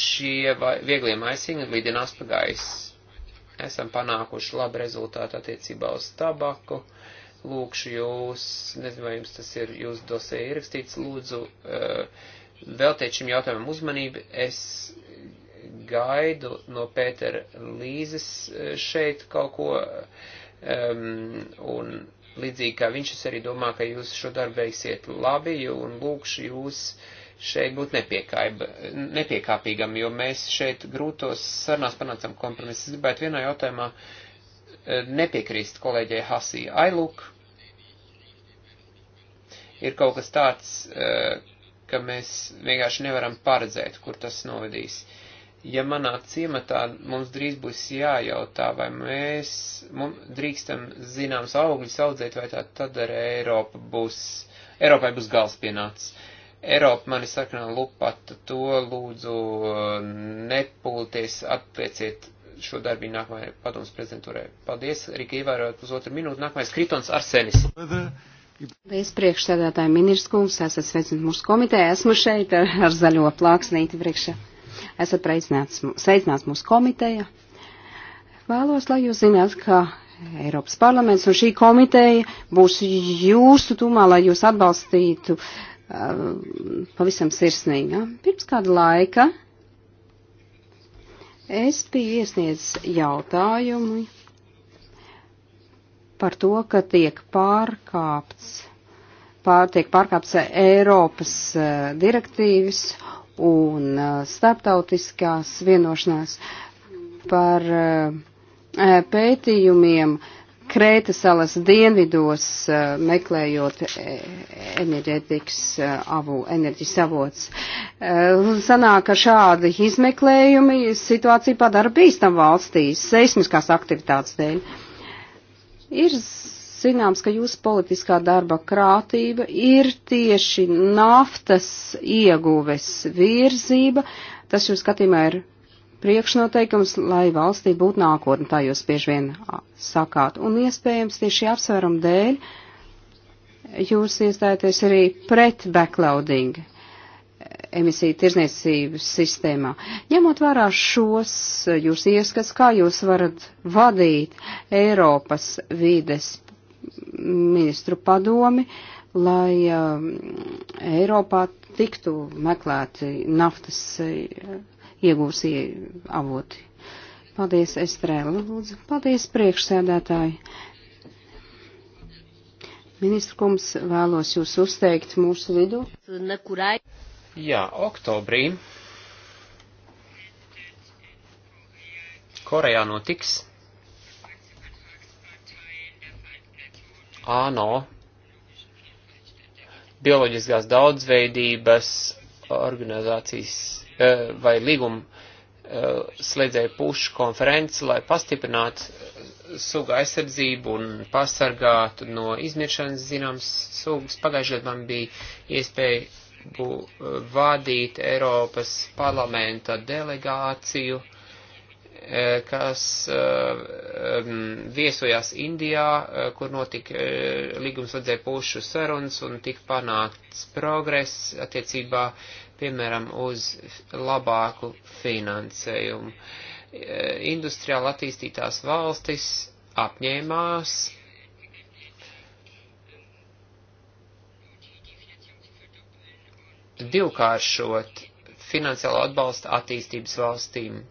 šie vieglie maisiņi lidinās pa gaisu. Esam panākuši labu rezultātu attiecībā uz tabaku lūkšu jūs, nezinu, vai jums tas ir jūsu dosē ierakstīts, lūdzu eh, veltiet šim jautājumam uzmanību. Es gaidu no Pētera Līzes eh, šeit kaut ko, ehm, un līdzīgi kā viņš, es arī domāju, ka jūs šo darbu veiksiet labi, un lūkšu jūs šeit būt nepiekāpīgam, jo mēs šeit grūtos sarunās panācam kompromisu. Es gribētu vienā jautājumā eh, nepiekrīst kolēģei Hasī Ailuk ir kaut kas tāds, eh, ka mēs vienkārši nevaram paredzēt, kur tas novedīs. Ja manā ciematā mums drīz būs jājautā, vai mēs drīkstam zināms augļus audzēt, vai tā tad ar Eiropu būs, Eiropai būs gals pienācis. Eiropa mani saknā lupata, to lūdzu eh, nepulties, atlieciet šo darbību nākamajai padomas prezidentūrai. Paldies, Rika Ivārot, pusotru minūtu, nākamais Kritons Arsenis. Paldies. Es priekšsēdētāju ministrs kungs, esat sveicināt mūsu komitē, esmu šeit ar, ar zaļo plāksnīti priekšā. Esat preicināts, sveicināts mūsu komiteja. Vēlos, lai jūs zināt, ka Eiropas parlaments un šī komiteja būs jūsu tumā, lai jūs atbalstītu uh, pavisam sirsnīgi. Ja? Pirms kāda laika es biju iesniedzis jautājumu par to, ka tiek pārkāpts, pār, tiek pārkāpts Eiropas eh, direktīvas un eh, starptautiskās vienošanās par eh, pētījumiem Krētas salas dienvidos meklējot enerģētikas avu, enerģijas avots. Sanāk, ka šādi izmeklējumi situāciju padara bīstam valstīs seismiskās aktivitātes dēļ. Ir zināms, ka jūsu politiskā darba krātība ir tieši naftas ieguves virzība. Tas jūs skatījumā ir priekšnoteikums, lai valstī būtu nākotne, tā jūs bieži vien sakāt. Un iespējams tieši apsvērumu dēļ jūs iestājaties arī pret backloading, emisiju tirzniecības sistēmā. Ņemot vērā šos eh, jūs ieskats, kā jūs varat vadīt Eiropas vides ministru padomi, lai uh, Eiropā tiktu meklēti naftas uh, eh, iegūsie avoti. Paldies, Estrēla, lūdzu. Paldies, priekšsēdētāji. Ministrkums vēlos jūs uzteikt mūsu vidu. Nekurai. Jā, oktobrī Korejā notiks ANO bioloģiskās daudzveidības organizācijas eh, vai līguma eh, slēdzēja pušu konferenci, lai pastiprinātu eh, suga aizsardzību un pasargātu no izmiršanas zināmas sugas. Pagājušajā gadā man bija iespēja gribu eh, vadīt Eiropas parlamenta delegāciju, eh, kas eh, mm, viesojās Indijā, kur notika līgumsvadzē pušu sarunas un tika panākts progress attiecībā, piemēram, uz labāku finansējumu. Industriāli attīstītās valstis apņēmās divkāršot finansiālo atbalstu attīstības valstīm.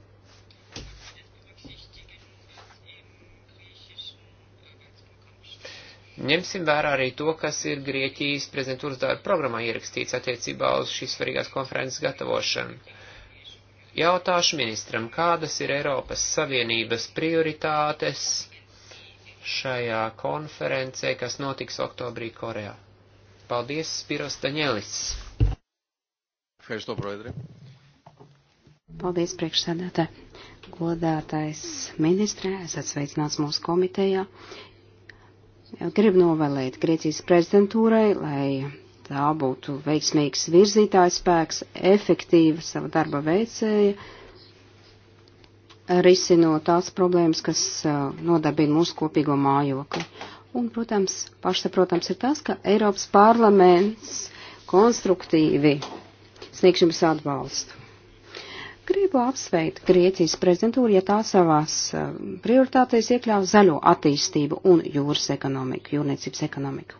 Ņemsim vērā arī to, kas ir Grieķijas prezidentūras darba programmā ierakstīts attiecībā uz šīs svarīgās konferences gatavošanu. Jautāšu ministram, kādas ir Eiropas Savienības prioritātes šajā konferencē, kas notiks oktobrī Korejā. Paldies, Spiros Daņelis! Ευχαριστώ, Πρόεδρε. Paldies, priekšsēdētā. Godātais ministrē, esat sveicināts mūsu komitejā. Gribu novēlēt Grieķijas prezidentūrai, lai tā būtu veiksmīgs virzītājs spēks, efektīva sava darba veicēja, risinot tās problēmas, kas nodarbina mūsu kopīgo mājokli. Un, protams, pašsaprotams ir tas, ka Eiropas parlaments konstruktīvi sniegšu jums atbalstu. Gribu apsveikt Grieķijas prezidentūru, ja tā savās eh, prioritātēs iekļāva zaļo attīstību un jūras ekonomiku, jūrniecības ekonomiku.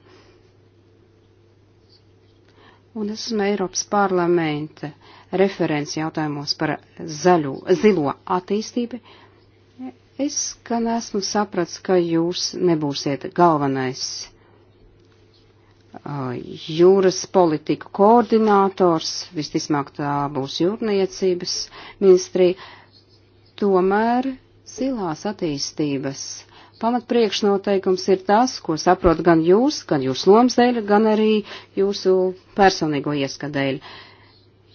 Un es esmu Eiropas parlamenta referents jautājumos par zaļo, zilo attīstību. Es gan esmu saprats, ka jūs nebūsiet galvenais jūras politiku koordinators, visticamāk tā būs jūrniecības ministrija, tomēr zilās attīstības pamatpriekšnoteikums ir tas, ko saprot gan jūs, gan jūsu lomas dēļ, gan arī jūsu personīgo ieskadēļ,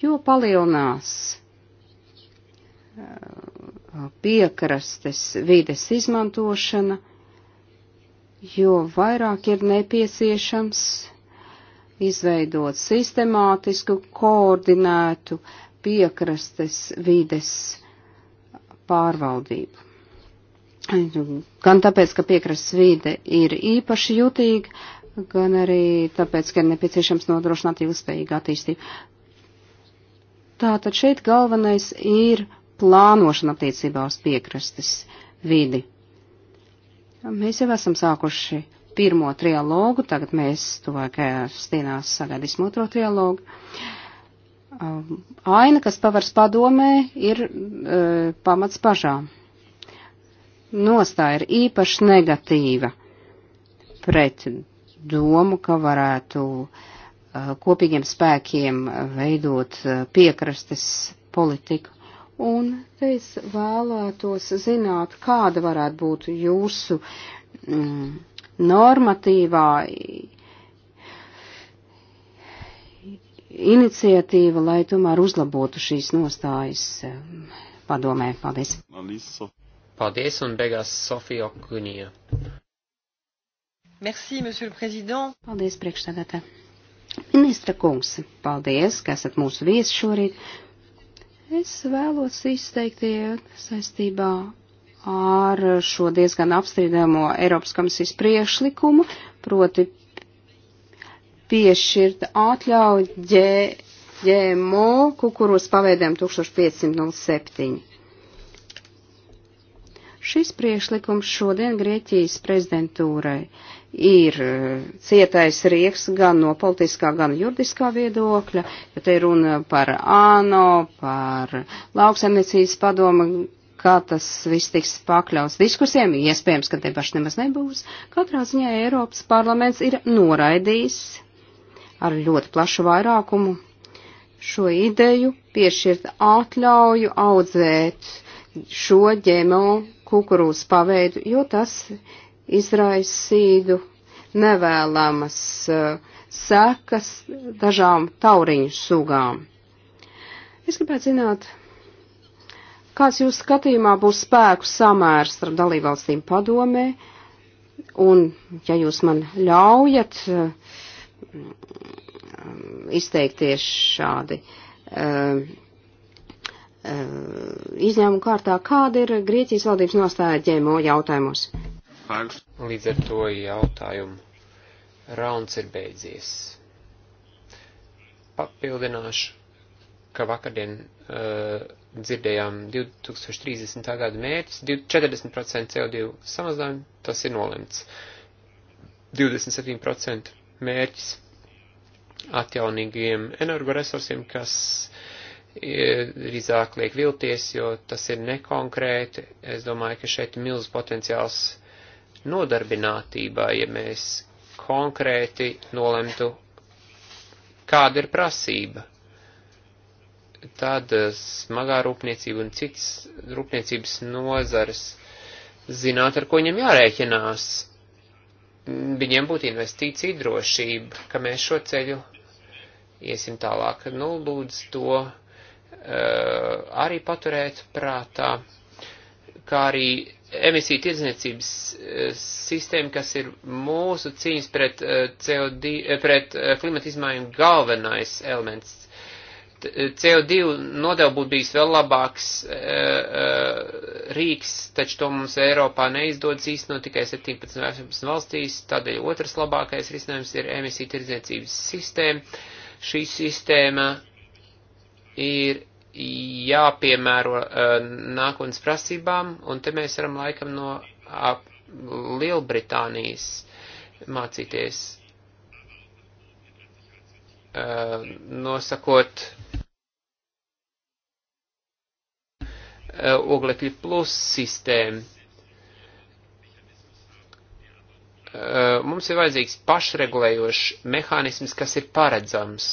jo palielinās piekrastes vides izmantošana, jo vairāk ir nepieciešams izveidot sistemātisku, koordinētu piekrastes vides pārvaldību. Gan tāpēc, ka piekrastes vide ir īpaši jutīga, gan arī tāpēc, ka ir nepieciešams nodrošināt ilgspējīgu attīstību. Tātad šeit galvenais ir plānošana attiecībā uz piekrastes vidi. Mēs jau esam sākuši pirmo trialogu, tagad mēs tuvākajās dienās sagaidīsim otro trialogu. Um, aina, kas pavars padomē, ir uh, pamats pašām. Nostāja ir īpaši negatīva pret domu, ka varētu uh, kopīgiem spēkiem veidot uh, piekrastes politiku. Un te es vēlētos zināt, kāda varētu būt jūsu mm, normatīvā iniciatīva, lai tomēr uzlabotu šīs nostājas eh, padomē. Paldies. Paldies un beigās Sofija Okunie. Merci, monsieur le président. Paldies, priekšstādātā. Ministra kungs, paldies, ka esat mūsu viesi šorīt. Es vēlos izteikties saistībā ar šo diezgan apstrīdamo Eiropas komisijas priekšlikumu, proti piešķirt atļauju ģēmo kukurūs paveidēm 1507. Šis priekšlikums šodien Grieķijas prezidentūrai ir eh, cietais rieks gan no politiskā, gan juridiskā viedokļa, jo te ir runa par ANO, par lauksaimniecības padomu kā tas viss tiks pakļauts diskusijām, iespējams, ka debašs nemaz nebūs. Katrā ziņā Eiropas parlaments ir noraidījis ar ļoti plašu vairākumu šo ideju piešķirt atļauju audzēt šo ģemo kukurūzu paveidu, jo tas izraisītu nevēlamas uh, sekas dažām tauriņu sugām. Es gribētu zināt, Kāds jūs skatījumā būs spēku samērs starp dalībvalstīm padomē? Un, ja jūs man ļaujat eh, izteikties šādi eh, eh, izņēmumu kārtā, kāda ir Grieķijas valdības nostāja ģēmo jautājumos? Līdz ar to jautājumu rauns ir beidzies. Papildināšu, ka vakardien Eh, dzirdējām 2030. gada mērķis, 40% CO2 samazinājumu, tas ir nolemts. 27% mērķis atjaunīgiem energoresursiem, kas eh, rīzāk liek vilties, jo tas ir nekonkrēti. Es domāju, ka šeit ir milz potenciāls nodarbinātībā, ja mēs konkrēti nolemtu, kāda ir prasība tad eh, smagā rūpniecība un citas rūpniecības nozares zināt, ar ko viņam jārēķinās. Viņiem būtu investīcija drošība, ka mēs šo ceļu iesim tālāk. Nu, lūdzu to uh, arī paturēt prātā, kā arī emisiju tirdzniecības uh, sistēma, kas ir mūsu cīņas pret, uh, CO2, pret uh, klimata izmaiņu galvenais elements CO2 nodevu būtu bijis vēl labāks e, e, rīks, taču to mums Eiropā neizdodas īstenot tikai 17 vai 18 valstīs, tādēļ otrs labākais risinājums ir emisiju tirdzniecības sistēma. Šī sistēma ir jāpiemēro e, nākotnes prasībām, un te mēs varam laikam no ap, Lielbritānijas mācīties, nosakot Eh, oglekļa plus sistēmu. Eh, mums ir vajadzīgs pašregulējošs mehānisms, kas ir paredzams.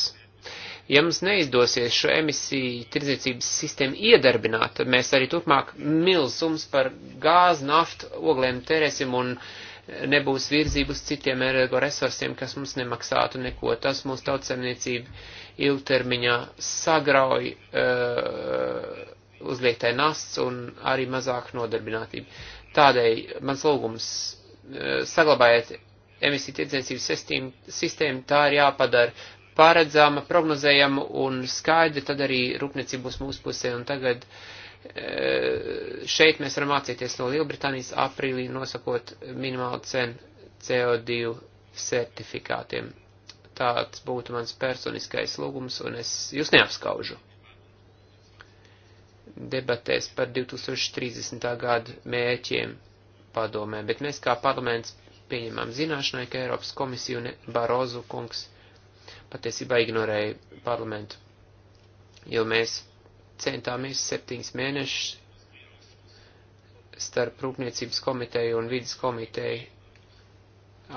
Ja mums neizdosies šo emisiju tirdzniecības sistēmu iedarbināt, tad mēs arī turpmāk milzums par gāzi, naftu, oglēm terēsim un nebūs virzību uz citiem energoresursiem, kas mums nemaksātu neko. Tas mūsu tautsemniecību ilgtermiņā sagrauj. Uh, uzliektai nasts un arī mazāk nodarbinātība. Tādēļ mans lūgums eh, saglabājiet emisiju tirdzniecības sistēmu, tā ir jāpadara paredzama, prognozējama un skaidra, tad arī rūpniecība būs mūsu pusē. Un tagad eh, šeit mēs varam mācīties no Lielbritānijas aprīlī nosakot minimālu cenu CO2 certifikātiem. Tāds būtu mans personiskais lūgums, un es jūs neapskaužu debatēs par 2030. gadu mēķiem padomē, bet mēs kā parlaments pieņemam zināšanai, ka Eiropas komisija un Barozu kungs patiesībā ignorēja parlamentu, jo mēs centāmies septiņas mēnešus starp Rūpniecības komiteju un Vides komiteju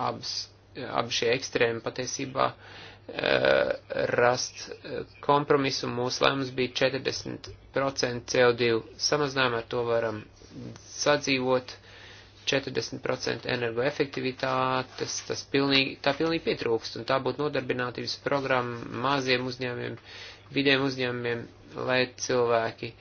abas, abi šie ekstrēmi patiesībā uh, Eh, rast eh, kompromisu. Mūsu lēmums bija 40% CO2 samazinājumu, ar to varam sadzīvot 40% energoefektivitātes, tas pilnīgi, tā pilnīgi pietrūkst, un tā būtu nodarbinātības programma maziem uzņēmiem, vidiem uzņēmiem, lai cilvēki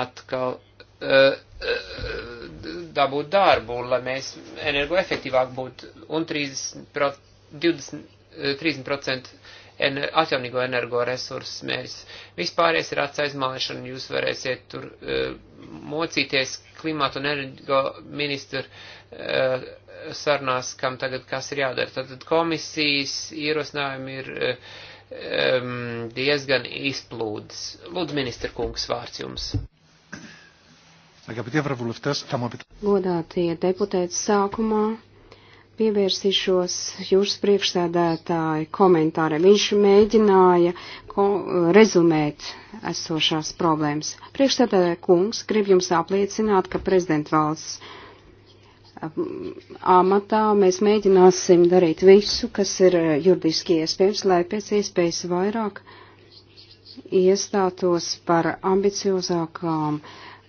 atkal uh, eh, uh, dabūt darbu, un lai mēs energoefektīvāk būtu, un 30%, 20, 30% atjaunīgo energoresursu mērķis. Vispārējais ir atsaizmālēšana, jūs varēsiet tur uh, mocīties klimātu un energo ministru uh, sarunās, kam tagad kas ir jādara. Tātad komisijas ierosinājumi ir uh, um, diezgan izplūdes. Lūdzu, ministra kungs, vārds jums. Godātie deputēti sākumā pievērsīšos jūsu priekšsēdētāju komentāriem. Viņš mēģināja ko, rezumēt esošās problēmas. Priekšsēdētāja kungs grib jums apliecināt, ka prezidenta valsts um, amatā mēs mēģināsim darīt visu, kas ir uh, juridiski iespējams, lai pēc iespējas vairāk iestātos par ambiciozākām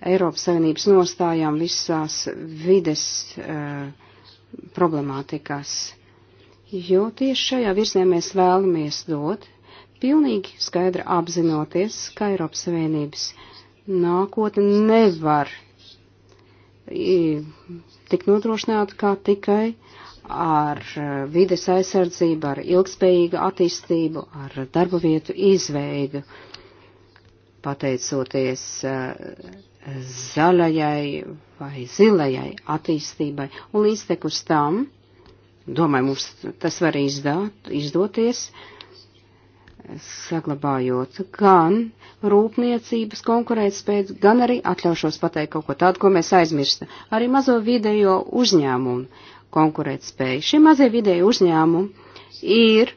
Eiropas Savienības nostājām visās vides uh, problemātikās. Jo tieši šajā virzienā mēs vēlamies dot, pilnīgi skaidri apzinoties, ka Eiropas Savienības nākotne nevar tik nodrošināta kā tikai ar e, vides aizsardzību, ar ilgspējīgu attīstību, ar darba vietu izveidu, pateicoties uh, zaļajai vai zilajai attīstībai. Un līdztekus tam, domāju, mums tas var izdāt, izdoties, saglabājot gan rūpniecības konkurētspējas, gan arī atļaušos pateikt kaut ko tādu, ko mēs aizmirstam. Arī mazo vidējo uzņēmumu konkurētspēju. Šie mazie vidēji uzņēmumi ir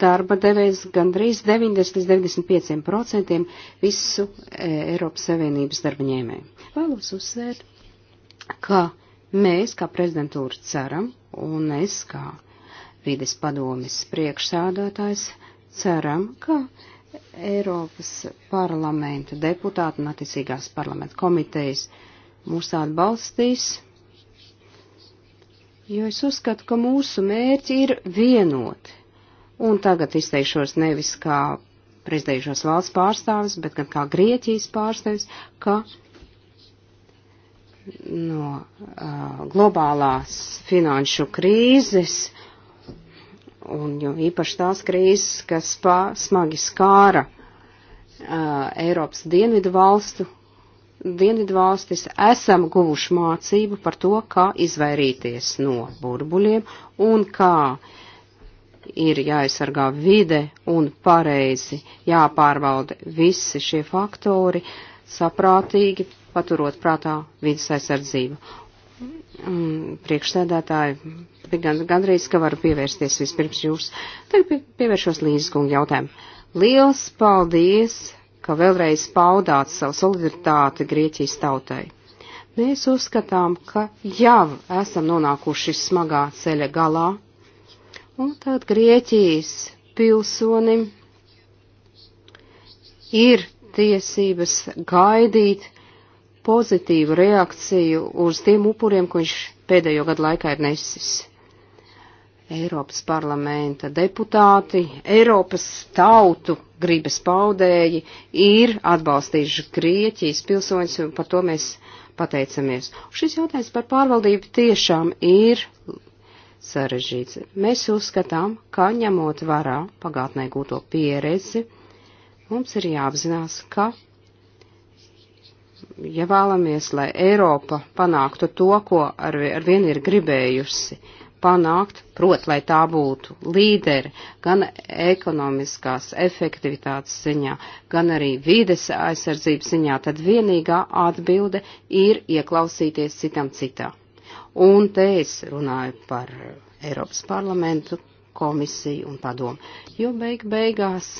darba devējs gandrīz 90 līdz 95% visu e, Eiropas Savienības darba ņēmēju. Vēlos uzsvērt, ka mēs, kā prezidentūra, ceram, un es, kā vides padomis priekšsādātājs, ceram, ka Eiropas parlamenta deputāti un attiecīgās parlamenta komitejas mūs atbalstīs jo es uzskatu, ka mūsu mērķi ir vienoti. Un tagad izteikšos nevis kā prezidējušos valsts pārstāvis, bet gan kā Grieķijas pārstāvis, ka no uh, globālās finanšu krīzes un jo īpaši tās krīzes, kas pā, smagi skāra uh, Eiropas dienvidu valstu, dienvidu valstis, esam guvuši mācību par to, kā izvairīties no burbuļiem un kā uh, ir jāaizsargā vide un pareizi jāpārvalda visi šie faktori saprātīgi, paturot prātā vidas aizsardzību. Mm, priekšsēdētāji, gan, gandrīz, ka varu pievērsties vispirms jūs. Tagad pievēršos Līzes kungu jautājumu. Liels paldies, ka vēlreiz paudāt savu solidaritāti Grieķijas tautai. Mēs uzskatām, ka jau esam nonākuši smagā ceļa galā Un tagad Grieķijas pilsonim ir tiesības gaidīt pozitīvu reakciju uz tiem upuriem, ko viņš pēdējo gadu laikā ir nesis. Eiropas parlamenta deputāti, Eiropas tautu gribas paudēji ir atbalstījuši Grieķijas pilsoņus, un par to mēs pateicamies. Šis jautājums par pārvaldību tiešām ir sarežģīts. Mēs uzskatām, ka ņemot vērā pagātnē gūto pieredzi, mums ir jāapzinās, ka, ja vēlamies, lai Eiropa panāktu to, ko ar, ar vienu ir gribējusi panākt, prot, lai tā būtu līderi gan ekonomiskās efektivitātes ziņā, gan arī vides aizsardzības ziņā, tad vienīgā atbilde ir ieklausīties citam citā. Un te es runāju par Eiropas parlamentu, komisiju un padomu. Jo beig beigās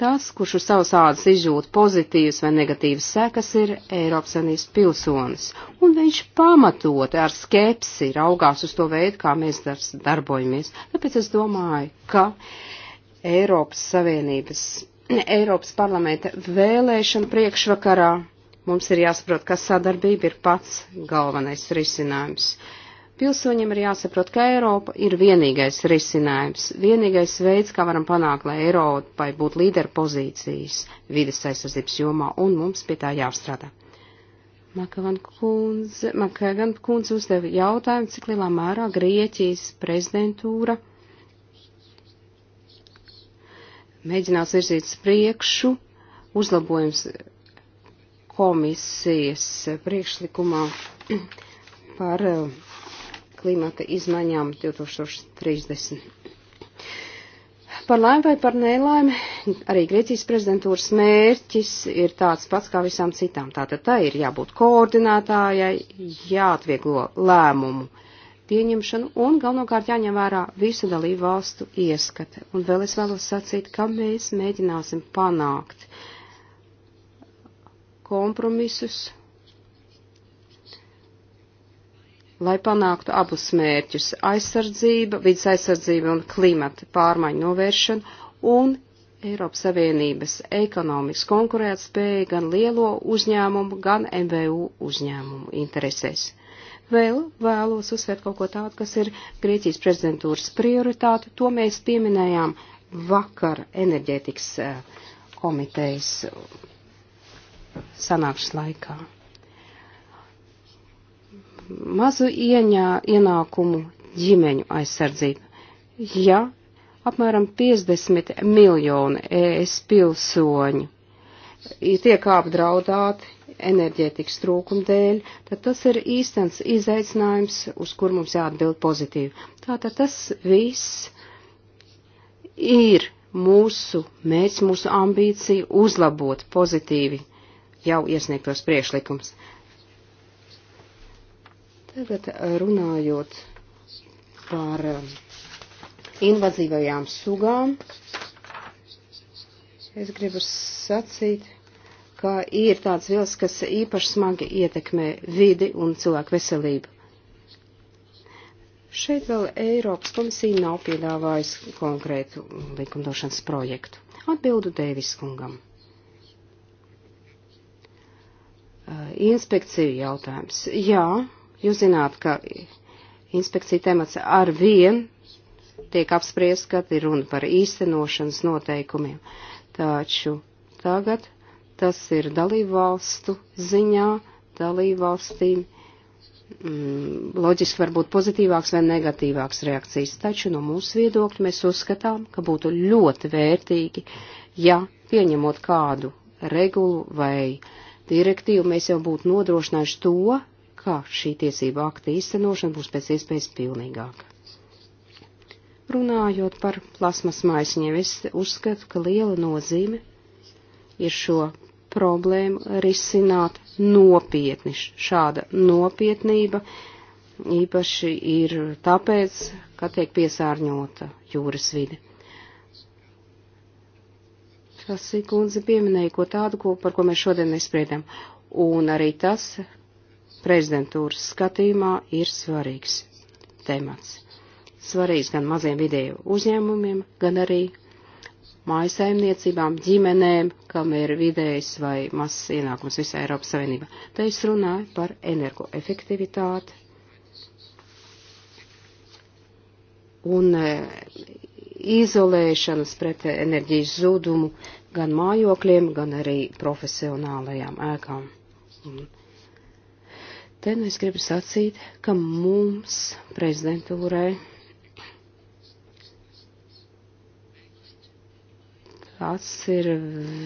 tas, kurš uz savas ādas izjūt pozitīvas vai negatīvas sekas, ir Eiropas Sanības pilsonis. Un viņš pamatot ar skepsi raugās uz to veidu, kā mēs darbojamies. Tāpēc es domāju, ka Eiropas Savienības Eiropas parlamenta vēlēšana priekšvakarā Mums ir jāsaprot, ka sadarbība ir pats galvenais risinājums. Pilsoņiem ir jāsaprot, ka Eiropa ir vienīgais risinājums, vienīgais veids, kā varam panākt, lai Eiropai būtu līderu pozīcijas vides aizsardzības jomā, un mums pie tā jāstrādā. Makavan kundze, Makavan kundze uzdeva jautājumu, cik lielā mērā Grieķijas prezidentūra mēģinās virzīt priekšu uzlabojums komisijas priekšlikumā par eh, klimata izmaiņām 2030. Par laimi vai par nelaimi, arī Grieķijas prezidentūras mērķis ir tāds pats kā visām citām. Tātad tā ir jābūt koordinētājai, jāatvieglo lēmumu pieņemšanu un galvenokārt jāņem vērā visu dalību valstu ieskate. Un vēl es vēlos sacīt, ka mēs mēģināsim panākt uh, kompromisus, lai panāktu abus mērķus - aizsardzība, vidas aizsardzība un klimata pārmaiņu novēršana un Eiropas Savienības ekonomikas konkurētspēja gan lielo uzņēmumu, gan MVU uzņēmumu interesēs. Vēl vēlos uzsvērt kaut ko tādu, kas ir Grieķijas prezidentūras prioritāte. To mēs pieminējām vakar enerģētikas eh, komitejas sanākšanas laikā. Mazu ieņā, ienākumu ģimeņu aizsardzība. Ja apmēram 50 miljoni ES pilsoņu tiek apdraudāti enerģētikas trūkuma dēļ, tad tas ir īstens izaicinājums, uz kur mums jāatbild pozitīvi. Tātad tas viss ir mūsu mērķis, mūsu ambīcija uzlabot pozitīvi jau iesniegtos priešlikums. Tagad eh, runājot par eh, invazīvajām sugām, es gribu sacīt, ka ir tāds vils, kas īpaši smagi ietekmē vidi un cilvēku veselību. Šeit vēl Eiropas komisija nav piedāvājusi konkrētu likumdošanas projektu. Atbildu Dēvis kungam. inspekciju jautājums. Jā, jūs zināt, ka inspekcija temats ar vien tiek apspriests, kad ir runa par īstenošanas noteikumiem. Taču tagad tas ir dalībvalstu ziņā, dalībvalstīm. Mm, loģiski var būt pozitīvāks vai negatīvāks reakcijas, taču no mūsu viedokļa mēs uzskatām, ka būtu ļoti vērtīgi, ja pieņemot kādu regulu vai uh, direktīvu, mēs jau būtu nodrošinājuši to, ka šī tiesība akta īstenošana būs pēc iespējas pilnīgāka. Runājot par plasmas maisiņiem, es uzskatu, ka liela nozīme ir šo problēmu risināt nopietni. Šāda nopietnība īpaši ir tāpēc, ka tiek piesārņota jūras vide. Čelsī kundze pieminēja ko tādu, ko, par ko mēs šodien nespriedam. Un arī tas prezidentūras skatījumā ir svarīgs temats. Svarīgs gan maziem vidēju uzņēmumiem, gan arī mājasaimniecībām, ģimenēm, kam ir vidējs vai mazs ienākums visā Eiropas Savienībā. Te es runāju par energoefektivitāti un e, izolēšanas pret enerģijas zudumu gan mājokļiem, gan arī profesionālajām ēkām. Un te nu es gribu sacīt, ka mums prezidentūrai tas ir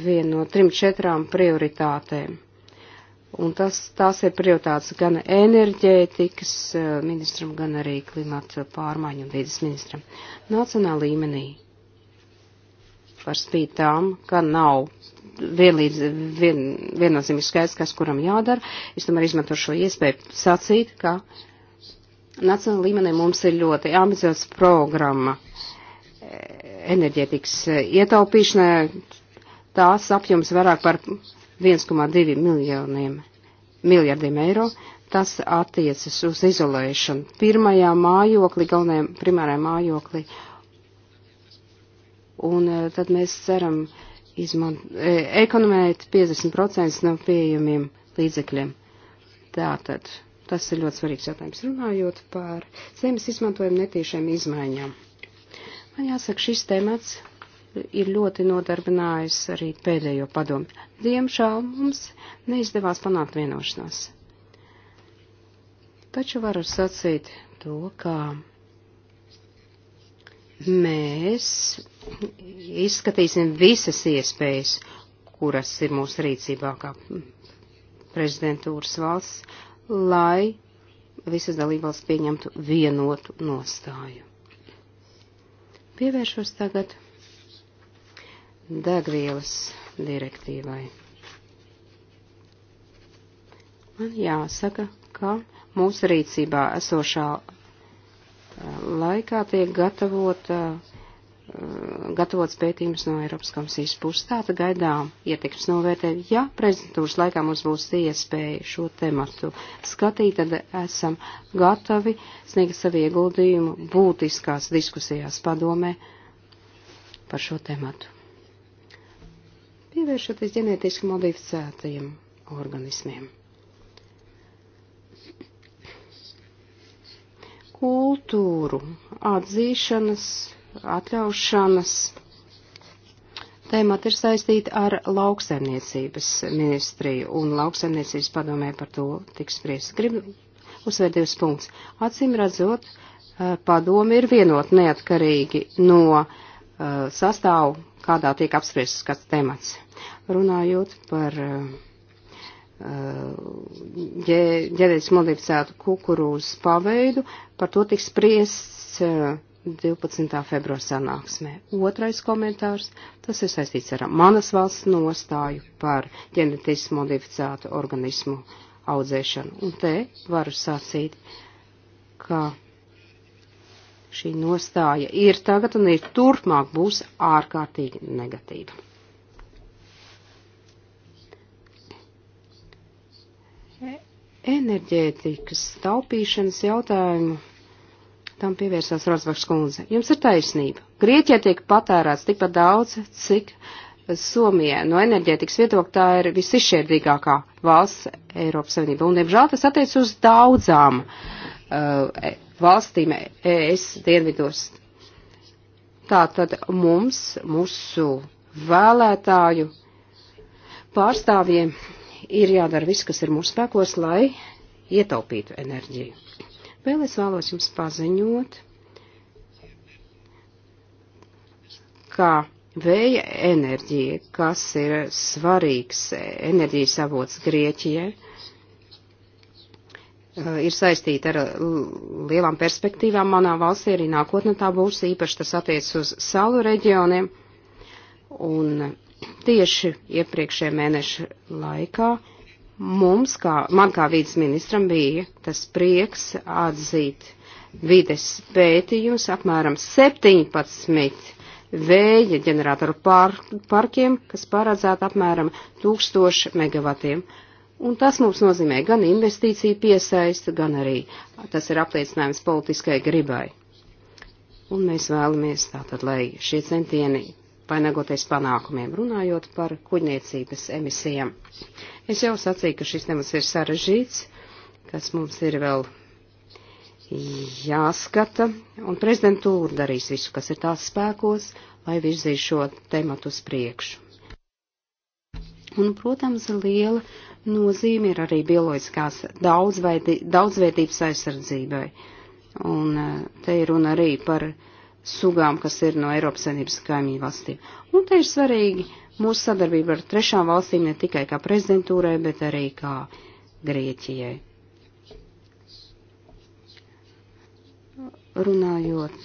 viena no trim četrām prioritātēm Un tas, tās ir prioritātes gan enerģētikas eh, ministram, gan arī klimata pārmaiņu un vīdes ministram. Nacionāla līmenī par spīt tām, ka nav vienlīdz, vien, viennozīmīgi skaidrs, kas kuram jādara. Es tomēr izmantošu šo iespēju sacīt, ka nacionāla līmenī mums ir ļoti ambiciozs programma eh, enerģētikas eh, ietaupīšanai. Tās apjoms vairāk par 1,2 miljoniem miljardiem eiro. Tas attiecas uz izolēšanu pirmajā mājoklī, galvenajā primārajā mājoklī. Un eh, tad mēs ceram izmant, eh, ekonomēt 50% no pieejamiem līdzekļiem. Tātad tas ir ļoti svarīgs jautājums runājot par zemes izmantojumu netīšiem izmaiņām. Man jāsaka, šis temats ir ļoti nodarbinājusi arī pēdējo padomu. Diemžēl mums neizdevās panākt vienošanās. Taču varu sacīt to, ka mēs izskatīsim visas iespējas, kuras ir mūsu rīcībā kā prezidentūras valsts, lai visas dalībvalsts pieņemtu vienotu nostāju. Pievēršos tagad degvielas direktīvai. Man jāsaka, ka mūsu rīcībā esošā uh, laikā tiek gatavota, uh, uh, gatavots pētījums no Eiropas komisijas puses. Tātad gaidām ietekmes novērtējumu. Ja prezidentūras laikā mums būs iespēja šo tematu skatīt, tad esam gatavi sniegt savu ieguldījumu būtiskās diskusijās padomē par šo tematu pievēršoties ģenētiski modificētajiem organismiem. Kultūru atzīšanas, atļaušanas tēmati ir saistīti ar lauksaimniecības ministriju, un lauksaimniecības padomē par to tiks spriest. Gribu uzsvērt divus punktus. Acīm redzot, eh, padomi ir vienot neatkarīgi no uh, Uh, sastāvu, kādā tiek apspriests kāds temats. Runājot par uh, ģenētiski modificētu kukurūzu paveidu, par to tiks spriests 12. Uh, februāra sanāksmē. Otrais komentārs, tas ir saistīts ar manas valsts nostāju par ģenētiski modificētu organismu audzēšanu. Un te varu sacīt, ka šī nostāja ir tagad un ir turpmāk būs ārkārtīgi negatīva. Enerģētikas taupīšanas jautājumu tam pievērsās Rozvaks kundze. Jums ir taisnība. Grieķijā tiek patērēts tikpat daudz, cik Somijā no enerģētikas viedokļa tā ir visizšķērdīgākā valsts Eiropas Savienībā. Un, diemžēl, tas attiec uz daudzām uh, Uh, e, valstīm e, ES dienvidos. Tātad mums, mūsu vēlētāju pārstāvjiem, ir jādara viss, kas ir mūsu spēkos, lai ietaupītu enerģiju. Vēl es vēlos jums paziņot, ka vēja enerģija, kas ir svarīgs enerģijas avots Grieķijai, Eh, ir saistīta ar eh, lielām perspektīvām manā valstī, arī nākotnē tā būs, īpaši tas attiecas uz salu reģioniem. Un eh, tieši iepriekšējā mēneša laikā mums, kā, man kā vīdes ministram, bija tas prieks atzīt vides pētījums apmēram 17 vēja ģeneratoru par, parkiem, kas paredzēta apmēram 1000 megavatiem. Uh, Un tas mums nozīmē gan investīciju piesaistu, gan arī tas ir apliecinājums politiskai gribai. Un mēs vēlamies tātad, lai šie centieni vainagoties panākumiem, runājot par kuģniecības emisijām. Es jau sacīju, ka šis temats ir sarežģīts, kas mums ir vēl jāskata, un prezidentūra darīs visu, kas ir tās spēkos, lai virzīs šo tematu uz priekšu. Un, protams, liela nozīme ir arī bioloģiskās daudzveidi, daudzveidības aizsardzībai. Un eh, te ir runa arī par sugām, kas ir no Eiropas Savienības kaimiņu valstīm. Un te ir svarīgi mūsu sadarbība ar trešām valstīm ne tikai kā prezidentūrai, bet arī kā Grieķijai. Runājot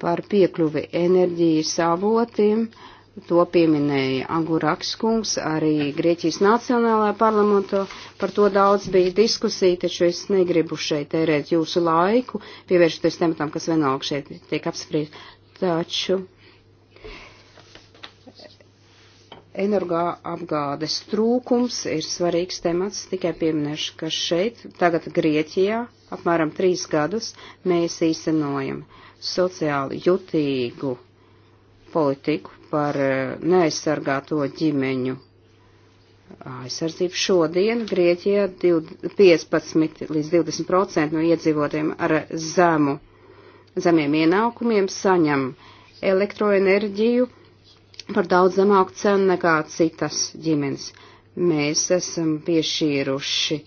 par piekļuvi enerģijas avotiem, uh, To pieminēja Anguraks kungs, arī Grieķijas Nacionālajā parlamentā. Par to daudz bija diskusija, taču es negribu šeit tērēt jūsu laiku, pievēršoties tematam, kas vienalga šeit tiek apspriest. Taču energoapgādes trūkums ir svarīgs temats, tikai pieminēšu, ka šeit, tagad Grieķijā, apmēram trīs gadus, mēs īstenojam sociāli jutīgu politiku par eh, neaizsargāto ģimeņu aizsardzību. Šodien Grieķijā 15 līdz 20% no iedzīvotiem ar zemu, zemiem ienākumiem saņem elektroenerģiju par daudz zemāku cenu nekā citas ģimenes. Mēs esam piešķīruši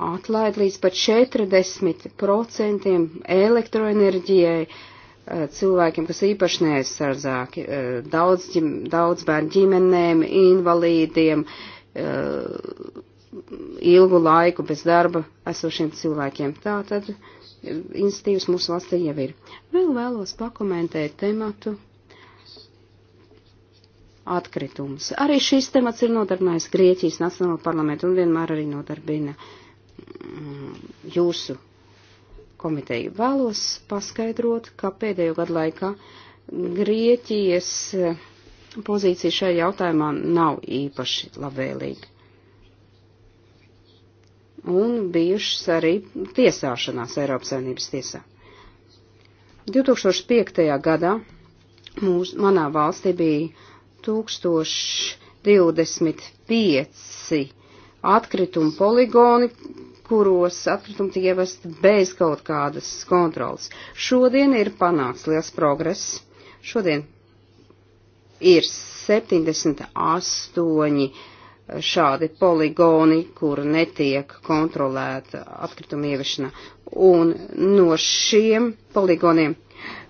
atlaidi līdz pat 40% elektroenerģijai Eh, cilvēkiem, kas īpaši neaizsardzāki, eh, daudz, ģim, daudz bērnu ģimenēm, invalīdiem, eh, ilgu laiku bez darba esošiem cilvēkiem. Tā tad institīvas mūsu valstī jau ir. Vēl vēlos pakomentēt tematu atkritumus. Arī šīs temats ir nodarbinājis Grieķijas Nacionālo parlamentu un vienmēr arī nodarbina mm, jūsu komiteju. Vēlos paskaidrot, ka pēdējo gadu laikā Grieķijas eh, pozīcija šajā jautājumā nav īpaši labvēlīga. Un bijušas arī tiesāšanās Eiropas Savienības tiesā. 2005. gadā mūs, manā valstī bija 1025 atkritumu poligoni, kuros atkritumi tiek ievest bez kaut kādas kontrolas. Šodien ir panāks liels progress. Šodien ir 78 šādi poligoni, kur netiek kontrolēta atkrituma ievešana. Un no šiem poligoniem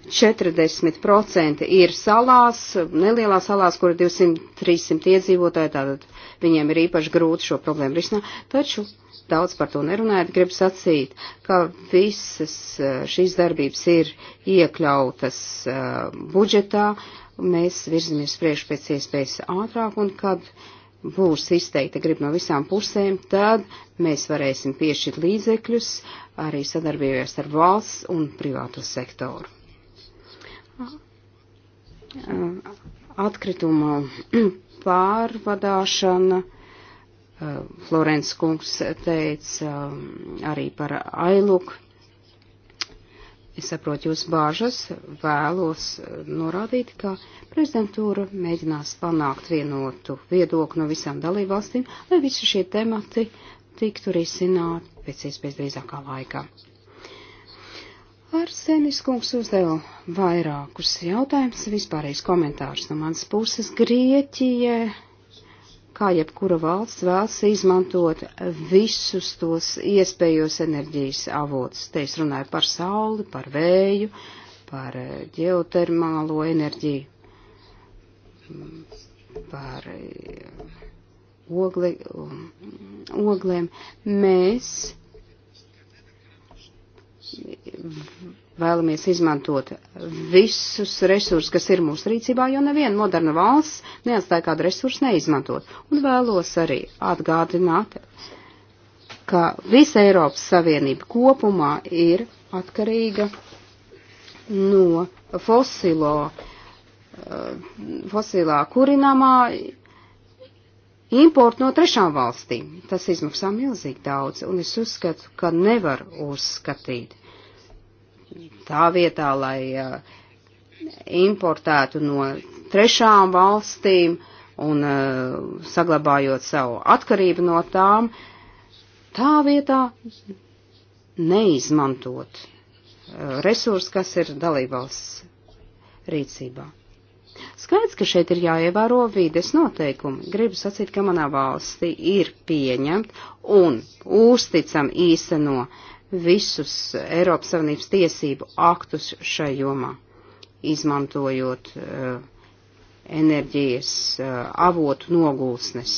40% ir salās, nelielās salās, kur ir 200-300 iedzīvotāji, tātad viņiem ir īpaši grūti šo problēmu risināt. Taču daudz par to nerunājot, gribu sacīt, ka visas eh, šīs darbības ir iekļautas eh, budžetā, mēs virzamies priekš pēc iespējas ātrāk un kad būs izteikta grib no visām pusēm, tad mēs varēsim piešķirt līdzekļus arī sadarbībās ar valsts un privātu sektoru atkritumu pārvadāšana. Florence kungs teica arī par ailuku. Es saprotu jūs bāžas, vēlos norādīt, ka prezidentūra mēģinās panākt vienotu viedokli no visām dalībvalstīm, lai visi šie temati tiktu risināti pēc iespējas drīzākā laikā. Arsenis kungs uzdeva vairākus jautājumus, vispārējais komentārs no manas puses. Grieķija, kā jebkura valsts, vēlas izmantot visus tos iespējos enerģijas avotus. Te es runāju par sauli, par vēju, par eh, ģeotermālo enerģiju, mm, par eh, ogle, oglēm. Mēs vēlamies izmantot visus resursus, kas ir mūsu rīcībā, jo neviena moderna valsts neatstāja kādu resursu neizmantot. Un vēlos arī atgādināt, ka visa Eiropas Savienība kopumā ir atkarīga no fosilo, eh, fosilā kurināmā importu no trešām valstīm. Tas izmaksā milzīgi daudz, un es uzskatu, ka nevar uzskatīt tā vietā, lai eh, importētu no trešām valstīm un eh, saglabājot savu atkarību no tām, tā vietā neizmantot eh, resursus, kas ir dalībvalsts rīcībā. Skaidrs, ka šeit ir jāievēro vīdes noteikumi. Gribu sacīt, ka manā valstī ir pieņemt un uzticam īsteno visus Eiropas Savienības tiesību aktus šai jomā, izmantojot uh, enerģijas uh, avotu nogulsnes,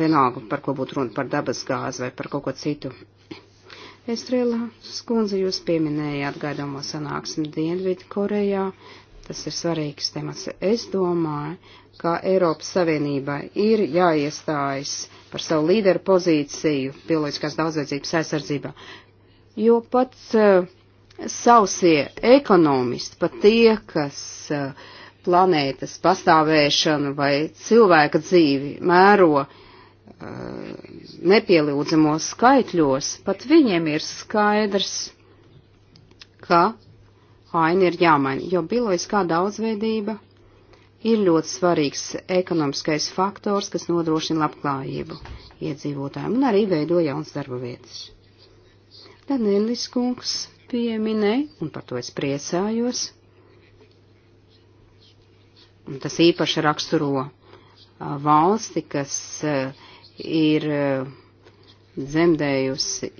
vienalga par ko būtu runa par dabas gāzi vai par kaut ko citu. Estrela skundze, jūs pieminējāt gaidāmo sanāksmi Dienvidu Korejā, Tas ir svarīgs temats. Es domāju, ka Eiropas Savienībai ir jāiestājas par savu līderu pozīciju bioloģiskās daudzveidzības aizsardzībā. Jo pat uh, eh, sausie ekonomisti, pat tie, kas uh, planētas pastāvēšanu vai cilvēka dzīvi mēro uh, nepielūdzamos skaitļos, pat viņiem ir skaidrs, ka aina ir jāmaina, jo bioloģiskā daudzveidība ir ļoti svarīgs ekonomiskais faktors, kas nodrošina labklājību iedzīvotājiem un arī veido jauns darba vietas. Danielis kungs pieminēja, un par to es priecājos, un tas īpaši raksturo uh, valsti, kas uh, ir uh, dzemdējusi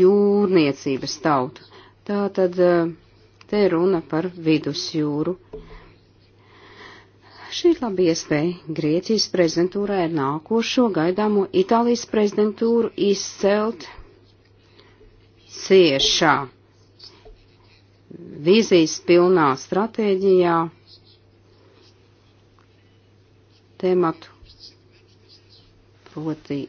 jūrniecības tautu. Tā tad uh, Te runa par vidusjūru. Šī ir laba iespēja Grieķijas prezidentūrai ar nākošo gaidāmo Itālijas prezidentūru izcelt ciešā vīzijas pilnā stratēģijā tematu, proti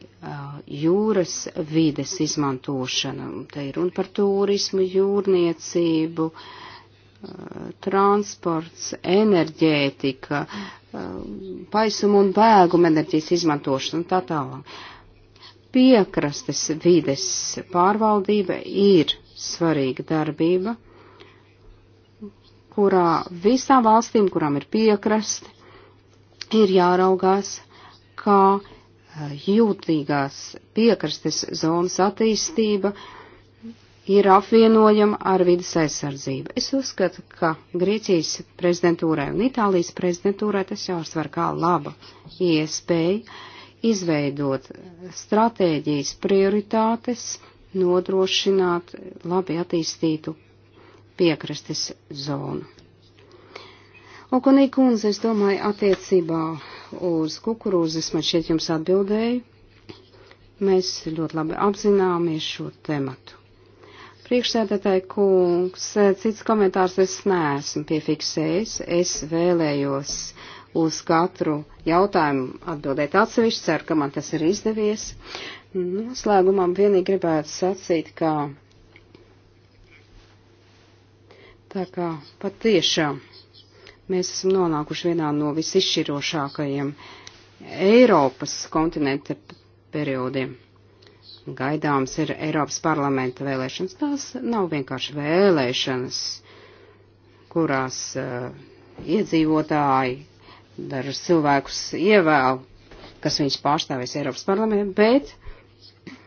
jūras vides izmantošana. Te ir runa par turismu, jūrniecību, uh, transports, enerģētika, paisuma un bēguma enerģijas izmantošana un tā tālāk. Piekrastes vides pārvaldība ir svarīga darbība, kurā visām valstīm, kurām ir piekrasti, ir jāraugās, kā eh, jūtīgās piekrastes zonas attīstība uh, ir apvienojama ar vidas aizsardzību. Es uzskatu, ka Grieķijas prezidentūrai un Itālijas prezidentūrai tas jāuzsver kā laba iespēja izveidot stratēģijas prioritātes, nodrošināt labi attīstītu piekrastes zonu. Okonī kundze, es domāju, attiecībā uz kukurūzes, man šeit jums atbildēju, mēs ļoti labi apzināmies šo tematu. Priekšsēdētāji kungs, eh, cits komentārs es neesmu piefiksējis. Es vēlējos uz katru jautājumu atbildēt atsevišķi, ceru, ka man tas ir izdevies. Noslēgumam vienīgi gribētu sacīt, ka tā kā patiešām mēs esam nonākuši vienā no visizšķirošākajiem Eiropas kontinenta periodiem gaidāms ir Eiropas parlamenta vēlēšanas. Tās nav vienkārši vēlēšanas, kurās uh, iedzīvotāji dažus cilvēkus ievēl, kas viņus pārstāvēs Eiropas parlamentā, bet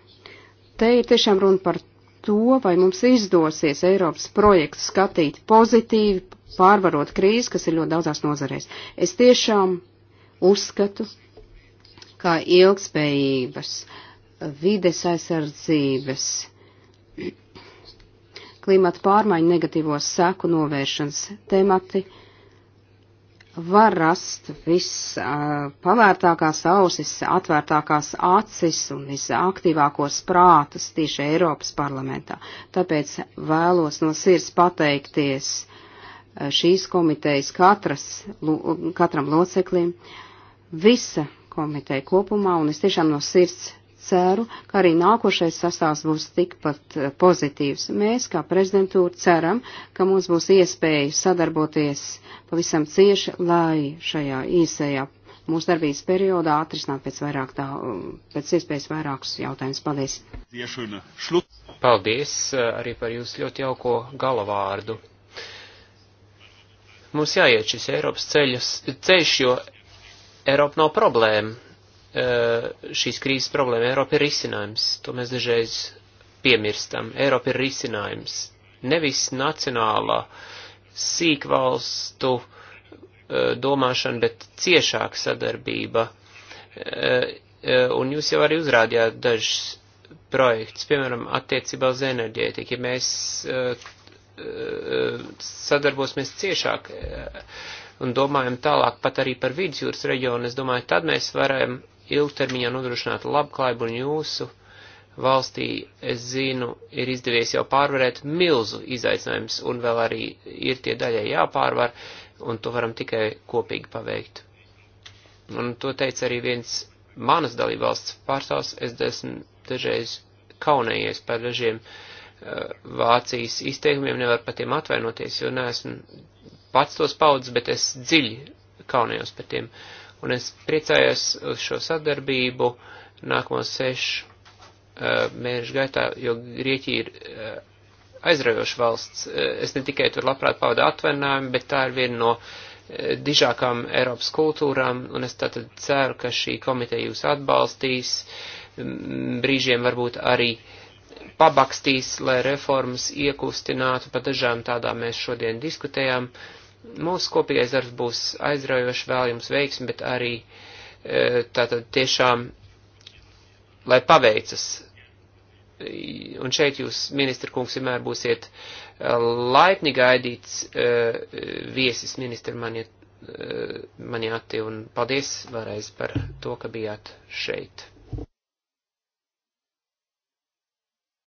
te ir tiešām runa par to, vai mums izdosies Eiropas projektu skatīt pozitīvi, pārvarot krīzi, kas ir ļoti daudzās nozarēs. Es tiešām uzskatu, kā ilgspējības uh, vides aizsardzības, klimata pārmaiņu negatīvos seku novēršanas temati var rast viss uh, pavērtākās ausis, atvērtākās acis un visaktīvākos prātus tieši Eiropas parlamentā. Tāpēc vēlos no sirds pateikties uh, šīs komitejas katras, katram loceklim, visa komiteja kopumā, un es tiešām no sirds ceru, ka arī nākošais sastāvs būs tikpat eh, pozitīvs. Mēs, kā prezidentūra, ceram, ka mums būs iespēja sadarboties pavisam cieši, lai šajā īsajā mūsu darbības periodā atrisināt pēc, vairāk tā, pēc iespējas vairākus jautājumus. Paldies! Paldies eh, arī par jūsu ļoti jauko galavārdu. Mums jāiet šis Eiropas ceļus, ceļš, jo Eiropa nav problēma Eh, šīs krīzes problēma. Eiropa ir risinājums, to mēs dažreiz piemirstam. Eiropa ir risinājums. Nevis nacionālā sīkvalstu eh, domāšana, bet ciešāka sadarbība. Eh, un jūs jau arī uzrādījāt dažus projekts, piemēram, attiecībā uz enerģētiku. Ja mēs sadarbosimies ciešāk un domājam tālāk pat arī par vidusjūras reģionu, es domāju, tad mēs varam ilgtermiņā nodrošināt labklājību un jūsu valstī, es zinu, ir izdevies jau pārvarēt milzu izaicinājums un vēl arī ir tie daļai jāpārvar, un to varam tikai kopīgi paveikt. Un to teica arī viens manas dalībvalsts pārstāvs, es esmu dažreiz kaunējies par dažiem uh, Vācijas izteikumiem, nevar par tiem atvainoties, jo neesmu pats tos paudzes, bet es dziļi kaunējos par tiem. Uh, un es priecājos uz šo sadarbību nākamos sešu uh, mēnešu gaitā, jo Grieķija ir uh, aizraujoša valsts. Uh, es ne tikai tur labprāt pavadu atvainājumu, bet tā ir viena no dižākām Eiropas kultūrām, un es tātad ceru, ka šī komiteja jūs atbalstīs, brīžiem varbūt arī pabakstīs, lai reformas iekustinātu, pa dažām tādām mēs šodien diskutējām. Uh, Mūsu kopīgais darbs būs aizraujoši vēl jums veiksmi, bet arī e, tātad tiešām, lai paveicas. Un šeit jūs, ministra kungs, vienmēr būsiet e, laipni gaidīts e, viesis ministra mani, maniāti, un paldies vēlreiz par to, ka bijāt šeit.